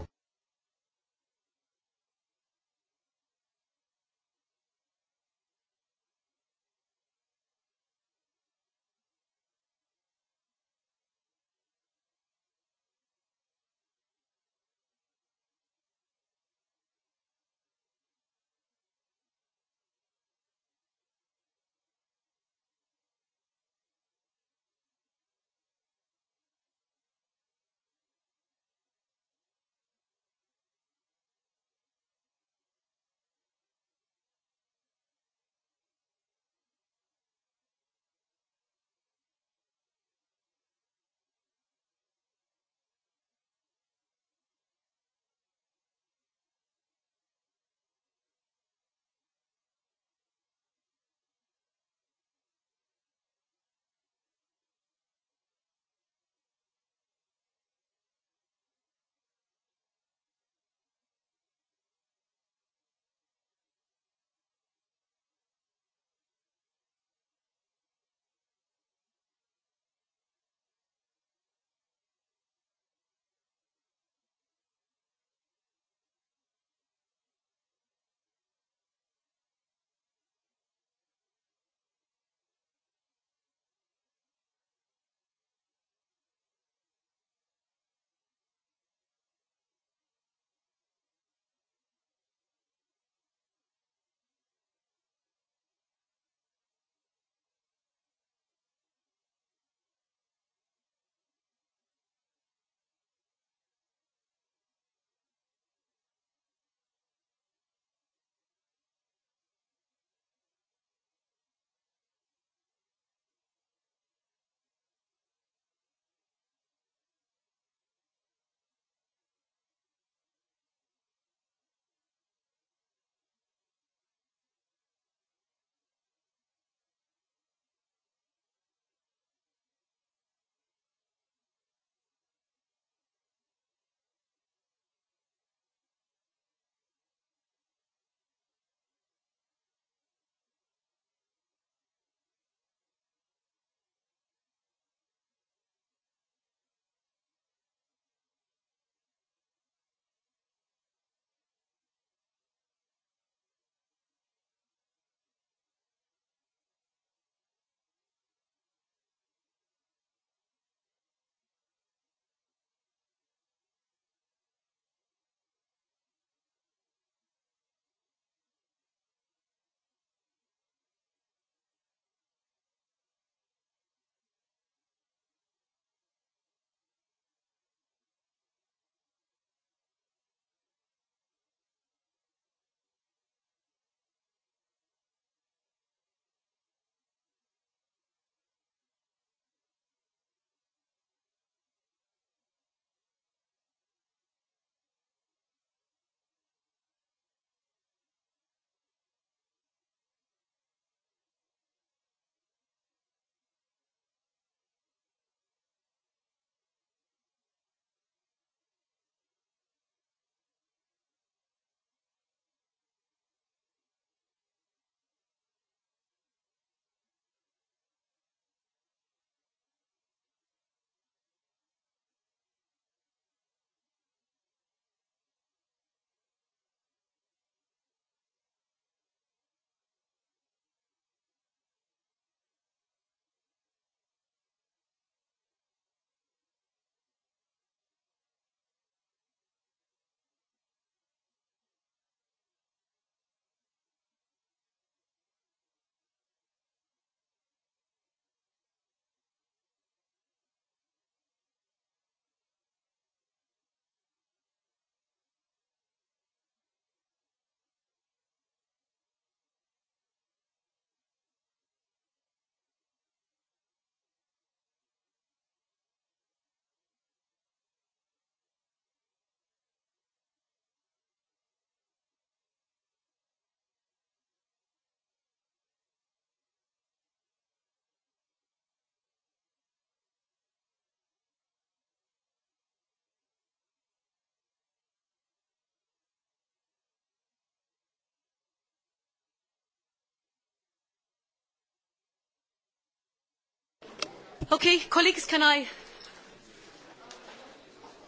Okay, colleagues, can I...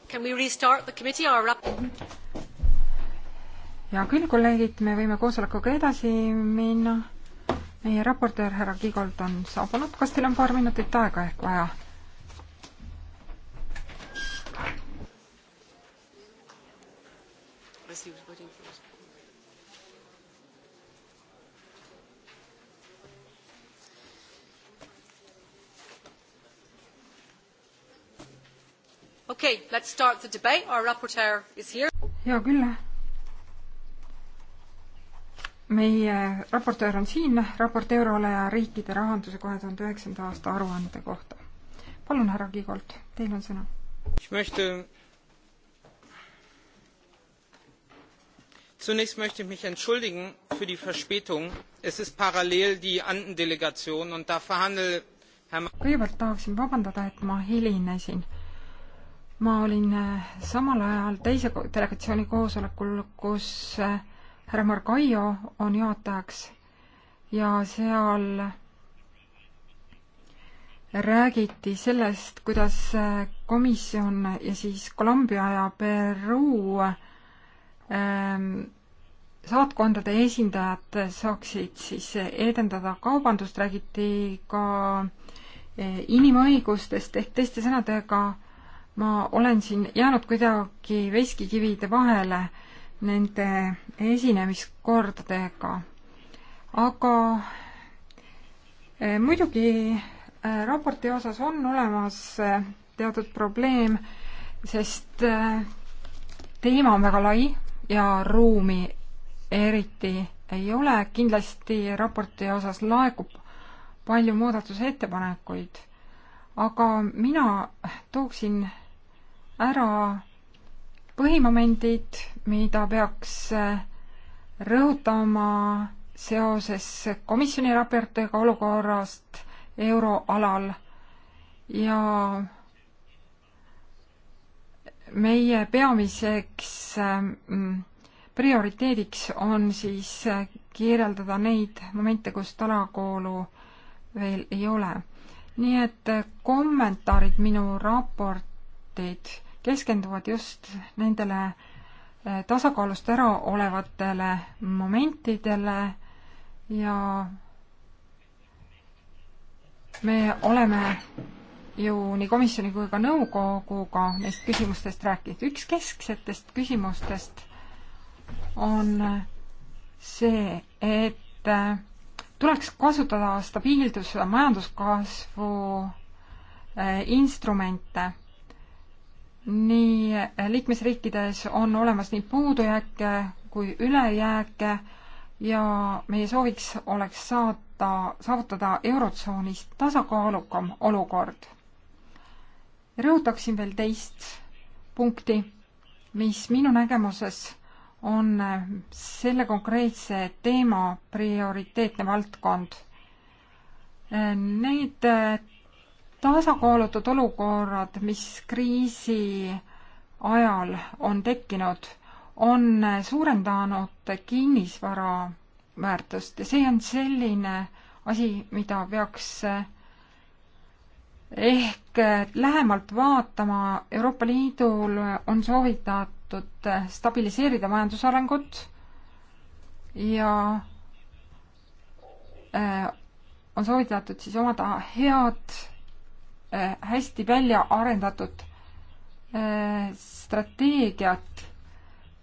Can we restart the committee or...
hea küll, kolleegid, me võime koosolekuga edasi minna. meie raportöör härra Kigold on saabunud, kas teil on paar minutit aega ehk vaja?
Okay, let's start the debate. Our rapporteur is here.
hea küll. meie raportöör on siin, raportöör oleja riikide rahanduse kahe tuhande üheksanda aasta aruande kohta. palun, härra Kiigolt, teil on sõna.
Zunächst möchte ich mich entschuldigen für die Verspätung. Es ist parallel die Andendelegation und da verhandelt Herr
kõigepealt tahaksin vabandada, et ma hilinesin ma olin äh, samal ajal teise delegatsiooni koosolekul, kus äh, härra Margaio on juhatajaks ja seal räägiti sellest, kuidas äh, komisjon ja siis Colombia ja Peruu ähm, saatkondade esindajad saaksid siis edendada kaubandust, räägiti ka inimõigustest ehk teiste sõnadega ma olen siin jäänud kuidagi veskikivide vahele nende esinemiskordadega. aga eh, muidugi eh, raporti osas on olemas eh, teatud probleem, sest teema on väga lai ja ruumi eriti ei ole. kindlasti raporti osas laekub palju muudatusettepanekuid, aga mina tooksin ära põhimomendid, mida peaks äh, rõhutama seoses komisjoni raportiga olukorrast euroalal ja meie peamiseks ähm, prioriteediks on siis äh, kirjeldada neid momente, kus talakoolu veel ei ole. nii et äh, kommentaarid minu raportid keskenduvad just nendele eh, tasakaalust ära olevatele momentidele ja me oleme ju nii komisjoni kui ka nõukoguga neist küsimustest rääkinud. üks kesksetest küsimustest on see, et eh, tuleks kasutada stabiilsuse majanduskasvu eh, instrumente nii eh, liikmesriikides on olemas nii puudujääke kui ülejääke ja meie sooviks oleks saata, saavutada Eurotsoonis tasakaalukam olukord. rõhutaksin veel teist punkti, mis minu nägemuses on eh, selle konkreetse teema prioriteetne valdkond. Eh, need tasakaalutud olukorrad, mis kriisi ajal on tekkinud, on suurendanud kinnisvara väärtust ja see on selline asi, mida peaks ehk lähemalt vaatama, Euroopa Liidul on soovitatud stabiliseerida majandusarengut ja äh, on soovitatud siis omada head Äh, hästi välja arendatud äh, strateegiat,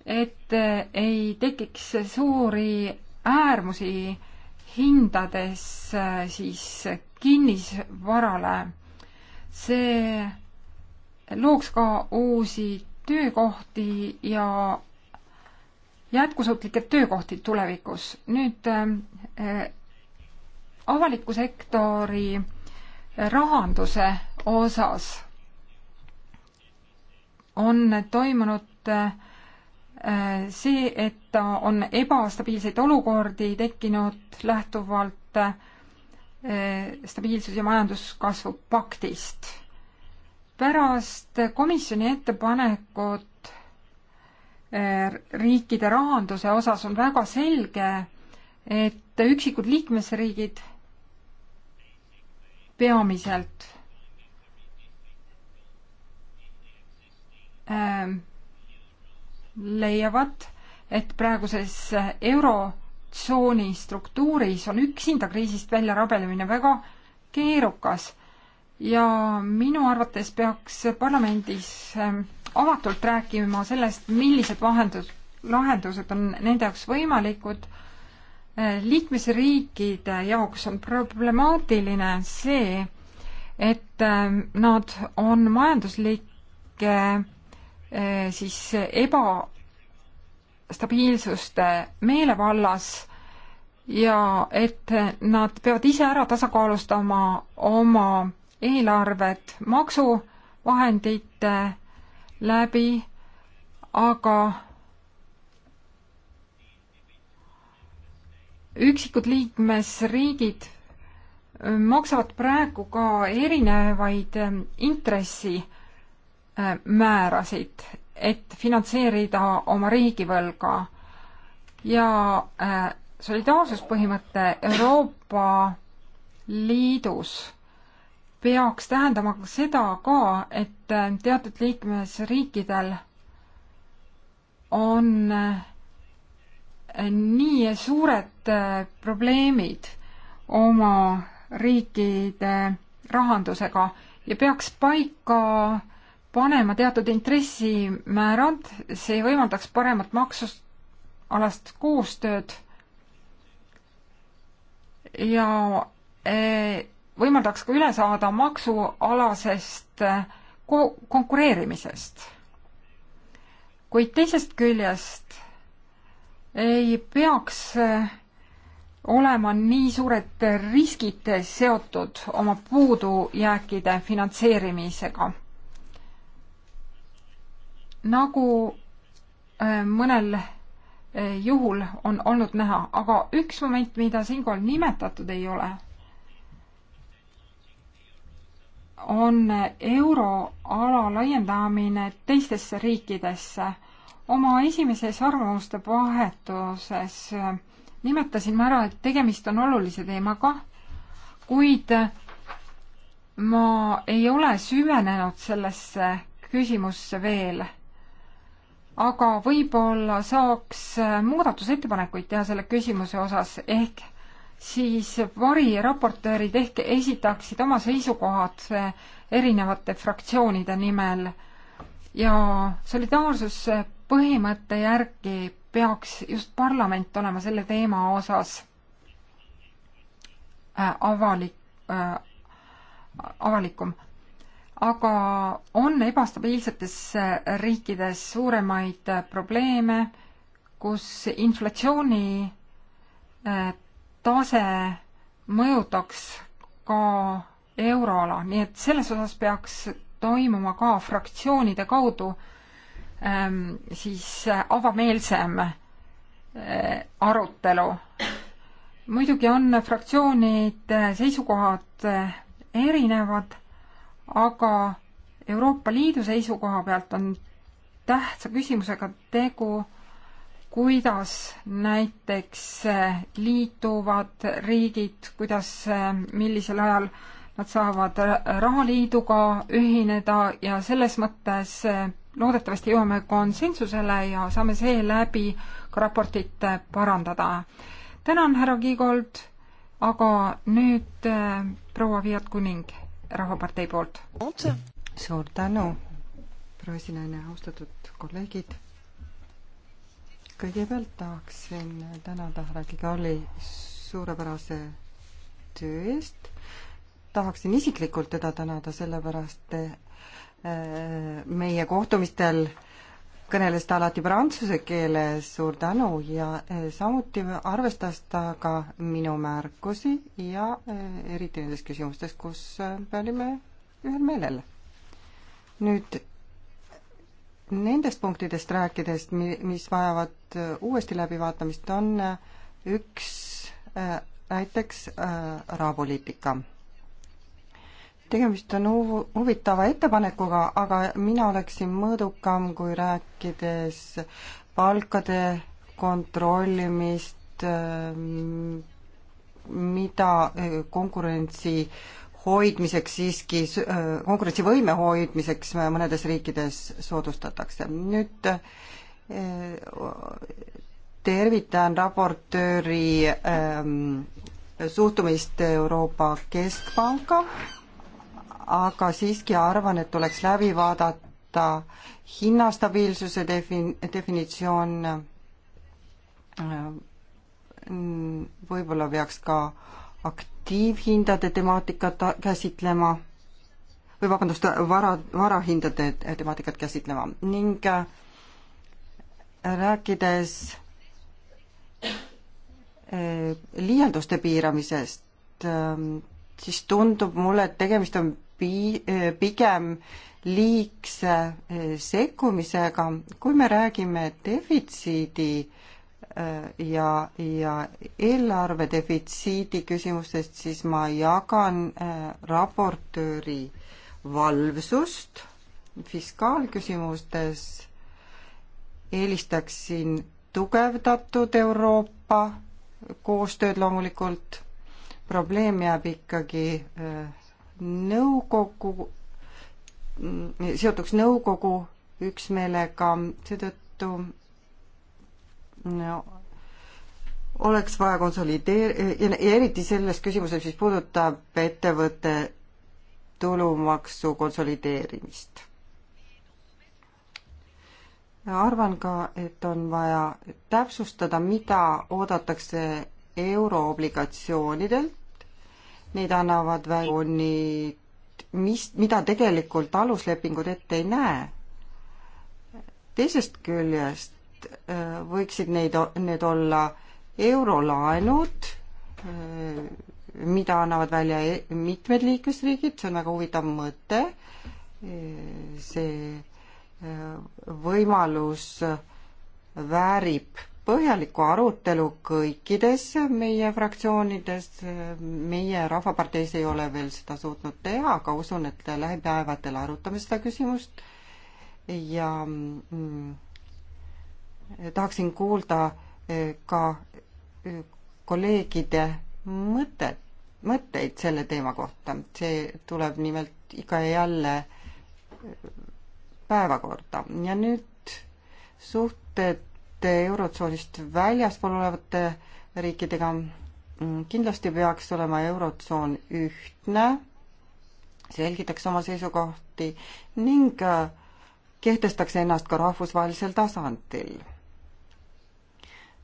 et äh, ei tekiks suuri äärmusi hindades siis kinnisvarale. see looks ka uusi töökohti ja jätkusuutlikke töökohti tulevikus. nüüd äh, avaliku sektori rahanduse osas on toimunud äh, see, et on ebastabiilseid olukordi tekkinud lähtuvalt äh, stabiilsus- ja majanduskasvu paktist. pärast komisjoni ettepanekut äh, riikide rahanduse osas on väga selge, et üksikud liikmesriigid peamiselt ähm, leiavad, et praeguses eurotsooni struktuuris on üksinda kriisist välja rabelemine väga keerukas ja minu arvates peaks parlamendis ähm, avatult rääkima sellest, millised vahendus, lahendused on nende jaoks võimalikud liikmesriikide jaoks on problemaatiline see, et ähm, nad on majanduslike äh, siis ebastabiilsuste meelevallas ja et nad peavad ise ära tasakaalustama oma eelarved maksuvahendite läbi, aga üksikud liikmesriigid äh, maksavad praegu ka erinevaid äh, intressimäärasid, et finantseerida oma riigivõlga ja äh, solidaarsuspõhimõte Euroopa Liidus peaks tähendama ka seda ka, et teatud liikmesriikidel on äh, nii suured äh, probleemid oma riikide rahandusega ja peaks paika panema teatud intressimäärad, see võimaldaks paremat maksualast koostööd ja äh, võimaldaks ka üle saada maksualasest äh, ko-, konkureerimisest. kuid teisest küljest ei peaks eh, olema nii suured riskid seotud oma puudujääkide finantseerimisega. nagu eh, mõnel eh, juhul on olnud näha, aga üks moment, mida siinkohal nimetatud ei ole, on euroala laiendamine teistesse riikidesse oma esimeses arvamuste vahetuses äh, nimetasin ma ära, et tegemist on olulise teemaga, kuid äh, ma ei ole süvenenud sellesse küsimusse veel. aga võib-olla saaks äh, muudatusettepanekuid teha selle küsimuse osas, ehk siis variraportöörid ehk esitaksid oma seisukohad erinevate fraktsioonide nimel ja solidaarsus põhimõtte järgi peaks just parlament olema selle teema osas äh, avalik äh,, avalikum. aga on ebastabiilsetes riikides suuremaid äh, probleeme, kus inflatsiooni äh, tase mõjutaks ka euroala, nii et selles osas peaks toimuma ka fraktsioonide kaudu äh, Ähm, siis äh, avameelsem äh, arutelu. muidugi on fraktsioonide äh, seisukohad erinevad, aga Euroopa Liidu seisukoha pealt on tähtsa küsimusega tegu, kuidas näiteks liituvad riigid, kuidas, millisel ajal nad saavad rahaliiduga ühineda ja selles mõttes loodetavasti jõuame konsensusele ja saame seeläbi ka raportit parandada. tänan, härra Kiigold, aga nüüd äh, proua Fiat Kuning Rahvapartei poolt.
suur tänu, proua esinaine, austatud kolleegid. kõigepealt tahaksin tänada härra Kigali suurepärase töö eest tahaksin isiklikult teda tänada, sellepärast meie kohtumistel kõneles ta alati prantsuse keeles, suur tänu, ja eh, samuti arvestas ta ka minu märkusi ja eh, eriti nendes küsimustes, kus eh, me olime ühel meelel. nüüd nendest punktidest rääkides, mis vajavad uuesti läbivaatamist, on üks näiteks rahapoliitika tegemist on huv-, huvitava ettepanekuga, aga mina oleksin mõõdukam, kui rääkides palkade kontrollimist, ähm, mida äh, konkurentsi hoidmiseks siiski, äh, konkurentsivõime hoidmiseks mõnedes riikides soodustatakse. nüüd äh, tervitan raportööri ähm, suhtumist Euroopa Keskpanka aga siiski arvan, et tuleks läbi vaadata hinnastabiilsuse defin-, definitsioon, võib-olla peaks ka aktiivhindade temaatikat käsitlema või vabandust, vara, varahindade temaatikat käsitlema ning äh, rääkides äh, liialduste piiramisest, äh, siis tundub mulle, et tegemist on pi-, pigem liigse eh, sekkumisega, kui me räägime defitsiidi eh, ja, ja eelarve defitsiidi küsimustest, siis ma jagan eh, raportööri valvsust fiskaalküsimustes, eelistaksin tugevdatud Euroopa koostööd loomulikult, probleem jääb ikkagi äh, nõukogu, seotuks nõukogu üksmeelega, seetõttu no, oleks vaja konsolideer- ja eriti selles küsimuses, mis puudutab ettevõtte tulumaksu konsolideerimist. arvan ka, et on vaja täpsustada, mida oodatakse euroobligatsioonidelt, neid annavad väljaannid, mis, mida tegelikult aluslepingud ette ei näe. teisest küljest äh, võiksid neid, need olla eurolaenud, äh, mida annavad välja e-, mitmed liikmesriigid, see on väga huvitav mõte, äh, see võimalus väärib põhjaliku arutelu kõikides meie fraktsioonides. meie Rahvaparteis ei ole veel seda suutnud teha, aga usun, et lähipäevadel arutame seda küsimust. ja mm, tahaksin kuulda eh, ka eh, kolleegide mõtet, mõtteid selle teema kohta. see tuleb nimelt ikka ja jälle eh, päevakorda ja nüüd suhted eurotsoonist väljaspool olevate riikidega. Mm, kindlasti peaks olema eurotsoon ühtne, selgitaks oma seisukohti ning äh, kehtestaks ennast ka rahvusvahelisel tasandil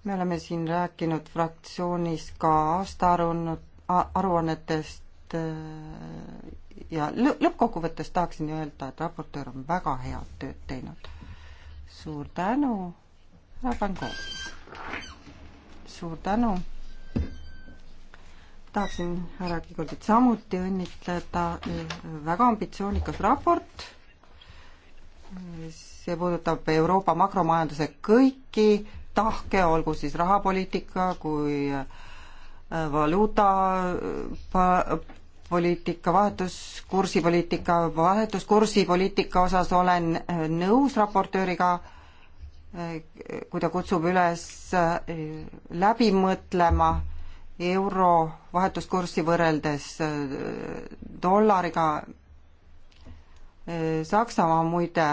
me oleme siin rääkinud fraktsioonis ka aastaaruannud, aruannetest äh, ja lõppkokkuvõttes tahaksin öelda, et raportöör on väga head tööd teinud. suur tänu, härra Pango. suur tänu. tahaksin härra Kigoldit samuti õnnitleda, väga ambitsioonikas raport. see puudutab Euroopa makromajanduse kõiki tahke, olgu siis rahapoliitika kui äh, valuuta poliitika, vahetuskursipoliitika, vahetuskursipoliitika osas olen äh, nõus raportööriga kui ta kutsub üles eh, läbi mõtlema euro vahetuskurssi võrreldes eh, dollariga. Eh, Saksamaa muide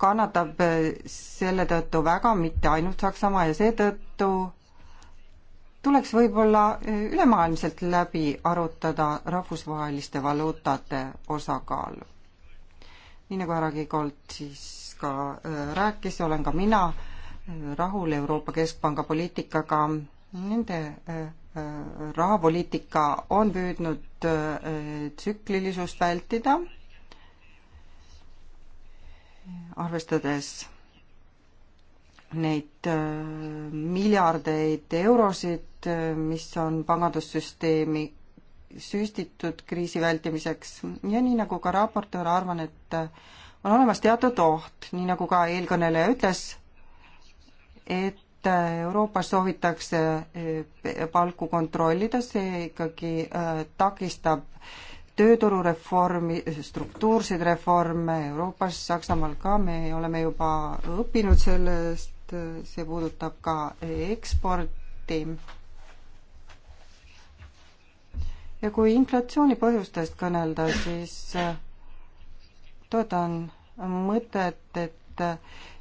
kannatab selle tõttu väga, mitte ainult Saksamaa ja seetõttu tuleks võib-olla ülemaailmselt läbi arutada rahvusvaheliste valuutade osakaal. nii nagu härra Kigolt siis ka äh, rääkis, olen ka mina äh, rahul Euroopa Keskpanga poliitikaga. Nende äh, rahapoliitika on püüdnud tsüklilisust vältida, arvestades neid miljardeid eurosid, mis on pangandussüsteemi süstitud kriisi vältimiseks ja nii nagu ka raportöör, arvan, et on olemas teatud oht, nii nagu ka eelkõneleja ütles, et Euroopas soovitakse eh, palku kontrollida, see ikkagi eh, takistab tööturureformi, struktuurseid reforme Euroopas, Saksamaal ka, me oleme juba õppinud sellest, see puudutab ka eksporti. ja kui inflatsiooni põhjustest kõnelda, siis eh, toetan mõtet, et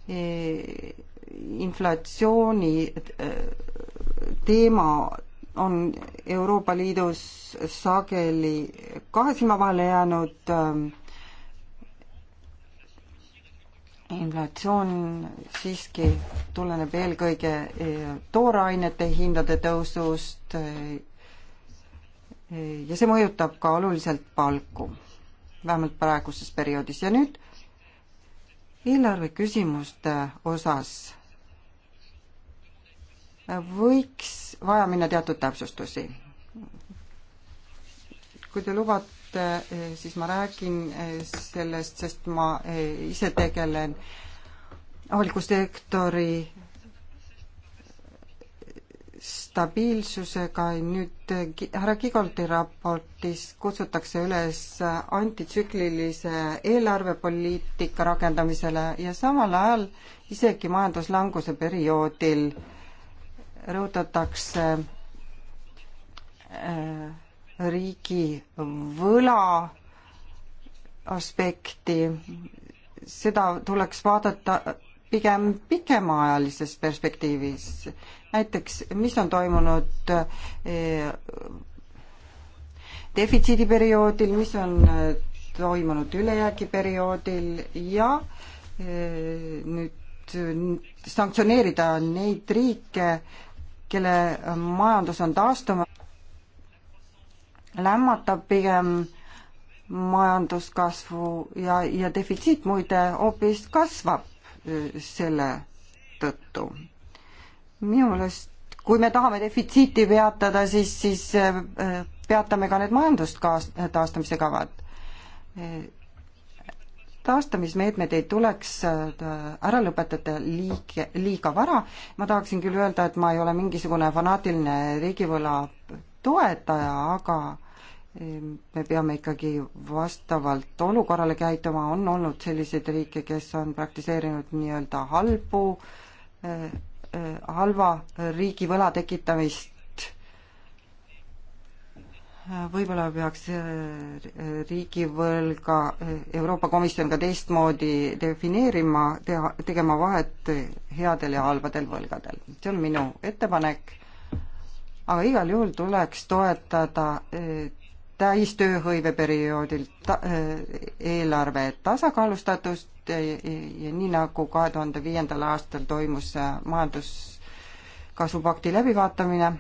e, inflatsiooni e, teema on Euroopa Liidus sageli kahe silma vahele jäänud e, inflatsioon siiski tuleneb eelkõige toorainete hindade tõusust ja see mõjutab ka oluliselt palku vähemalt praeguses perioodis ja nüüd eelarve küsimuste osas võiks vaja minna teatud täpsustusi. kui te lubate, siis ma räägin sellest, sest ma ise tegelen avaliku sektori stabiilsusega, nüüd härra Kigoldi raportis kutsutakse üles antitsüklilise eelarvepoliitika rakendamisele ja samal ajal isegi majanduslanguse perioodil rõhutatakse äh, riigi võla aspekti, seda tuleks vaadata pigem pikemaajalises perspektiivis näiteks, mis on toimunud eh, defitsiidiperioodil, mis on eh, toimunud ülejäägiperioodil ja eh, nüüd sanktsioneerida neid riike, kelle majandus on taastuma, lämmatab pigem majanduskasvu ja, ja defitsiit muide hoopis kasvab selle tõttu minu meelest, kui me tahame defitsiiti peatada, siis, siis äh, peatame ka need majandust kaas-, taastamise kavad. taastamismeetmed ei tuleks äh, ära lõpetada liig-, liiga vara, ma tahaksin küll öelda, et ma ei ole mingisugune fanaatiline riigivõla toetaja, aga äh, me peame ikkagi vastavalt olukorrale käituma, on olnud selliseid riike, kes on praktiseerinud nii-öelda halbu Äh, halva riigivõla tekitamist. võib-olla peaks äh, riigivõlga äh, Euroopa Komisjon ka teistmoodi defineerima, teha, tegema vahet headel ja halbadel võlgadel. see on minu ettepanek, aga igal juhul tuleks toetada täistööhõiveperioodil ta, eelarve tasakaalustatust ja nii nagu kahe tuhande viiendal aastal toimus majanduskasvupakti läbivaatamine,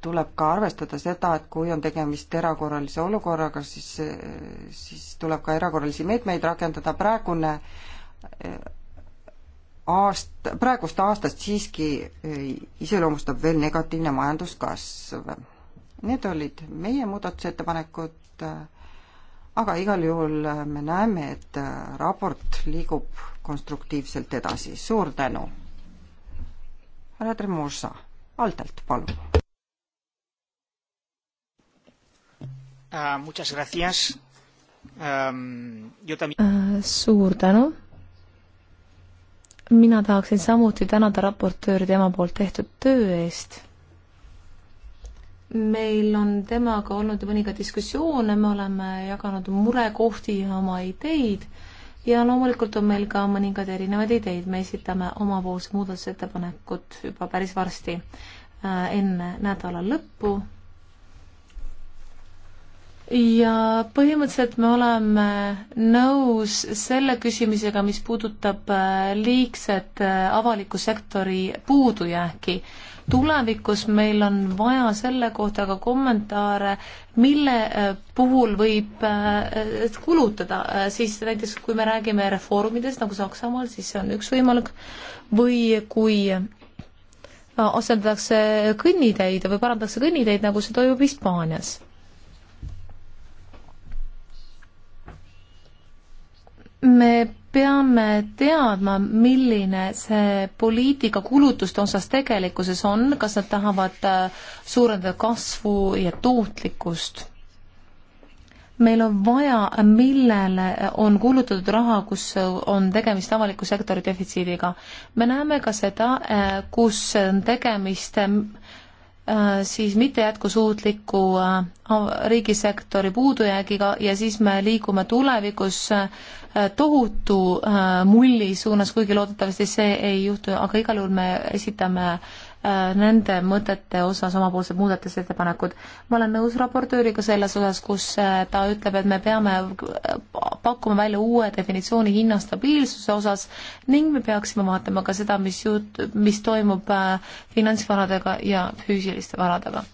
tuleb ka arvestada seda, et kui on tegemist erakorralise olukorraga, siis, siis tuleb ka erakorralisi meetmeid rakendada, praegune eh, aast-, praegust aastast siiski eh, iseloomustab veel negatiivne majanduskasv. Need olid meie muudatusettepanekud äh, aga igal juhul äh, me näeme, et äh, raport liigub konstruktiivselt edasi, suur tänu. härra Tremosa, Altelt, palun.
Äh, ähm,
suur tänu. mina tahaksin samuti tänada raportööri tema poolt tehtud töö eest meil on temaga olnud mõningaid diskussioone, me oleme jaganud murekohti ja oma ideid ja loomulikult on meil ka mõningaid erinevaid ideid, me esitame omapoolsed muudatusettepanekud juba päris varsti äh, enne nädala lõppu. ja põhimõtteliselt me oleme nõus selle küsimusega, mis puudutab äh, liigset äh, avaliku sektori puudujääki äh, tulevikus meil on vaja selle kohta ka kommentaare, mille äh, puhul võib äh, äh, kulutada, siis näiteks kui me räägime reformidest nagu Saksamaal, siis see on üks võimalik, või kui asendatakse kõnniteid või parandatakse kõnniteid, nagu see toimub Hispaanias me peame teadma, milline see poliitika kulutuste osas tegelikkuses on, kas nad tahavad äh, suurendada kasvu ja tootlikkust. meil on vaja, millele on kulutatud raha, kus on tegemist avaliku sektori defitsiidiga. me näeme ka seda, äh, kus on tegemist äh, Äh, siis mitte jätkusuutliku äh, riigisektori puudujäägiga ja siis me liigume tulevikus äh, tohutu mulli suunas, kuigi loodetavasti see ei juhtu, aga igal juhul me esitame Äh, nende mõtete osas omapoolsed muudatusettepanekud. ma olen nõus raportööriga selles osas, kus äh, ta ütleb, et me peame äh, pakkuma välja uue definitsiooni hinnastabiilsuse osas ning me peaksime vaatama ka seda, mis jut-, mis toimub finantsvaradega ja füüsiliste varadega.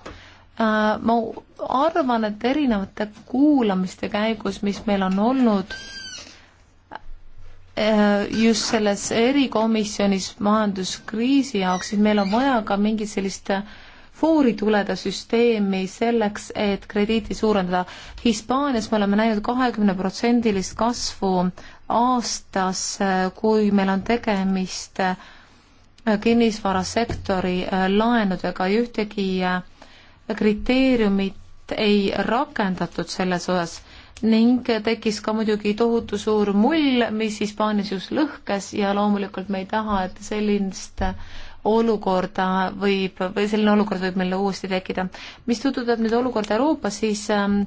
Ma arvan, et erinevate kuulamiste käigus, mis meil on olnud, Eh, just selles erikomisjonis majanduskriisi jaoks, siis meil on vaja ka mingit sellist vooritulede eh, süsteemi selleks, et krediiti suurendada. Hispaanias me oleme näinud kahekümneprotsendilist kasvu aastas, eh, kui meil on tegemist kinnisvarasektori laenudega, ühtegi kriteeriumit ei rakendatud selles osas ning tekkis ka muidugi tohutu suur mull, mis Hispaanias just lõhkes ja loomulikult me ei taha, et sellist olukorda võib, või selline olukord võib meile uuesti tekkida. mis tututab nüüd olukorda Euroopas, siis ähm,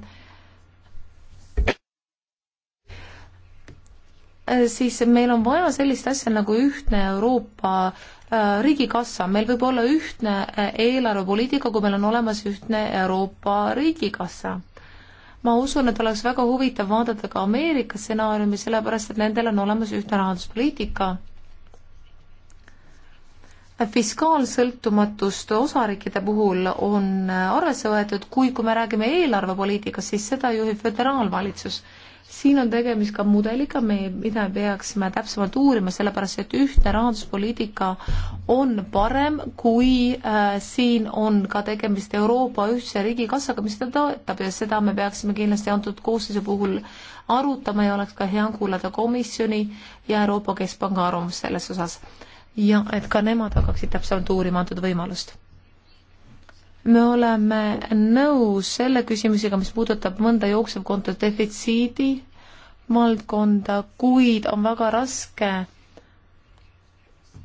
siis meil on vaja sellist asja nagu ühtne Euroopa äh, riigikassa, meil võib olla ühtne äh, eelarvepoliitika, kui meil on olemas ühtne Euroopa riigikassa ma usun, et oleks väga huvitav vaadata ka Ameerika stsenaariumi, sellepärast et nendel on olemas ühtne rahanduspoliitika. fiskaalsõltumatust osariikide puhul on arvesse võetud, kui, kui me räägime eelarvepoliitikast, siis seda juhib föderaalvalitsus siin on tegemist ka mudeliga, me, mida me peaksime täpsemalt uurima, sellepärast et ühtne rahanduspoliitika on parem, kui äh, siin on ka tegemist Euroopa ühtse riigikassaga, mis seda toetab ja seda me peaksime kindlasti antud koosseisu puhul arutama ja oleks ka hea kuulata komisjoni ja Euroopa Keskpanga arvamust selles osas. ja et ka nemad hakkaksid täpsemalt uurima antud võimalust me oleme nõus selle küsimusega, mis puudutab mõnda jooksevkonto defitsiidi valdkonda, kuid on väga raske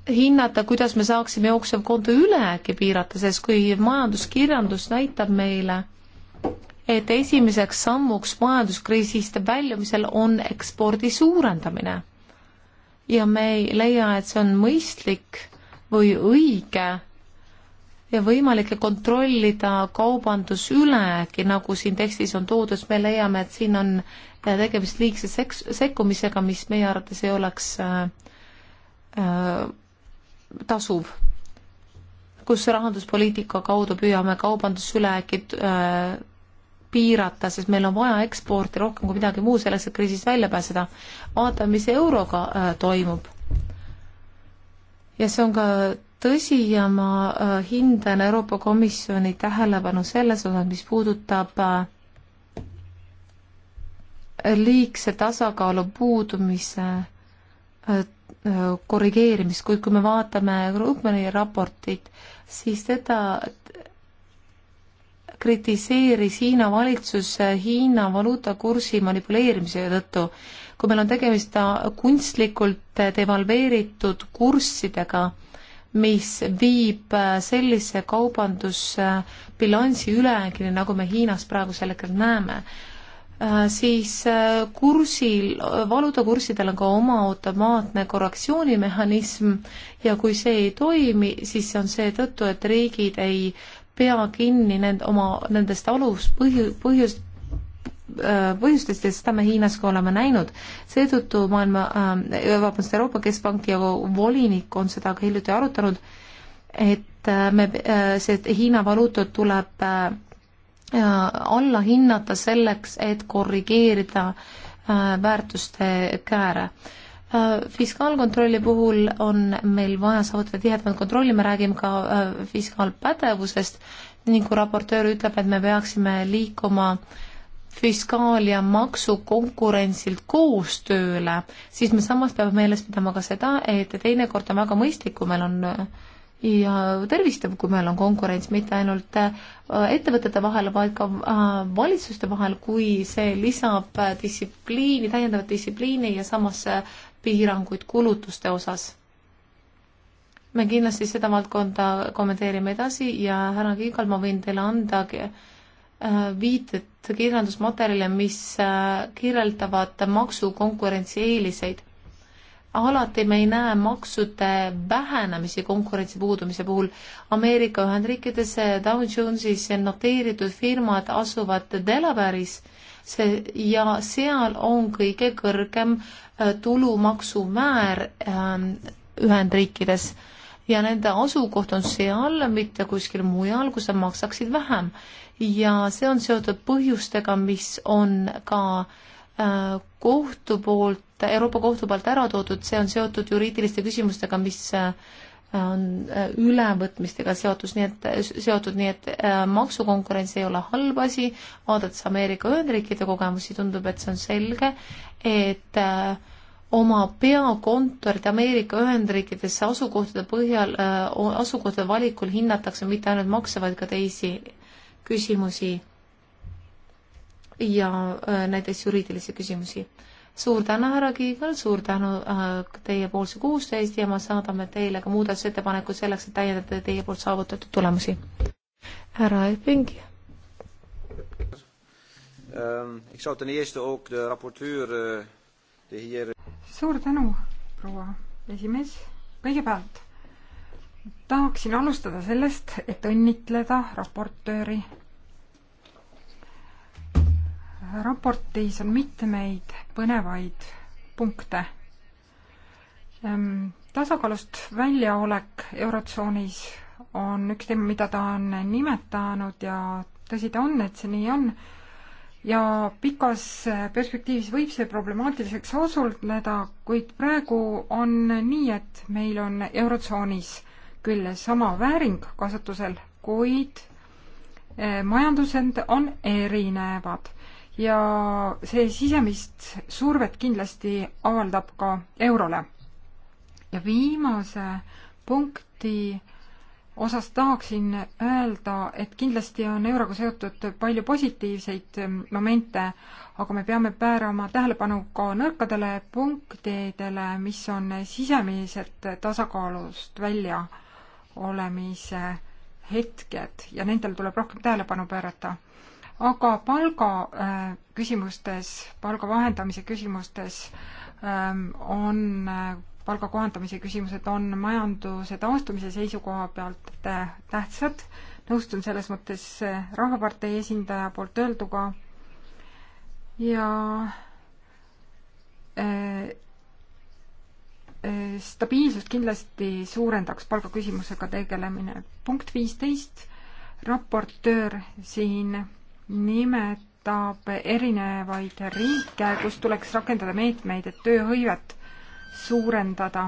hinnata, kuidas me saaksime jooksevkonto ülejääki piirata, sest kui majanduskirjandus näitab meile, et esimeseks sammuks majanduskriisist väljumisel on ekspordi suurendamine ja me ei leia, et see on mõistlik või õige võimalik kontrollida kaubandus ülegi, nagu siin tekstis on toodud, siis me leiame, et siin on äh, tegemist liigse seks-, sekkumisega, mis meie arvates ei oleks äh, äh tasuv, kus rahanduspoliitika kaudu püüame kaubandus ülegi äh, piirata, sest meil on vaja eksporti rohkem kui midagi muud selleks, et kriisist välja pääseda. vaatame, mis euroga äh, toimub. ja see on ka tõsi ja ma äh, hindan Euroopa Komisjoni tähelepanu selles osas, mis puudutab äh, liigse tasakaalu puudumise äh, korrigeerimist, kuid kui me vaatame Krugmani raportit, siis teda kritiseeris Hiina valitsus Hiina valuutakursi manipuleerimise tõttu. kui meil on tegemist kunstlikult devalveeritud kurssidega, mis viib äh, sellise kaubandusbilansi ülejäägini, nagu me Hiinas praegusel hetkel näeme, äh, siis äh, kursil, valuutakurssidel on ka oma automaatne korrektsioonimehhanism ja kui see ei toimi, siis see on seetõttu, et riigid ei pea kinni nend-, oma nendest alus, põhju-, põhjust, Äh, põhjustest ja seda me Hiinas ka oleme näinud. seetõttu maailma, äh, vabandust, Euroopa Keskpank ja volinik on seda ka hiljuti arutanud, et äh, me, see Hiina valuuta tuleb alla hinnata selleks, et korrigeerida väärtuste kääre fiskaalkontrolli puhul on meil vaja saavutada tihedamat kontrolli, me räägime ka fiskaalpädevusest ning kui raportöör ütleb, et me peaksime liikuma äh, fiskaal- ja maksukonkurentsilt koostööle, siis me samas peame meeles pidama ka seda, et teinekord on väga mõistlik, kui meil on ja tervistav, kui meil on konkurents mitte ainult äh, ettevõtete vahel, vaid ka äh, valitsuste vahel, kui see lisab distsipliini, täiendavat distsipliini ja samas äh, piiranguid kulutuste osas. me kindlasti seda valdkonda kommenteerime edasi ja härra Kiigal, ma võin teile andagi Äh, viited kirjandusmaterjale, mis äh, kirjeldavad maksukonkurentsi eeliseid. alati me ei näe maksude vähenemisi konkurentsi puudumise puhul. Ameerika Ühendriikides äh, Dow Jonesis noteeritud firmad asuvad Delaware'is see ja seal on kõige kõrgem tulumaksumäär ähm, Ühendriikides ja nende asukoht on seal, mitte kuskil mujal, kus nad maksaksid vähem ja see on seotud põhjustega, mis on ka äh, kohtu poolt, Euroopa Kohtu poolt ära toodud, see on seotud juriidiliste küsimustega, mis äh, on äh, ülevõtmistega seotus, nii et, seotud, nii et maksukonkurents ei ole halb asi, vaadates Ameerika Ühendriikide kogemusi, tundub, et see on selge, et äh, oma peakontorid Ameerika Ühendriikidesse asukohtade põhjal äh,, asukohtade valikul hinnatakse mitte ainult makse, vaid ka teisi küsimusi ja äh, näiteks juriidilisi küsimusi. suur tänu, härra Kiigel, suur tänu äh, teiepoolse koostöö eest ja me saadame teile ka muudatusettepanekud selleks, et täiendada teie poolt saavutatud tulemusi. härra Epping. Ähm, eh, suur tänu,
proua esimees. kõigepealt tahaksin alustada sellest, et õnnitleda raportööri. raportis on mitmeid põnevaid punkte. Ehm, tasakaalust väljaolek Eurotsoonis on üks teema, mida ta on nimetanud ja tõsi ta on, et see nii on, ja pikas perspektiivis võib see problemaatiliseks osuneda, kuid praegu on nii, et meil on Eurotsoonis küll sama vääring kasutusel, kuid eh, majandused on erinevad ja see sisemist survet kindlasti avaldab ka eurole. ja viimase punkti osas tahaksin öelda, et kindlasti on euroga seotud palju positiivseid eh, momente, aga me peame pöörama tähelepanu ka nõrkadele punktidele, mis on sisemiselt tasakaalust välja olemise hetked ja nendel tuleb rohkem tähelepanu pöörata. aga palga äh, küsimustes, palga vahendamise küsimustes ähm, on äh, palga kohandamise küsimused on majanduse taastumise seisukoha pealt tähtsad. nõustun selles mõttes äh, Rahvapartei esindaja poolt öelduga ja äh, stabiilsust kindlasti suurendaks palgaküsimusega tegelemine. punkt viisteist, raportöör siin nimetab erinevaid riike, kus tuleks rakendada meetmeid, et tööhõivet suurendada.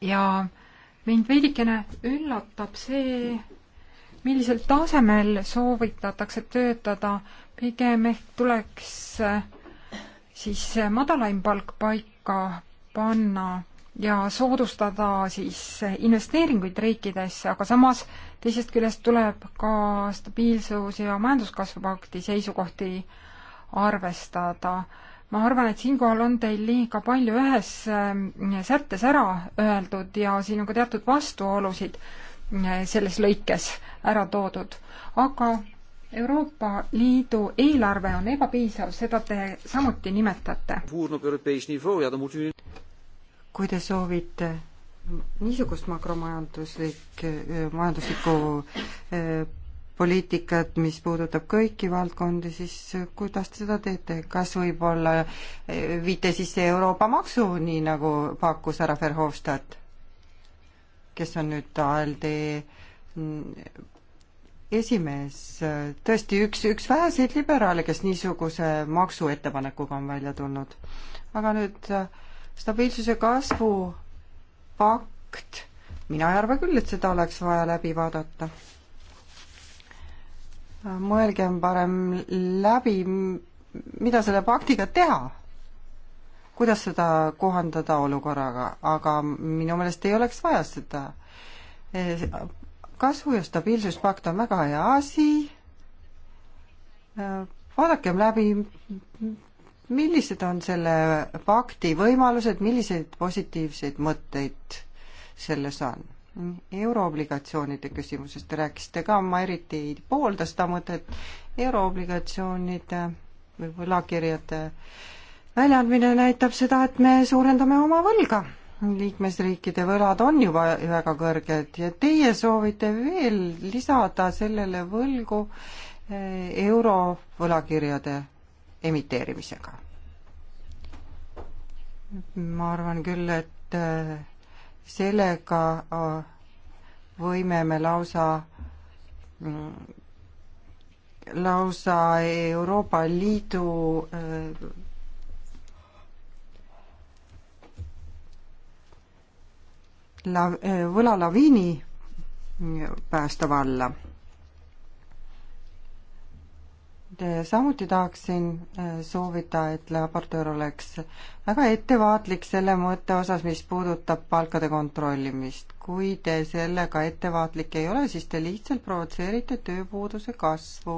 ja mind veidikene üllatab see, millisel tasemel soovitatakse töötada, pigem ehk tuleks siis madalaim palk paika panna ja soodustada siis investeeringuid riikidesse, aga samas teisest küljest tuleb ka stabiilsus- ja majanduskasvu pakti seisukohti arvestada. ma arvan, et siinkohal on teil liiga palju ühes ähm, sättes ära öeldud ja siin on ka teatud vastuolusid äh, selles lõikes ära toodud, aga Euroopa Liidu eelarve on ebapiisav, seda te samuti nimetate. kui te soovite niisugust makromajanduslik,
majanduslikku poliitikat, mis puudutab kõiki valdkondi, siis kuidas te seda teete, kas võib-olla viite sisse Euroopa maksu, nii nagu pakkus härra Verhofstadt, kes on nüüd ALD esimees, tõesti üks, üks väheseid liberaale, kes niisuguse maksuettepanekuga on välja tulnud. aga nüüd äh, stabiilsuse kasvu pakt, mina ei arva küll, et seda oleks vaja läbi vaadata. Äh, mõelgem parem läbi, mida selle paktiga teha kuidas seda kohandada olukorraga, aga minu meelest ei oleks vaja seda äh, kasvu- ja stabiilsuspakt on väga hea asi. Äh, vaadakem läbi, millised on selle pakti võimalused, milliseid positiivseid mõtteid selles on? euroobligatsioonide küsimusest te rääkisite ka, ma eriti ei poolda seda mõtet, euroobligatsioonide või võlakirjade väljaandmine näitab seda, et me suurendame oma võlga liikmesriikide võlad on juba väga kõrged ja teie soovite veel lisada sellele võlgu eh, euro võlakirjade emiteerimisega. ma arvan küll, et eh, sellega eh, võime me lausa mm, lausa Euroopa Liidu la-, võlalaviini päästev alla. samuti tahaksin eh, soovida, et raportöör oleks väga ettevaatlik selle mõtte osas, mis puudutab palkade kontrollimist. kui te sellega ettevaatlik ei ole, siis te lihtsalt provotseerite tööpuuduse kasvu.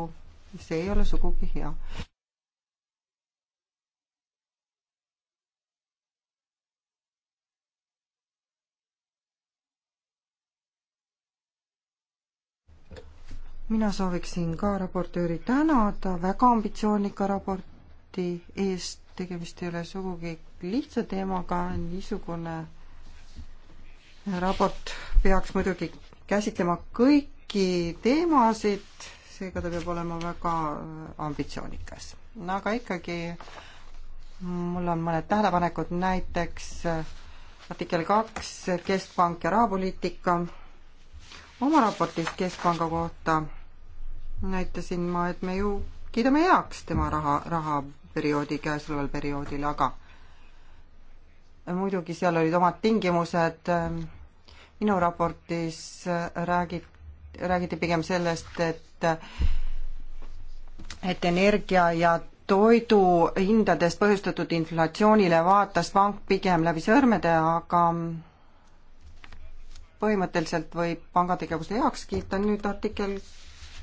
see ei ole sugugi hea. mina sooviksin ka raportööri tänada väga ambitsioonika raporti eest, tegemist ei ole sugugi lihtsa teemaga, niisugune raport peaks muidugi käsitlema kõiki teemasid, seega ta peab olema väga ambitsioonikas. aga ikkagi mul on mõned tähelepanekud, näiteks artikkel kaks, keskpank ja rahapoliitika. oma raportis keskpanga kohta näitasin ma, et me ju kiidame heaks tema raha, rahaperioodi käesoleval perioodil, aga muidugi seal olid omad tingimused. minu raportis räägib, räägiti pigem sellest, et et energia ja toidu hindadest põhjustatud inflatsioonile vaatas pank pigem läbi sõrmede, aga põhimõtteliselt võib panga tegevuse heaks kiita, nüüd artikkel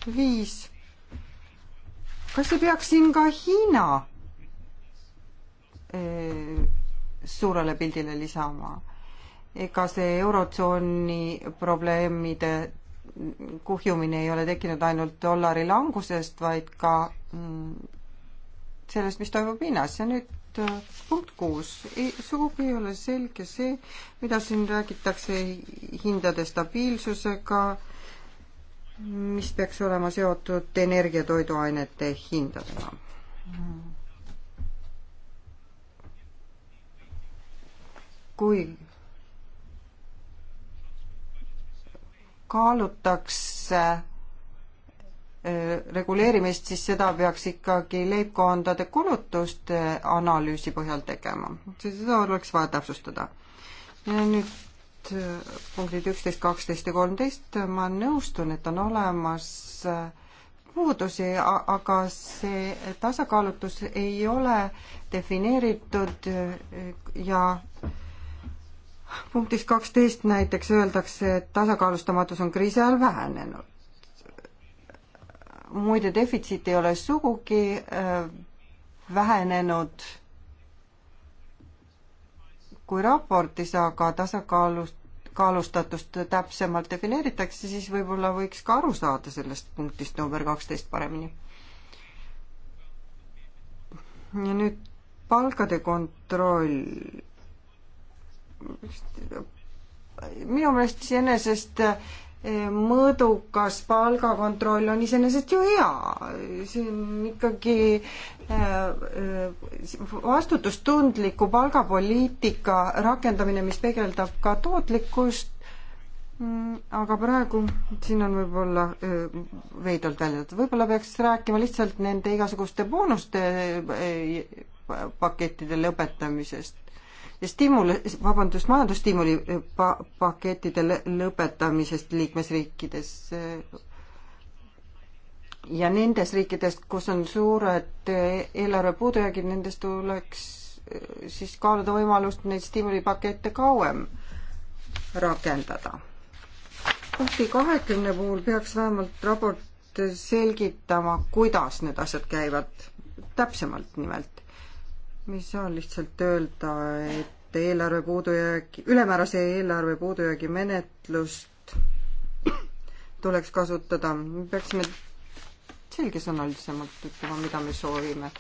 punkt viis. kas ei peaks siin ka Hiina eh, suurele pildile lisama? ega see Eurotsooni probleemide kuhjumine ei ole tekkinud ainult dollari langusest, vaid ka mm, sellest, mis toimub Hiinas ja nüüd eh, punkt kuus. sugugi ei ole selge see, mida siin räägitakse hindade stabiilsusega äh,, mis peaks olema seotud energiatoiduainete hindadega. kui kaalutakse äh, reguleerimist, siis seda peaks ikkagi leibkondade kulutuste analüüsi põhjal tegema. seda oleks vaja täpsustada. ja nüüd Äh, punktid üksteist, kaksteist ja kolmteist, äh, ma nõustun, et on olemas puudusi, äh, aga see tasakaalutus ei ole defineeritud ja punktis kaksteist näiteks öeldakse, et tasakaalustamatus on kriisi ajal vähenenud. muide, defitsiit ei ole sugugi vähenenud kui raportis, aga tasakaalust tasakaalustatust täpsemalt defineeritakse, siis võib-olla võiks ka aru saada sellest punktist number kaksteist paremini. ja nüüd palkade kontroll. minu meelest iseenesest äh, mõõdukas palgakontroll on iseenesest ju hea, see on ikkagi äh, äh, vastutustundliku palgapoliitika rakendamine, mis peegeldab ka tootlikkust, mm, aga praegu siin on võib-olla äh, veidralt väljendatud, võib-olla peaks rääkima lihtsalt nende igasuguste boonuste pakettide lõpetamisest stimul, vabandust, majandusstiimuli pa-, pakettide lõpetamisest liikmesriikides äh, ja nendes riikides, kus on suured äh, eelarve puudujäägid, nendes tuleks äh, siis kaaluda võimalust neid stiimulipakette kauem rakendada. punkti kahekümne puhul peaks vähemalt raport selgitama, kuidas need asjad käivad, täpsemalt nimelt me ei saa lihtsalt öelda, et eelarve puudujäägi, ülemäärase eelarve puudujäägi menetlust tuleks kasutada, me peaksime selgesõnalisemalt ütlema, mida me soovime.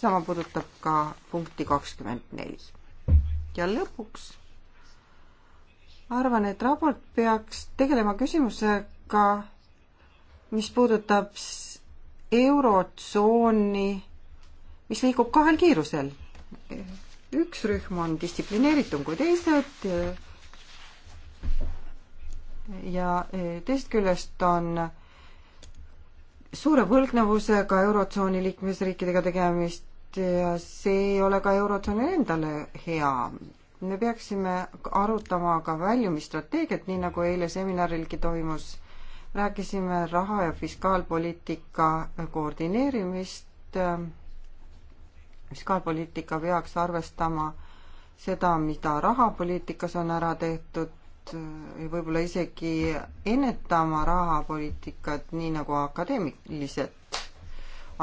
sama puudutab ka punkti kakskümmend neli. ja lõpuks arvan, et raport peaks tegelema küsimusega, mis puudutab eurotsooni, mis liigub kahel kiirusel üks rühm on distsiplineeritum kui teised ja e, teisest küljest on suure võlgnevusega Eurotsooni liikmesriikidega tegemist ja see ei ole ka Eurotsoonile endale hea. me peaksime arutama ka väljumisstrateegiat, nii nagu eile seminarilgi toimus. rääkisime raha- ja fiskaalpoliitika koordineerimist fiskaalpoliitika peaks arvestama seda, mida rahapoliitikas on ära tehtud, võib-olla isegi ennetama rahapoliitikat, nii nagu akadeemilised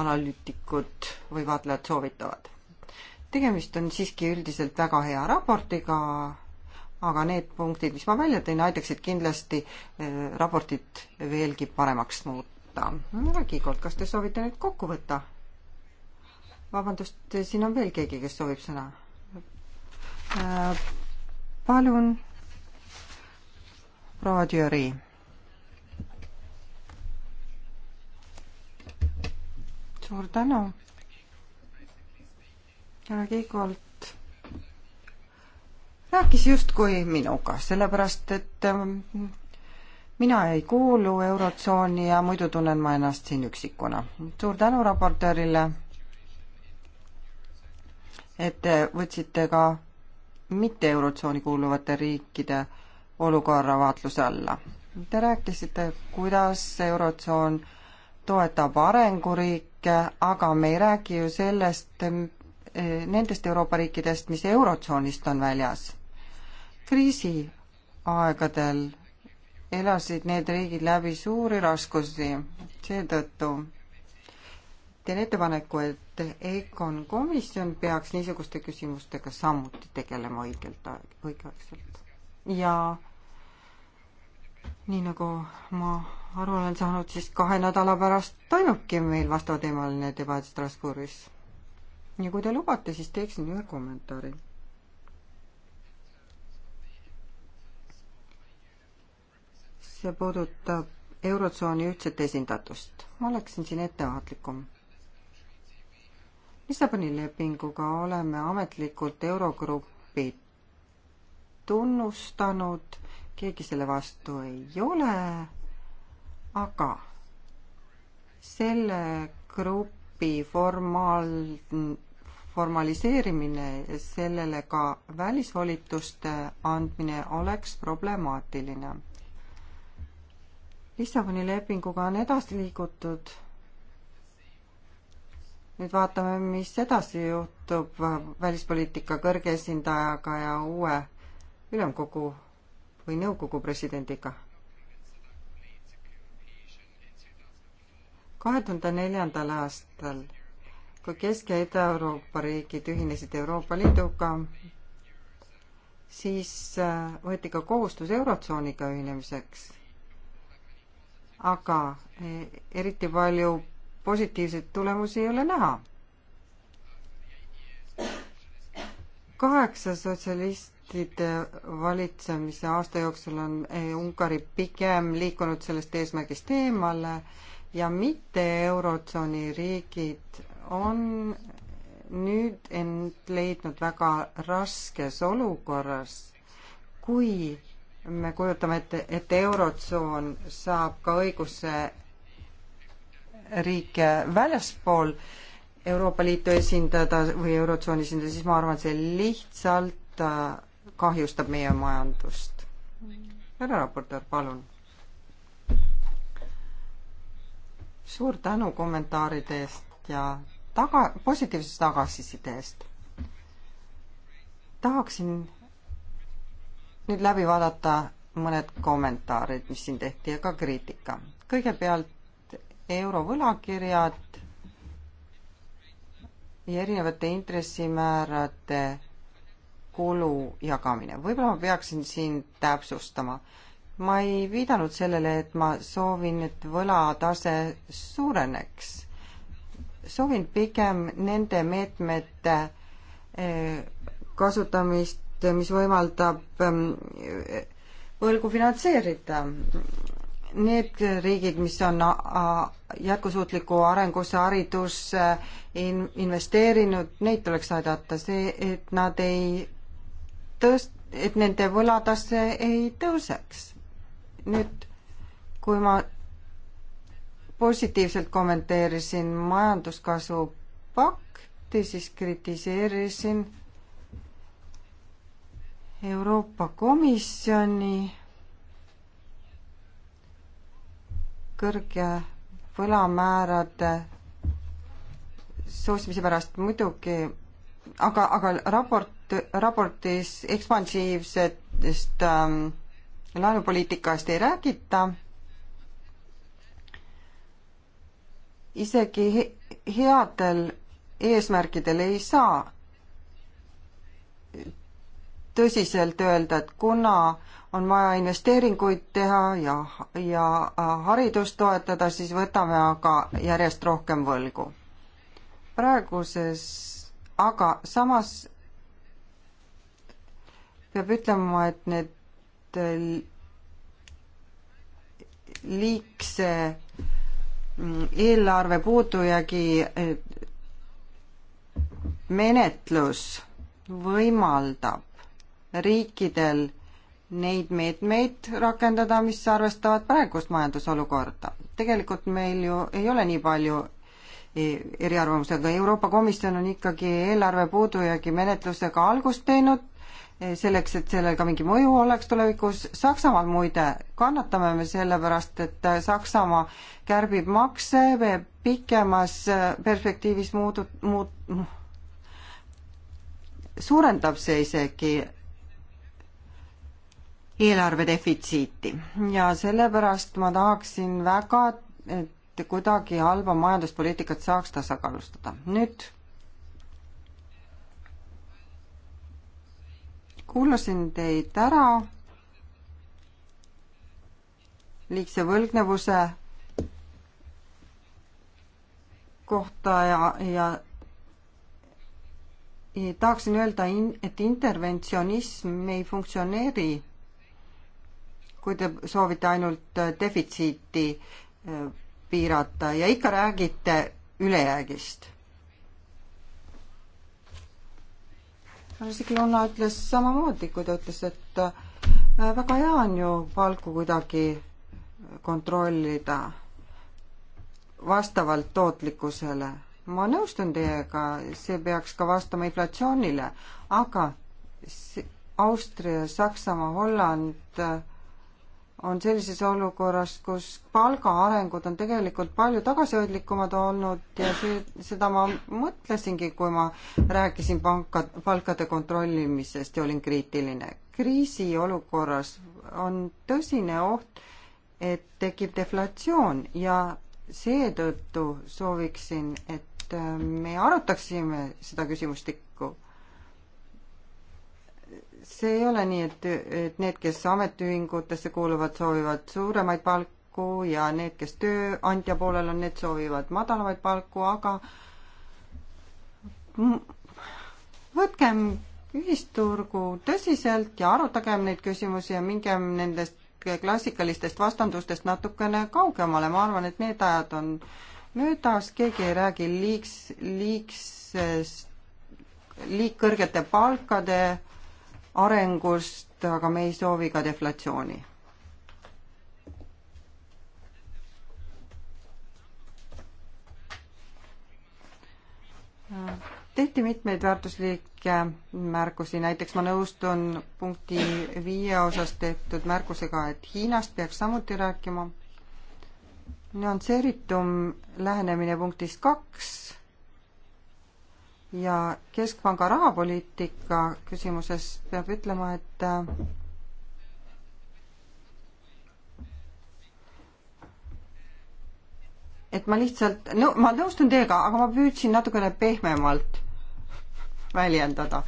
analüütikud või vaatlejad soovitavad. tegemist on siiski üldiselt väga hea raportiga, aga need punktid, mis ma välja tõin, aitaksid kindlasti eh, raportit veelgi paremaks muuta. härra Kiigolt, kas te soovite nüüd kokku võtta? vabandust, siin on veel keegi, kes soovib sõna. Äh, palun, proua Jüri. suur tänu. härra Kiigolt rääkis justkui minuga, sellepärast et äh, mina ei kuulu Eurotsooni ja muidu tunnen ma ennast siin üksikuna. suur tänu raportöörile et te võtsite ka mitte Eurotsooni kuuluvate riikide olukorra vaatluse alla. Te rääkisite, kuidas Eurotsoon toetab arenguriike, aga me ei räägi ju sellest, eh, nendest Euroopa riikidest, mis Eurotsoonist on väljas. kriisiaegadel elasid need riigid läbi suuri raskusi, seetõttu teen ettepaneku, et EKOn komisjon peaks niisuguste küsimustega samuti tegelema õigelt, õigeaegselt. ja nii nagu ma aru olen saanud, siis kahe nädala pärast toimubki meil vastavteemaline debatt Strasbourgis. ja kui te lubate, siis teeksin ühe kommentaari see puudutab Eurotsooni ühtset esindatust. ma oleksin siin ettevaatlikum. Lissaboni lepinguga oleme ametlikult Eurogrupi tunnustanud, keegi selle vastu ei ole, aga selle grupi formaal-, formaliseerimine ja sellele ka välisvolituste andmine oleks problemaatiline. Lissaboni lepinguga on edasi liigutud nüüd vaatame, mis edasi juhtub välispoliitika kõrge esindajaga ja uue ülemkogu või nõukogu presidendiga. kahe tuhande neljandal aastal, kui Kesk- ja Ida-Euroopa riigid ühinesid Euroopa Liiduga, siis äh, võeti ka kohustus Eurotsooniga ühinemiseks. aga e, eriti palju positiivseid tulemusi ei ole näha. kaheksa sotsialistide valitsemise aasta jooksul on eh, Ungari pigem liikunud sellest eesmärgist eemale ja mitte Eurotsooni riigid on nüüd end leidnud väga raskes olukorras, kui me kujutame ette, et Eurotsoon saab ka õiguse riike väljaspool Euroopa Liitu esindada või Eurotsooni esindada, siis ma arvan, et see lihtsalt äh, kahjustab meie majandust. härra raportöör, palun. suur tänu kommentaaride eest ja taga, positiivse tagasiside eest. tahaksin nüüd läbi vaadata mõned kommentaarid, mis siin tehti ja ka kriitika. kõigepealt eurovõlakirjad ja erinevate intressimäärade kulu jagamine. võib-olla ma peaksin siin täpsustama. ma ei viidanud sellele, et ma soovin, et võlatase suureneks. soovin pigem nende meetmete eh, kasutamist, mis võimaldab eh, võlgu finantseerida need riigid, mis on jätkusuutliku arengusse, haridusse in-, investeerinud, neid tuleks aidata, see, et nad ei tõst-, et nende võlatasse ei tõuseks. nüüd, kui ma positiivselt kommenteerisin majanduskasvu pakti, siis kritiseerisin Euroopa Komisjoni kõrge võlamäärade soosimise pärast muidugi, aga, aga raport, raportis ekspansiivsetest ähm, laenupoliitikast ei räägita isegi he headel eesmärkidel ei saa tõsiselt öelda, et kuna on vaja investeeringuid teha ja, ja äh, haridust toetada, siis võtame aga järjest rohkem võlgu. praeguses, aga samas peab ütlema, et need äh, liigse mm, eelarve puudujäägi äh, menetlus võimaldab riikidel neid meetmeid rakendada, mis arvestavad praegust majandusolukorda. tegelikult meil ju ei ole nii palju e, eriarvamusega, Euroopa Komisjon on ikkagi eelarve puudujäägi menetlusega algust teinud, e, selleks, et sellel ka mingi mõju oleks tulevikus, Saksamaal muide kannatame me sellepärast, et Saksamaa kärbib makse, pikemas perspektiivis muudu-, muut-, noh, suurendab see isegi eelarvedefitsiiti ja sellepärast ma tahaksin väga, et kuidagi halba majanduspoliitikat saaks tasakaalustada. nüüd kuulasin teid ära liigse võlgnevuse kohta ja, ja tahaksin öelda, et interventsionism ei funktsioneeri kui te soovite ainult äh, defitsiiti äh, piirata ja ikka räägite ülejäägist. Luna ütles samamoodi, kui ta ütles, et äh, väga hea on ju palku kuidagi kontrollida vastavalt tootlikkusele. ma nõustun teiega, see peaks ka vastama inflatsioonile, aga Austria, Saksamaa, Holland äh, on sellises olukorras, kus palgaarengud on tegelikult palju tagasihoidlikumad olnud ja see, seda ma mõtlesingi, kui ma rääkisin panka, palkade kontrollimisest ja olin kriitiline. kriisiolukorras on tõsine oht, et tekib deflatsioon ja seetõttu sooviksin, et me arutaksime seda küsimustikku see ei ole nii, et, et need, kes ametiühingutesse kuuluvad, soovivad suuremaid palku ja need, kes tööandja poolel on, need soovivad madalamaid palku, aga võtkem ühisturgu tõsiselt ja arutagem neid küsimusi ja mingem nendest klassikalistest vastandustest natukene kaugemale, ma arvan, et need ajad on möödas, keegi ei räägi liigs, liigsest, liigkõrgete palkade arengust, aga me ei soovi ka deflatsiooni. tehti mitmeid väärtuslikke märkusi, näiteks ma nõustun punkti viie osas tehtud märkusega, et Hiinast peaks samuti rääkima. nüansseeritum lähenemine punktist kaks ja Keskpanga rahapoliitika küsimuses peab ütlema, et et ma lihtsalt, no ma nõustun teiega, aga ma püüdsin natukene pehmemalt väljendada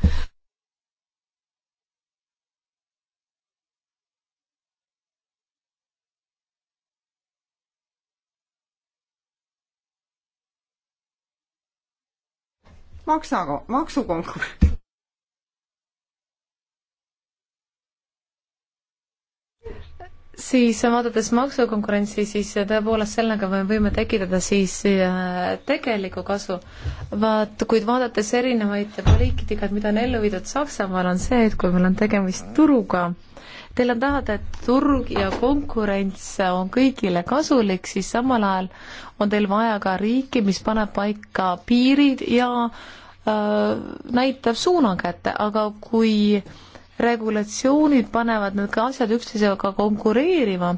maksa, maksukonkurents. siis vaadates maksukonkurentsi, siis tõepoolest sellega me võime tekitada siis äh, tegelikku kasu. vaat, kuid vaadates erinevaid poliitikaid, mida on ellu viidud Saksamaal, on see, et kui meil on tegemist turuga, teil on tahada, et turg ja konkurents on kõigile kasulik, siis samal ajal on teil vaja ka riiki, mis paneb paika piirid ja äh, Äh, näitab suuna kätte, aga kui regulatsioonid panevad need ka asjad üksteisega konkureerima,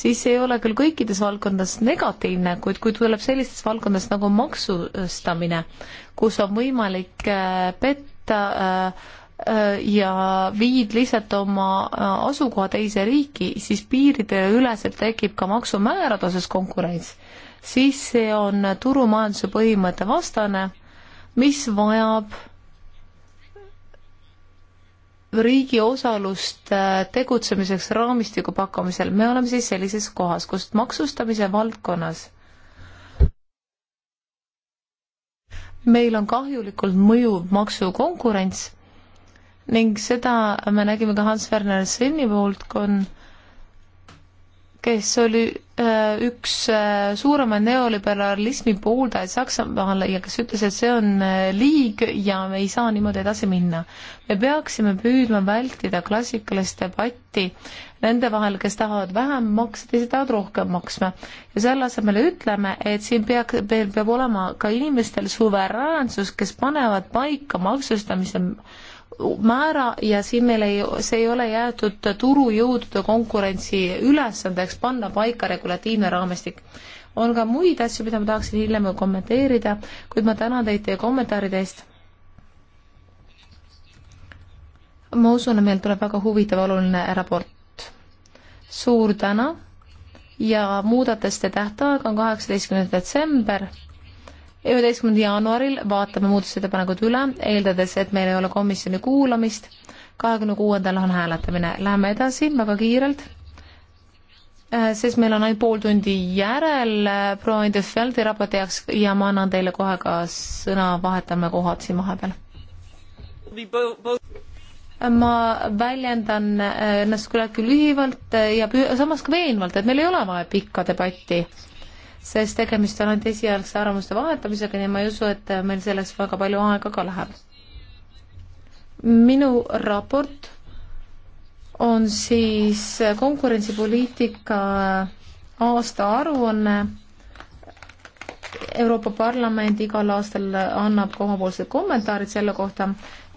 siis ei ole küll kõikides valdkondades negatiivne, kuid kui tuleb sellistes valdkondades nagu maksustamine, kus on võimalik äh, petta äh, ja viid lihtsalt oma asukoha teise riiki, siis piirideüleselt tekib ka maksumäärade osas konkurents, siis see on turumajanduse põhimõtte vastane mis vajab riigi osalust äh, tegutsemiseks raamistikuga pakkamisel, me oleme siis sellises kohas, kus maksustamise valdkonnas meil on kahjulikult mõjuv maksukonkurents ning seda me nägime ka Hans-Werner Sinni poolt, kui on kes oli äh, üks äh, suurema neoliberalismi pooldajaid Saksamaal ja kes ütles, et see on äh, liig ja me ei saa niimoodi edasi minna. me peaksime püüdma vältida klassikalist debatti nende vahel, kes tahavad vähem maksta, teised tahavad rohkem maksma. ja selle asemel ütleme, et siin peaks, meil peab olema ka inimestel suveräänsus, kes panevad paika maksustamise määra ja siin meil ei, see ei ole jäetud turujõudude konkurentsi ülesandeks panna paika regulatiivne raamistik. on ka muid asju, mida ma tahaksin hiljem kommenteerida, kuid ma tänan teid teie kommentaaride eest. ma usun, et meil tuleb väga huvitav oluline raport. suur tänu ja muudatuste tähtaeg on kaheksateistkümnes detsember üheteistkümnendal jaanuaril vaatame muudatusettepanekud üle, eeldades, et meil ei ole komisjoni kuulamist. kahekümne kuuendal on hääletamine, läheme edasi väga kiirelt. Äh, sest meil on ainult pool tundi järel äh, proua Indusfeldi raporti jaoks ja ma annan teile kohe ka sõna, vahetame kohad siin vahepeal. ma väljendan äh, ennast küllaltki lühivalt ja samas ka veenvalt, et meil ei ole vaja pikka debatti sest tegemist on ainult esialgse arvamuste vahetamisega, nii ma ei usu, et meil selleks väga palju aega ka läheb. minu raport on siis konkurentsipoliitika aastaaruanne. Euroopa Parlament igal aastal annab ka omapoolsed kommentaarid selle kohta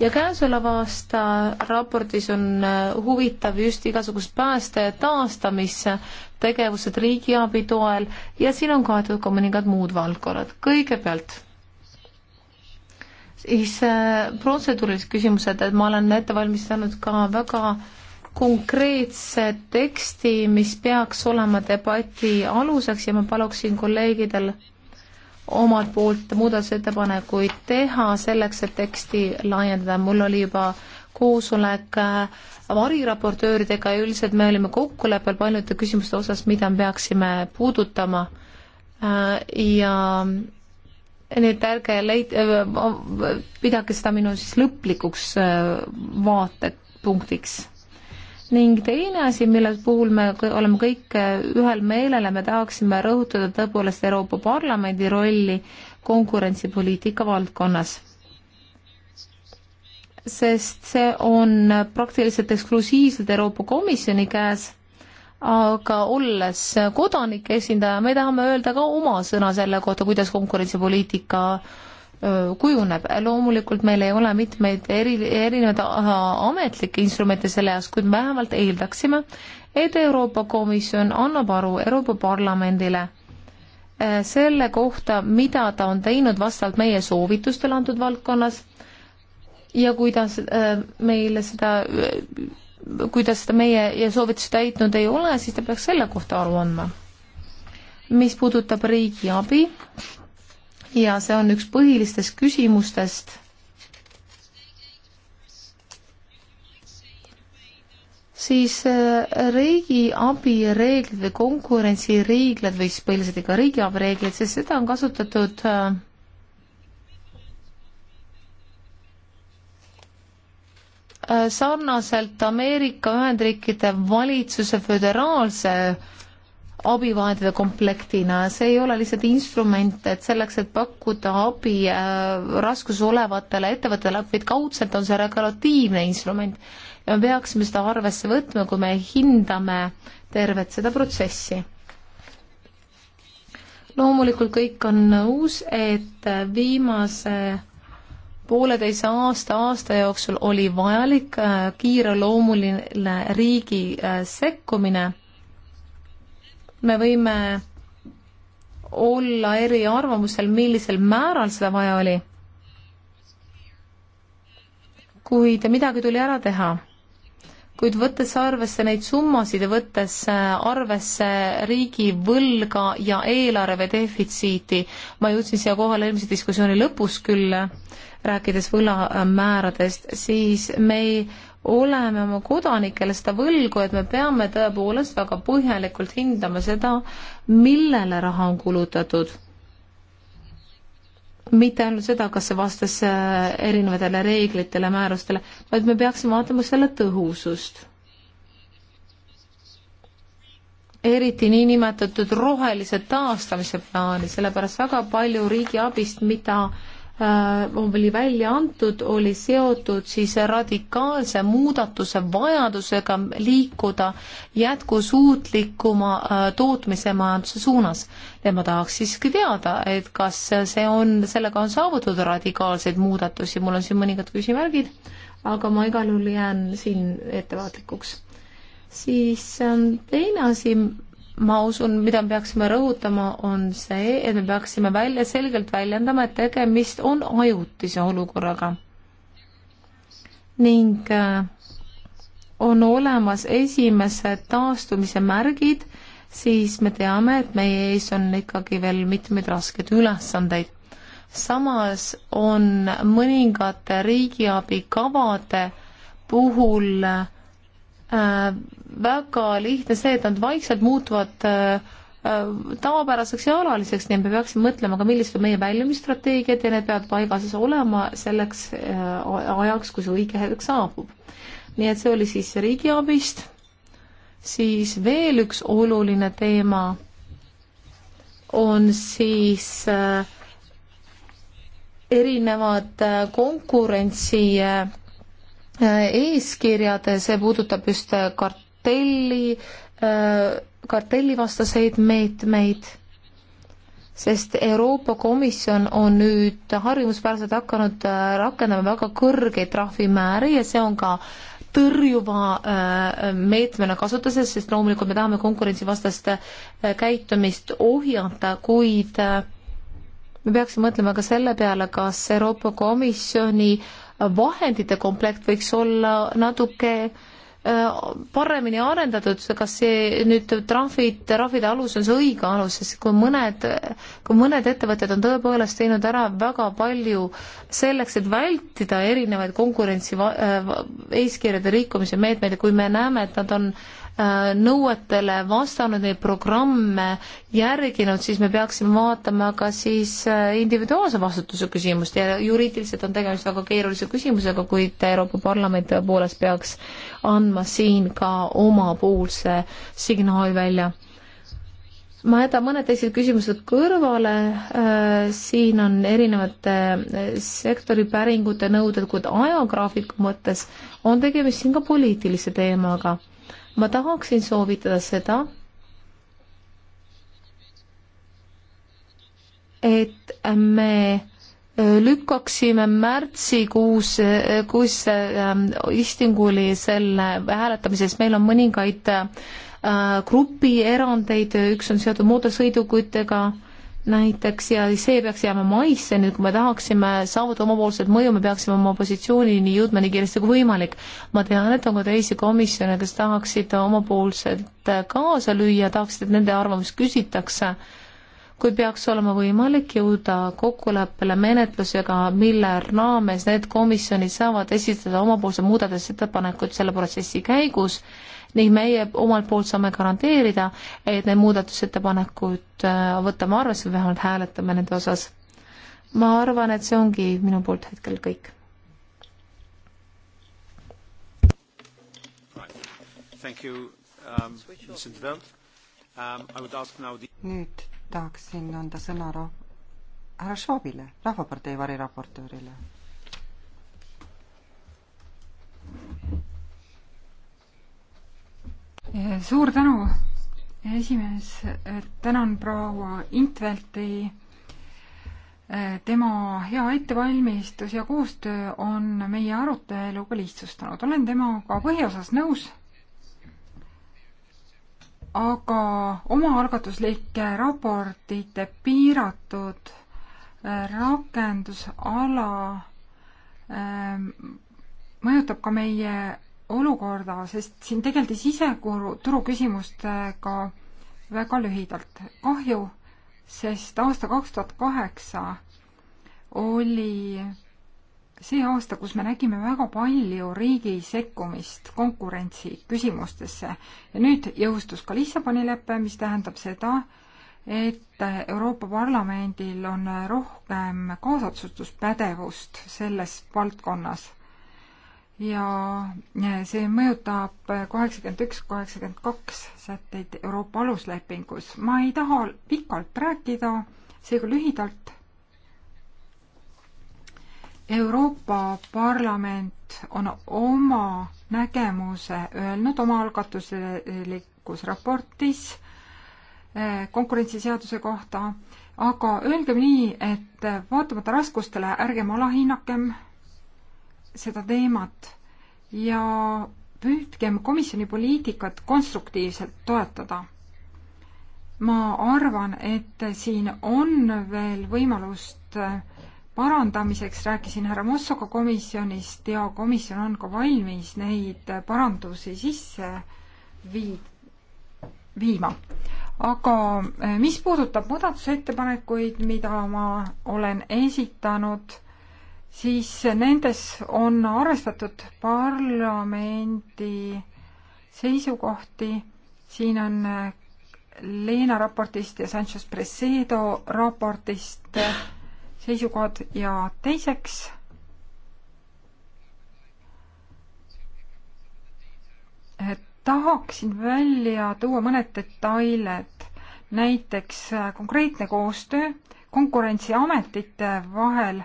ja käesoleva aasta raportis on äh, huvitav just igasugused pääste taastamisse tegevused riigiabi toel ja siin on kaetud ka mõningad muud valdkonnad. kõigepealt siis äh, protseduurilised küsimused, et ma olen ette valmistanud ka väga konkreetse teksti, mis peaks olema debati aluseks ja ma paluksin kolleegidel omalt poolt muudatusettepanekuid teha selleks, et teksti laiendada. mul oli juba koosolek äh, variraportööridega ja üldiselt me olime kokkuleppel paljude küsimuste osas, mida me peaksime puudutama äh, ja nii et ärge leid-, äh, pidage seda minu siis lõplikuks vaatepunktiks ning teine asi, mille puhul me oleme kõik äh, ühel meelel ja me tahaksime rõhutada tõepoolest Euroopa Parlamendi rolli konkurentsipoliitika valdkonnas. sest see on praktiliselt eksklusiivselt Euroopa Komisjoni käes, aga olles kodanike esindaja, me tahame öelda ka oma sõna selle kohta, kuidas konkurentsipoliitika äh, kujuneb. loomulikult meil ei ole mitmeid eri, erinevaid ametlikke instrumente selle jaoks, kuid vähemalt eeldaksime, et Euroopa Komisjon annab aru Euroopa Parlamendile eh, selle kohta, mida ta on teinud vastavalt meie soovitustele antud valdkonnas ja kuidas eh, meile seda, eh, kui ta seda meie soovitusi täitnud ei ole, siis ta peaks selle kohta aru andma. mis puudutab riigiabi, ja see on üks põhilistest küsimustest, siis äh, riigiabi reeglid või konkurentsireeglid või siis põhiliselt ikka riigiabi reeglid, sest seda on kasutatud äh, äh, sarnaselt Ameerika Ühendriikide valitsuse föderaalse abivahendide komplektina, see ei ole lihtsalt instrument, et selleks, et pakkuda abi äh, raskuses olevatele ettevõtetele, vaid kaudselt on see regulatiivne instrument ja me peaksime seda arvesse võtma, kui me hindame tervet seda protsessi. loomulikult kõik on nõus, et viimase pooleteise aasta, aasta jooksul oli vajalik äh, kiireloomuline riigi äh, sekkumine me võime olla eriarvamusel, millisel määral seda vaja oli. kuid midagi tuli ära teha. kuid võttes arvesse neid summasid ja võttes äh, arvesse riigi võlga ja eelarve defitsiiti, ma jõudsin siia kohale eelmise diskussiooni lõpus küll, rääkides võlamääradest, äh, siis me ei oleme oma kodanikele seda võlgu, et me peame tõepoolest väga põhjalikult hindama seda, millele raha on kulutatud. mitte ainult seda, kas see vastas äh, erinevatele reeglitele, määrustele, vaid me peaksime vaatama selle tõhusust. eriti niinimetatud rohelise taastamise plaani, sellepärast väga palju riigiabist, mida äh, Äh, oli välja antud, oli seotud siis radikaalse muudatuse vajadusega liikuda jätkusuutlikuma äh, tootmise majanduse suunas. ja ma tahaks siiski teada, et kas see on, sellega on saavutatud radikaalseid muudatusi, mul on siin mõningad küsimärgid, aga ma igal juhul jään siin ettevaatlikuks. siis ähm, teine asi, ma usun, mida me peaksime rõhutama, on see, et me peaksime välja, selgelt väljendama, et tegemist on ajutise olukorraga. ning äh, on olemas esimesed taastumise märgid, siis me teame, et meie ees on ikkagi veel mitmeid raskeid ülesandeid. samas on mõningate riigiabikavade puhul äh, väga lihtne see, et nad vaikselt muutuvad äh, äh, tavapäraseks ja alaliseks, nii et me peaksime mõtlema ka, millised on meie väljumisstrateegiad ja need peavad paigas olema selleks äh, ajaks, kui see õige hetk saabub. nii et see oli siis riigiabist, siis veel üks oluline teema on siis erinevad konkurentsi Äh, eeskirjad, see puudutab just äh, kartelli, äh, kartellivastaseid meetmeid, sest Euroopa Komisjon on nüüd harjumuspäraselt hakanud rakendama väga kõrgeid trahvimääri ja see on ka tõrjuva meetmena kasutuses, sest loomulikult me tahame konkurentsivastast käitumist ohjata, kuid me peaksime mõtlema ka selle peale, kas Euroopa Komisjoni äh, vahendite komplekt võiks olla natuke äh, paremini arendatud, kas see nüüd trahvid, trahvide alus on see õige alus, sest kui mõned, kui mõned ettevõtted on tõepoolest teinud ära väga palju selleks, et vältida erinevaid konkurentsi äh, eeskirjade rikkumise meetmeid ja kui me näeme, et nad on äh, Äh, nõuetele vastanud, neid programme järginud, siis me peaksime vaatama ka siis äh, individuaalse vastutuse küsimust ja juriidiliselt on tegemist väga keerulise küsimusega, kuid Euroopa Parlament tõepoolest peaks andma siin ka omapoolse signaali välja ma jätan mõned teised küsimused kõrvale, äh, siin on erinevate sektoripäringute nõuded, kuid ajagraafiku mõttes on tegemist siin ka poliitilise teemaga ma tahaksin soovitada seda, et me äh, lükkaksime märtsikuus, äh, kus ähm, istinguli selle hääletamises, meil on mõningaid äh, grupierandeid, üks on seotud moodosõidukutega äh,, näiteks ja see peaks jääma maisse, nüüd kui me tahaksime saavutada omapoolset mõju, me peaksime oma positsioonini jõudma nii kiiresti kui võimalik. ma tean, et on ka teisi komisjone, kes tahaksid omapoolselt kaasa lüüa, tahaksid, et nende arvamust küsitakse, kui peaks olema võimalik jõuda kokkuleppele menetlusega, mille raames need komisjonid saavad esitada omapoolse muudatusettepanekud selle protsessi käigus ning meie omalt poolt saame garanteerida, et need muudatusettepanekud äh, võtame arvesse või vähemalt hääletame nende osas. ma arvan, et see ongi minu poolt hetkel kõik. Um, um, nüüd
tahaksin anda sõna härra Schwabile, Rahvapartei variraportöörile
suur tänu, esimees, tänan proua Intvelti tema hea ettevalmistus ja koostöö on meie arutelu ka lihtsustanud. olen temaga põhiosas nõus, aga omaalgatuslike raportite piiratud äh, rakendusala ähm, mõjutab ka meie olukorda, sest siin tegeldi siseturu küsimustega väga lühidalt. kahju, sest aasta kaks tuhat kaheksa oli see aasta, kus me nägime väga palju riigi sekkumist konkurentsi küsimustesse ja nüüd jõustus ka Lissaboni lepe, mis tähendab seda, et Euroopa Parlamendil on rohkem kaasotsustuspädevust selles valdkonnas ja see mõjutab kaheksakümmend üks, kaheksakümmend kaks sätteid Euroopa aluslepingus. ma ei taha pikalt rääkida, seega lühidalt. Euroopa Parlament on oma nägemuse öelnud omaalgatuslikus raportis eh, konkurentsiseaduse kohta, aga öelgem nii, et vaatamata raskustele, ärgem alahinnakem seda teemat ja püüdkem komisjoni poliitikat konstruktiivselt toetada. ma arvan, et siin on veel võimalust parandamiseks, rääkisin härra Mossoga komisjonist ja komisjon on ka valmis neid parandusi sisse viid-, viima. aga eh, mis puudutab muudatusettepanekuid, mida ma olen esitanud, siis nendes on arvestatud parlamendi seisukohti, siin on Leena raportist ja Sanchez Presedo raportist seisukohad ja teiseks tahaksin välja tuua mõned detailed, näiteks konkreetne koostöö konkurentsiametite vahel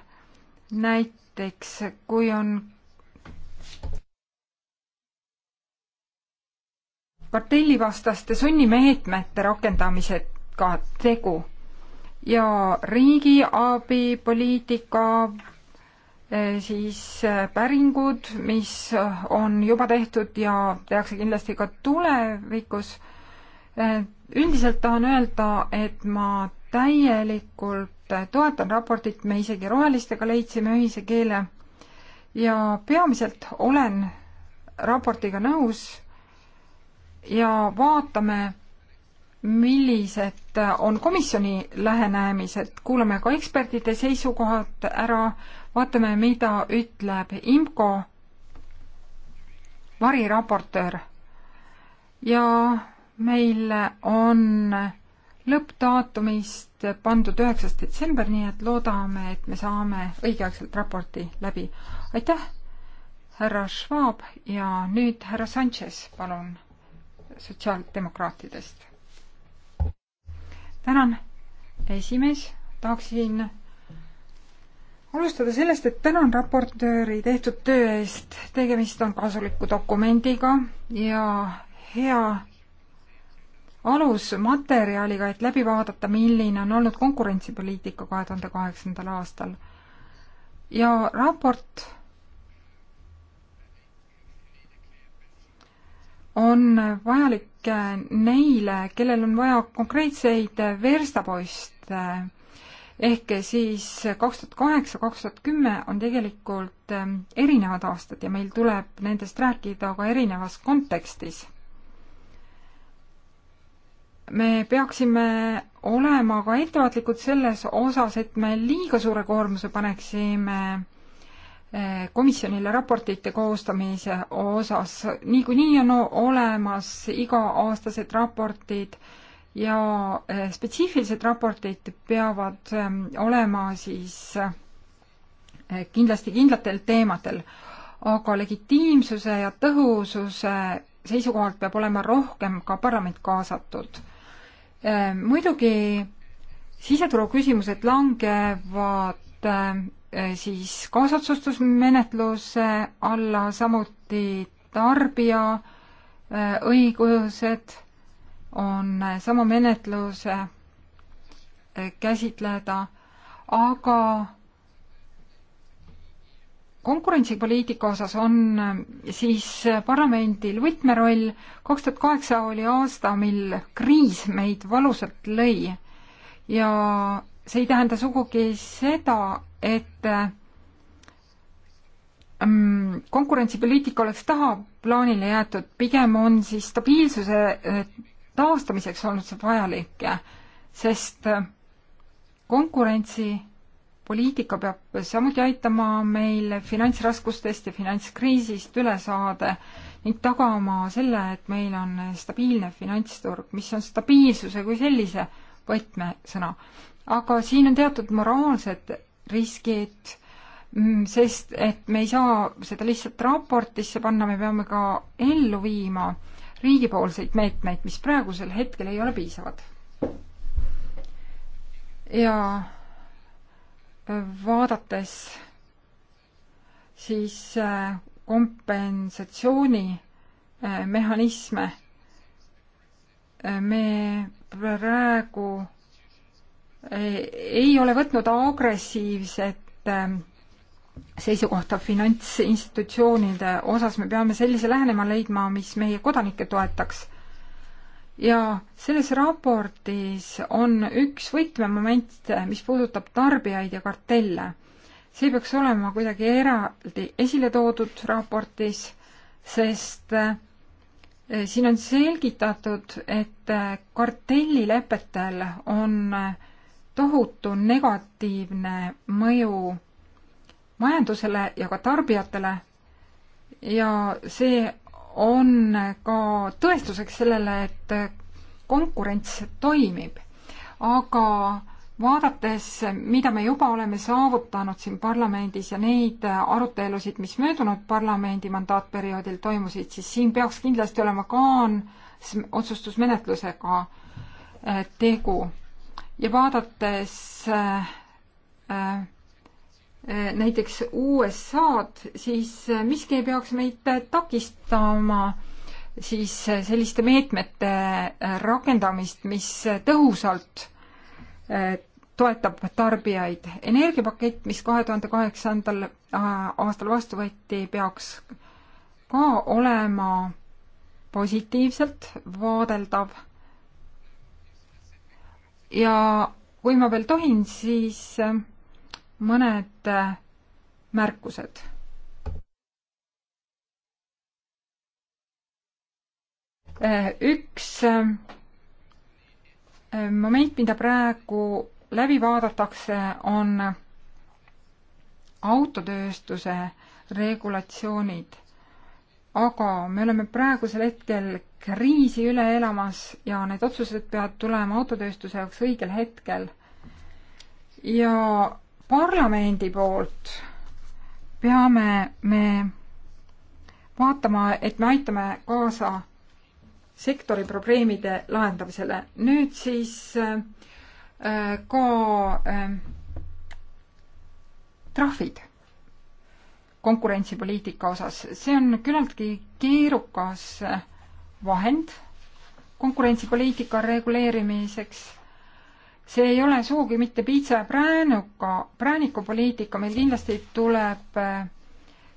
näiteks kui on kartellivastaste sunnimeetmete rakendamisega tegu ja riigiabipoliitika eh, siis eh, päringud, mis on juba tehtud ja tehakse kindlasti ka tulevikus. Eh, üldiselt tahan öelda, et ma täielikul toetan raportit, me isegi rohelistega leidsime ühise keele ja peamiselt olen raportiga nõus ja vaatame, millised on komisjoni lähenemised, kuulame ka ekspertide seisukohad ära, vaatame, mida ütleb IMCO variraportöör. ja meil on lõppdaatumist pandud üheksas detsember, nii et loodame, et me saame õigeaegselt raporti läbi. aitäh, härra Schwab ja nüüd härra Sanchez, palun, sotsiaaldemokraatidest. tänan, esimees, tahaksin alustada sellest, et tänan raportööri tehtud töö eest, tegemist on kasuliku dokumendiga ja hea alusmaterjaliga, et läbi vaadata, milline on olnud konkurentsipoliitika kahe tuhande kaheksandal aastal. ja raport on vajalik neile, kellel on vaja konkreetseid verstapoiste, ehk siis kaks tuhat kaheksa, kaks tuhat kümme on tegelikult erinevad aastad ja meil tuleb nendest rääkida ka erinevas kontekstis me peaksime olema ka ettevaatlikud selles osas, et me liiga suure koormuse paneksime eh, komisjonile raportite koostamise osas. niikuinii on olemas iga-aastased raportid ja eh, spetsiifilised raportid peavad eh, olema siis kindlasti kindlatel teemadel, aga legitiimsuse ja tõhususe seisukohalt peab olema rohkem ka parlament kaasatud Ehm, muidugi siseturu küsimused langevad ehm, siis kaasotsustusmenetluse alla, samuti tarbija ehm, õigused on sama menetluse käsitleda, aga konkurentsipoliitika osas on äh, siis äh, parlamendil võtmeroll. kaks tuhat kaheksa oli aasta, mil kriis meid valusalt lõi ja see ei tähenda sugugi seda, et äh, mm, konkurentsipoliitika oleks tahaplaanile jäetud, pigem on siis stabiilsuse taastamiseks olnud see vajalik, sest konkurentsi poliitika peab samuti aitama meil finantsraskustest ja finantskriisist üle saada ning tagama selle, et meil on stabiilne finantsturg, mis on stabiilsuse kui sellise võtmesõna. aga siin on teatud moraalsed riskid, mm, sest et me ei saa seda lihtsalt raportisse panna, me peame ka ellu viima riigipoolseid meetmeid, mis praegusel hetkel ei ole piisavad. ja vaadates siis äh, kompensatsiooni äh, mehhanisme, äh, me praegu ei ole võtnud agressiivset seisukohta finantsinstitutsioonide osas, me peame sellise lähenema leidma, mis meie kodanikke toetaks ja selles raportis on üks võtmemoment, mis puudutab tarbijaid ja kartelle. see peaks olema kuidagi eraldi esile toodud raportis, sest eh, siin on selgitatud, et eh, kartellilepetel on eh, tohutu negatiivne mõju majandusele ja ka tarbijatele ja see on ka tõestuseks sellele, et konkurents toimib. aga vaadates, mida me juba oleme saavutanud siin parlamendis ja neid arutelusid, mis möödunud parlamendi mandaatperioodil toimusid, siis siin peaks kindlasti olema kaans otsustusmenetlusega eh, tegu. ja vaadates äh, äh, Äh, näiteks USA-d, siis äh, miski ei peaks meid äh, takistama siis selliste meetmete rakendamist, mis tõhusalt toetab tarbijaid. energiapakett, mis kahe tuhande kaheksandal aastal vastu võeti, peaks ka olema positiivselt vaadeldav. ja kui ma veel tohin, siis mõned äh, märkused. Äh, üks äh, moment, mida praegu läbi vaadatakse, on autotööstuse regulatsioonid. aga me oleme praegusel hetkel kriisi üle elamas ja need otsused peavad tulema autotööstuse jaoks õigel hetkel. ja parlamendi poolt peame me vaatama, et me aitame kaasa sektori probleemide lahendamisele. nüüd siis äh, ka äh, trahvid konkurentsipoliitika osas, see on küllaltki keerukas vahend konkurentsipoliitika reguleerimiseks see ei ole sugugi mitte piitsa ja präänuka, präänikupoliitika, meil kindlasti tuleb äh,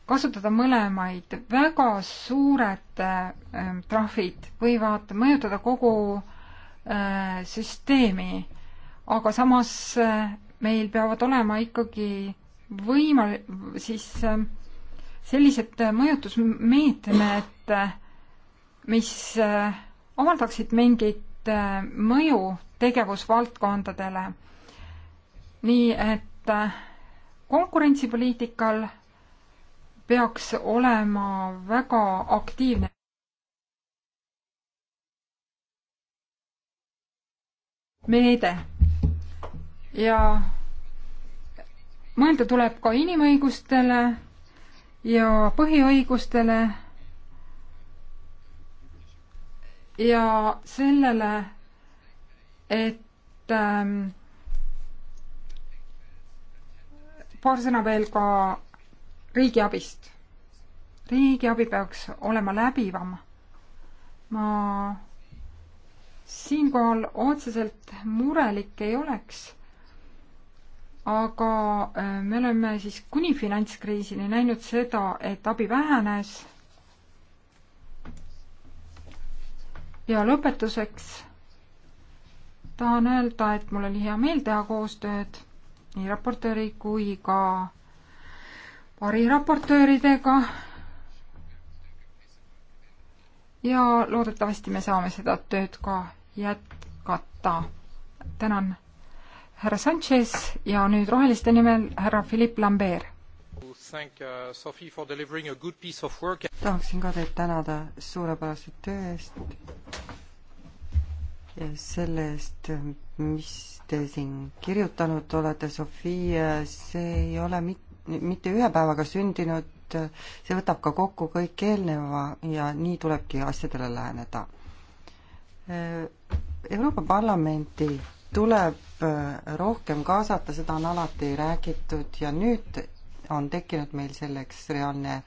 kasutada mõlemaid, väga suured äh, trahvid võivad mõjutada kogu äh, süsteemi, aga samas meil peavad olema ikkagi võimal-, siis sellised mõjutusmeetmed, mis avaldaksid mingit mõju tegevusvaldkondadele. nii et äh, konkurentsipoliitikal peaks olema väga aktiivne. meede ja mõelda tuleb ka inimõigustele ja põhiõigustele ja sellele, et ähm, paar sõna veel ka riigiabist. riigiabi peaks olema läbivam. ma siinkohal otseselt murelik ei oleks, aga äh, me oleme siis kuni finantskriisini näinud seda, et abi vähenes. ja lõpetuseks tahan öelda, et mul oli hea meel teha koostööd nii raportööri kui ka variraportööridega. ja loodetavasti me saame seda tööd ka jätkata. tänan härra Sanchez ja nüüd roheliste nimel härra Philippe Lambert. Uh, tahaksin ka teid tänada suurepärase
töö eest selle eest, mis te siin kirjutanud olete, Sofia, see ei ole mit-, mitte ühe päevaga sündinud, see võtab ka kokku kõik eelneva ja nii tulebki asjadele läheneda. Euroopa Parlamenti tuleb äh, rohkem kaasata, seda on alati räägitud ja nüüd on tekkinud meil selleks reaalne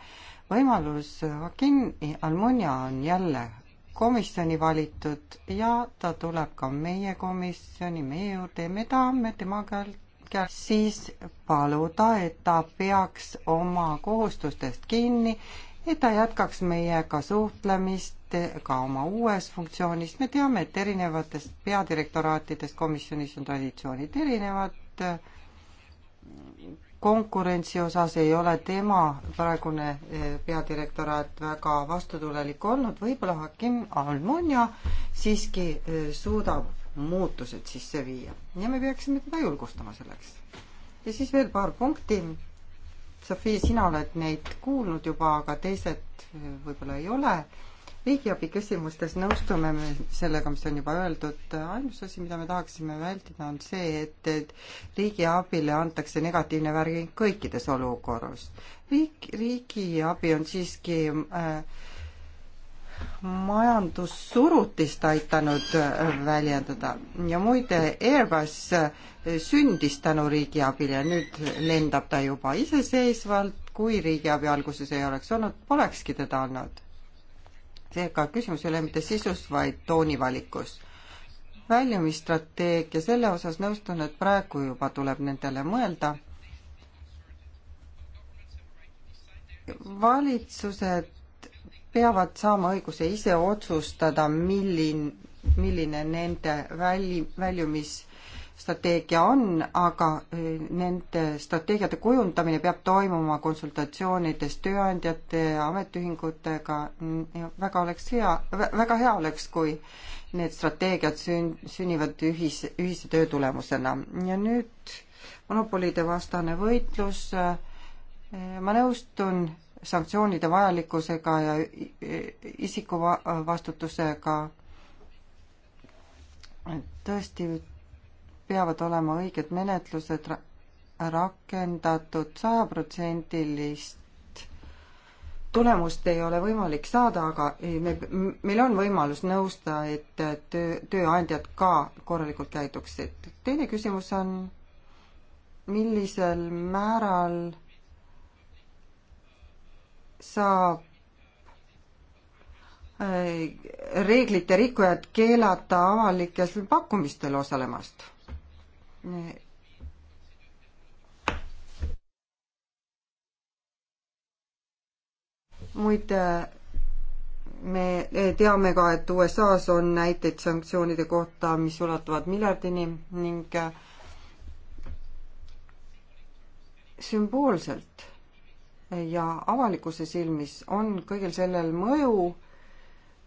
võimalus. Hakim Almunia on jälle komisjoni valitud ja ta tuleb ka meie komisjoni, meie juurde ja me tahame tema käelt siis paluda, et ta peaks oma kohustustest kinni, et ta jätkaks meiega suhtlemist ka oma uues funktsioonis. me teame, et erinevatest peadirektoraatidest komisjonis on traditsioonid erinevad konkurentsi osas ei ole tema praegune eh, peadirektoraat väga vastutulelik olnud, võib-olla Hakim Almunia siiski eh, suudab muutused sisse viia ja me peaksime teda julgustama selleks. ja siis veel paar punkti. Sofii, sina oled neid kuulnud juba, aga teised eh, võib-olla ei ole riigiabi küsimustes nõustume me sellega, mis on juba öeldud, ainus asi, mida me tahaksime vältida, on see, et, et riigiabile antakse negatiivne värgi kõikides olukorras. riik, riigiabi on siiski äh, majandussurutist aitanud äh, väljendada ja muide, Airbus äh, sündis tänu riigiabile ja nüüd lendab ta juba iseseisvalt, kui riigiabi alguses ei oleks olnud, polekski teda olnud seega küsimus ei ole mitte sisus, vaid toonivalikus. väljumisstrateegia, selle osas nõustun, et praegu juba tuleb nendele mõelda. valitsused peavad saama õiguse ise otsustada, milline, milline nende väli, väljumis strateegia on, aga äh, nende strateegiate kujundamine peab toimuma konsultatsioonides tööandjate ja ametiühingutega. väga oleks hea, väga hea oleks, kui need strateegiad sün-, sünnivad ühise, ühise töö tulemusena. ja nüüd monopolide vastane võitlus. Äh, ma nõustun sanktsioonide vajalikkusega ja äh, isiku vastutusega. tõesti peavad olema õiged menetlused rakendatud sajaprotsendilist tulemust ei ole võimalik saada, aga me, meil on võimalus nõusta, et töö, tööandjad ka korralikult käiduksid. teine küsimus on, millisel määral saab äh, reeglite rikkujad keelata avalikes pakkumistel osalemast muide, äh, me teame ka, et USA-s on näiteid sanktsioonide kohta, mis ulatuvad miljardini ning äh, sümboolselt ja avalikkuse silmis on kõigil sellel mõju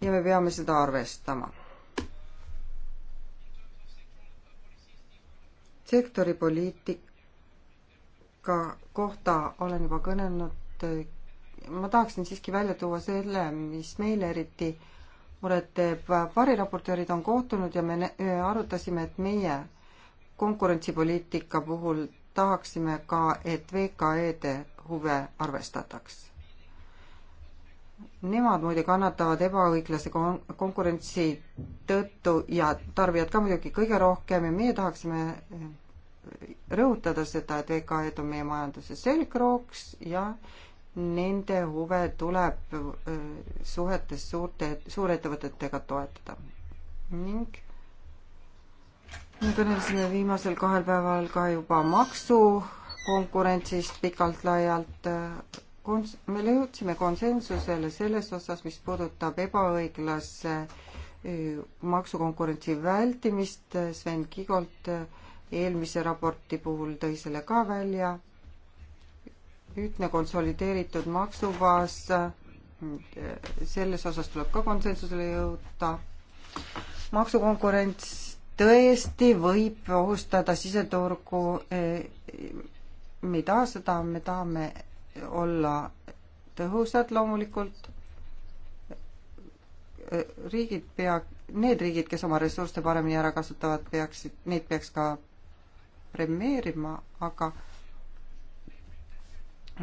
ja me peame seda arvestama sektori poliitika kohta olen juba kõnelenud. ma tahaksin siiski välja tuua selle, mis meile eriti muret teeb. variraportöörid on kohtunud ja me arutasime, et meie konkurentsipoliitika puhul tahaksime ka, et VKE-de huve arvestataks Nemad muide kannatavad ebaõiglase kon-, konkurentsi tõttu ja tarbijad ka muidugi kõige rohkem ja meie tahaksime eh, rõhutada seda, et VKE-d on meie majanduse selgrooks ja nende huve tuleb eh, suhetes suurte, suurettevõtetega toetada. ning me kõnelesime viimasel kahel päeval ka juba maksukonkurentsist pikalt-laialt eh, kons-, me jõudsime konsensusele selles osas, mis puudutab ebaõiglase maksukonkurentsi vältimist, Sven Kigolt eelmise raporti puhul tõi selle ka välja, ühtne konsolideeritud maksubaas, selles osas tuleb ka konsensusele jõuda, maksukonkurents tõesti võib ohustada siseturgu, me ei taha seda, me tahame olla tõhusad loomulikult. riigid pea, need riigid, kes oma ressursse paremini ära kasutavad, peaksid, neid peaks ka premeerima, aga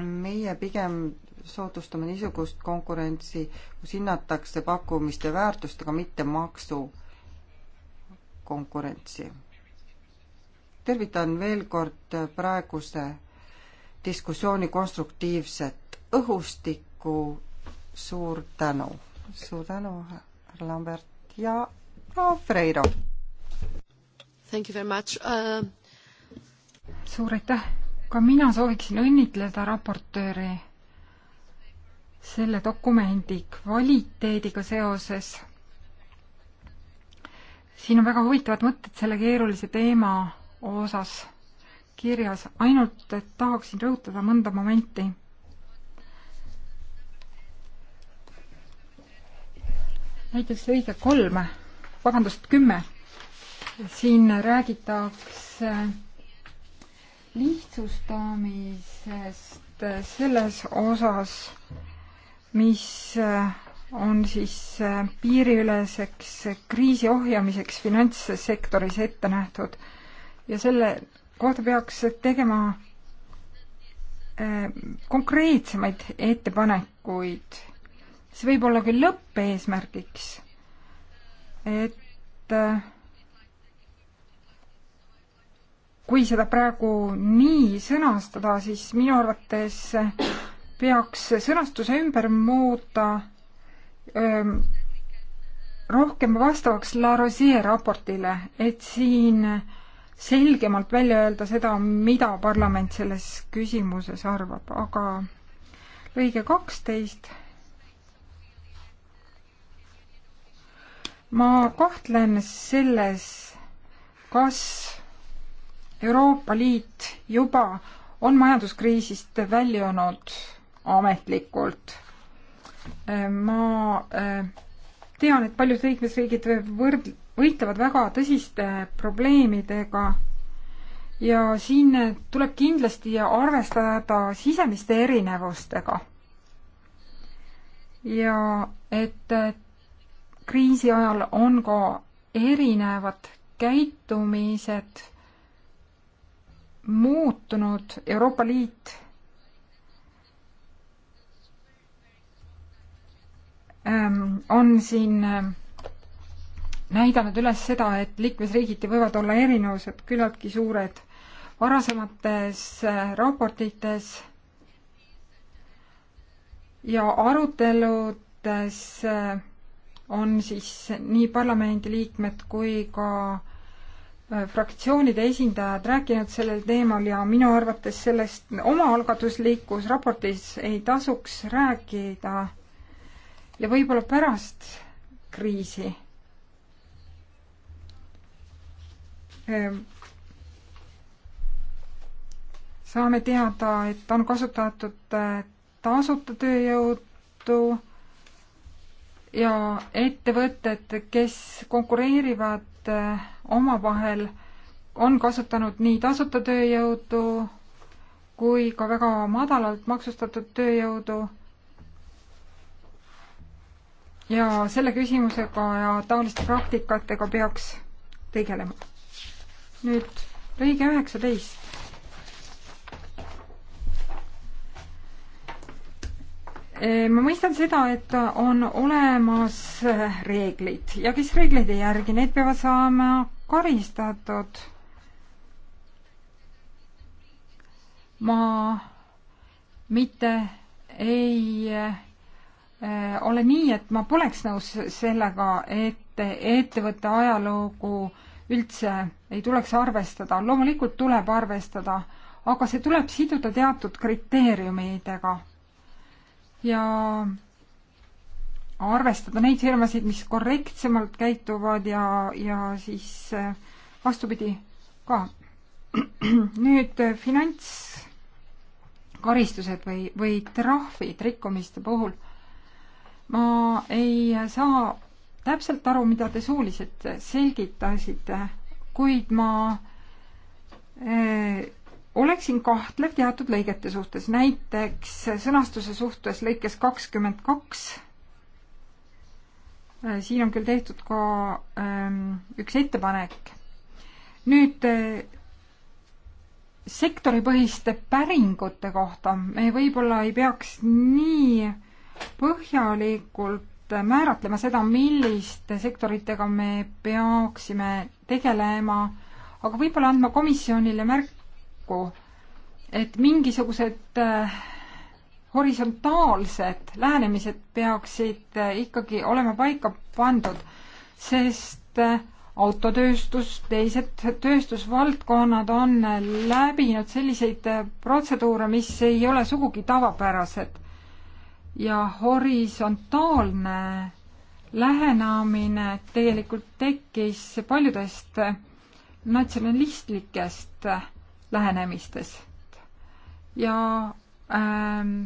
meie pigem soodustame niisugust konkurentsi, kus hinnatakse pakkumiste väärtust, aga mitte maksukonkurentsi. tervitan veel kord praeguse diskussiooni konstruktiivset õhustikku. suur tänu, suur tänu, härra
Lambert ja proua Freiro.
Thank you very much uh....
suur aitäh, ka mina sooviksin õnnitleda raportööri selle dokumendi kvaliteediga seoses. siin on väga huvitavad mõtted selle keerulise teema osas kirjas, ainult et tahaksin rõhutada mõnda momenti. näiteks lõige kolm, vabandust, kümme. siin räägitakse lihtsustamisest selles osas, mis on siis piiriüleseks kriisi ohjamiseks finantssektoris ette nähtud ja selle kohta peaks tegema äh, konkreetsemaid ettepanekuid. see võib olla küll lõppeesmärgiks, et äh, kui seda praegu nii sõnastada, siis minu arvates peaks sõnastuse ümber muuta öö, ähm, rohkem vastavaks La Rosier raportile, et siin öö, selgemalt välja öelda seda, mida parlament selles küsimuses arvab, aga lõige kaksteist. ma kahtlen selles, kas Euroopa Liit juba on majanduskriisist väljunud ametlikult. Äh, ma äh, tean, et paljud liikmesriigid võrd-, võitlevad väga tõsiste probleemidega ja siin tuleb kindlasti arvestada sisemiste erinevustega. ja et kriisi ajal on ka erinevad käitumised muutunud, Euroopa Liit ähm, on siin ähm, näidanud üles seda, et liikmesriigiti võivad olla erinevused küllaltki suured. varasemates äh, raportites ja aruteludes äh, on siis nii parlamendiliikmed kui ka äh, fraktsioonide esindajad rääkinud sellel teemal ja minu arvates sellest omaalgatuslikus raportis ei tasuks rääkida ja võib-olla pärast kriisi Ehm, saame teada, et on kasutatud äh, tasuta tööjõudu ja ettevõtted, kes konkureerivad äh, omavahel, on kasutanud nii tasuta tööjõudu kui ka väga madalalt maksustatud tööjõudu. ja selle küsimusega ja taoliste praktikatega peaks tegelema nüüd lõige üheksateist. ma mõistan seda, et on olemas äh, reeglid ja kes reegleid ei järgi, need peavad saama karistatud. ma mitte ei äh, ole nii, et ma poleks nõus sellega, et ettevõtte ajalugu äh, üldse ei tuleks arvestada. loomulikult tuleb arvestada, aga see tuleb siduda teatud kriteeriumidega ja arvestada neid firmasid, mis korrektsemalt käituvad ja, ja siis äh, vastupidi ka. nüüd äh, finantskaristused või, või trahvid rikkumiste puhul. ma ei saa täpselt aru, mida te suuliselt selgitasite, kuid ma öö, eh, oleksin kahtlev teatud lõigete suhtes, näiteks sõnastuse suhtes lõikes kakskümmend kaks. Eh, siin on küll tehtud ka öö, ehm, üks ettepanek. nüüd öö, eh, sektoripõhiste päringute kohta me võib-olla ei peaks nii põhjalikult määratlema seda, milliste sektoritega me peaksime tegelema, aga võib-olla andma komisjonile märku, et mingisugused äh, horisontaalsed lähenemised peaksid äh, ikkagi olema paika pandud, sest äh, autotööstus, teised tööstusvaldkonnad on läbinud selliseid protseduure, mis ei ole sugugi tavapärased ja horisontaalne lähenemine tegelikult tekkis paljudest natsionalistlikest lähenemistest ja ähm,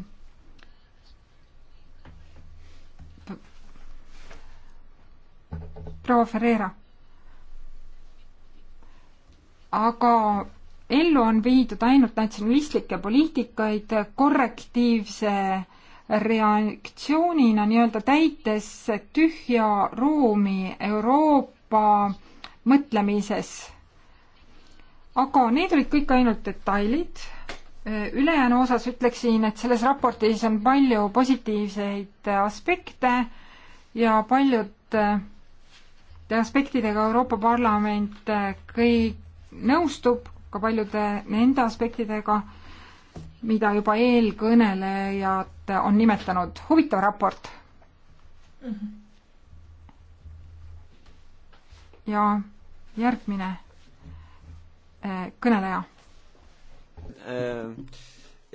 proua Ferreira. aga ellu on viidud ainult natsionalistlikke poliitikaid korrektiivse reaktsioonina nii-öelda täites tühja ruumi Euroopa mõtlemises. aga need olid kõik ainult detailid. ülejäänu osas ütleksin, et selles raportis on palju positiivseid aspekte ja paljud äh, aspektidega Euroopa Parlament äh, kõik nõustub, ka paljude nende aspektidega mida juba eelkõnelejad on nimetanud huvitav raport mm. -hmm. ja järgmine eh, kõneleja
uh,.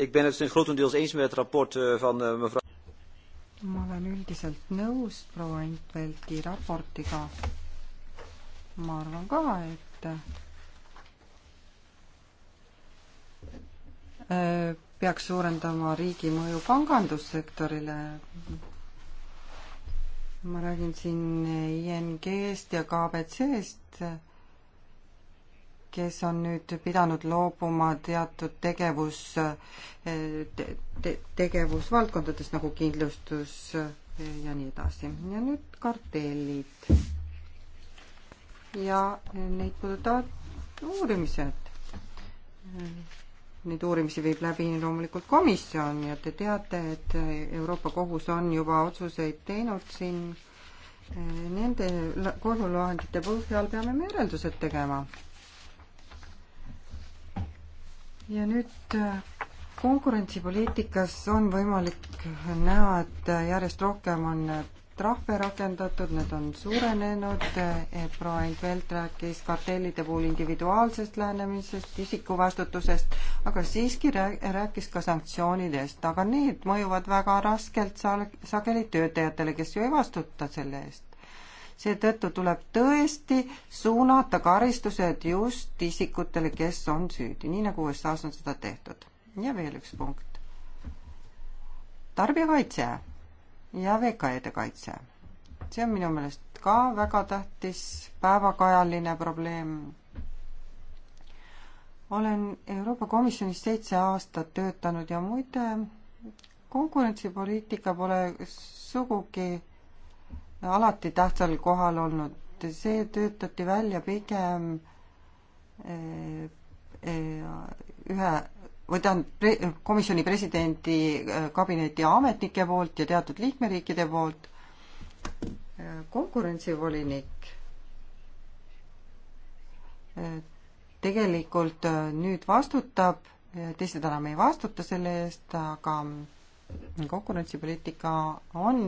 Ik ben het grotendeels eens met het rapport eh, van uh, mevrouw.
ma olen üldiselt nõus proua Intveldi
raportiga. ma arvan ka, et peaks suurendama riigi mõju pangandussektorile. ma räägin siin ING-st ja KBC-st, kes on nüüd pidanud loobuma teatud tegevus te,, te, tegevusvaldkondadest nagu kindlustus ja nii edasi. ja nüüd kartellid. ja neid puudutavad uurimised neid uurimisi viib läbi loomulikult komisjon ja te teate, et Euroopa Kohus on juba otsuseid teinud siin. Nende kohtulahendite põhjal peame me järeldused tegema. ja nüüd konkurentsipoliitikas on võimalik näha, et järjest rohkem on trahve rakendatud, need on suurenenud, eh, proua Entvelt rääkis kartellide puhul individuaalsest lähenemisest, isikuvastutusest, aga siiski rääkis ka sanktsioonidest, aga need mõjuvad väga raskelt sageli töötajatele, kes ju ei vastuta selle eest. seetõttu tuleb tõesti suunata karistused just isikutele, kes on süüdi, nii nagu USA-s on seda tehtud. ja veel üks punkt. tarbijakaitse ja VKE-de kaitse. see on minu meelest ka väga tähtis päevakajaline probleem. olen Euroopa Komisjonis seitse aastat töötanud ja muide, konkurentsipoliitika pole sugugi alati tähtsal kohal olnud, see töötati välja pigem eh, eh, ühe või tähendab pre, komisjoni presidendi äh, kabineti ametnike poolt ja teatud liikmeriikide poolt. Äh, konkurentsivolinik äh, tegelikult nüüd vastutab, teised enam ei vastuta selle eest, aga mm, konkurentsipoliitika on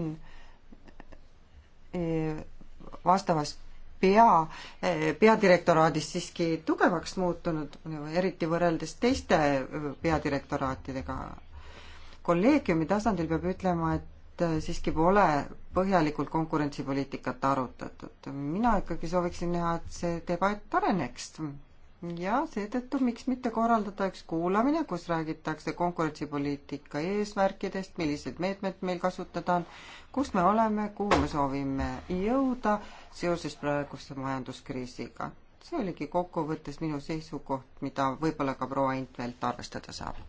vastavas pea, eh, peadirektoraadist siiski tugevaks muutunud, eriti võrreldes teiste eh, peadirektoraatidega. kolleegiumi tasandil peab ütlema, et eh, siiski pole põhjalikult konkurentsipoliitikat arutatud. mina ikkagi sooviksin näha, et see debatt areneks ja seetõttu miks mitte korraldada üks kuulamine, kus räägitakse konkurentsipoliitika eesmärkidest, millised meetmed meil kasutada on, kus me oleme, kuhu me soovime jõuda seoses praeguse majanduskriisiga. see oligi kokkuvõttes minu seisukoht, mida võib-olla ka proua Intvelt arvestada saab.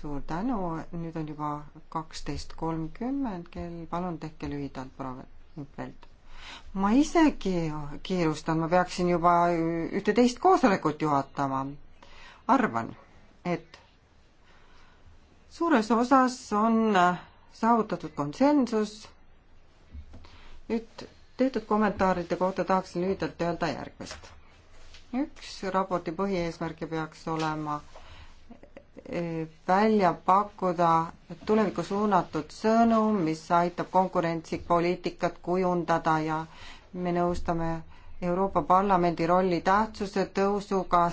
suur tänu, nüüd on juba kaksteist kolmkümmend kell, palun tehke lühidalt, proua Intvelt ma isegi kiirustan, ma peaksin juba ühte-teist koosolekut juhatama. arvan, et suures osas on äh, saavutatud konsensus. nüüd tehtud kommentaaride kohta tahaksin lühidalt öelda järgmist. üks raporti põhieesmärke peaks olema välja pakkuda tulevikku suunatud sõnum, mis aitab konkurentsipoliitikat kujundada ja me nõustame Euroopa Parlamendi rolli tähtsuse tõusuga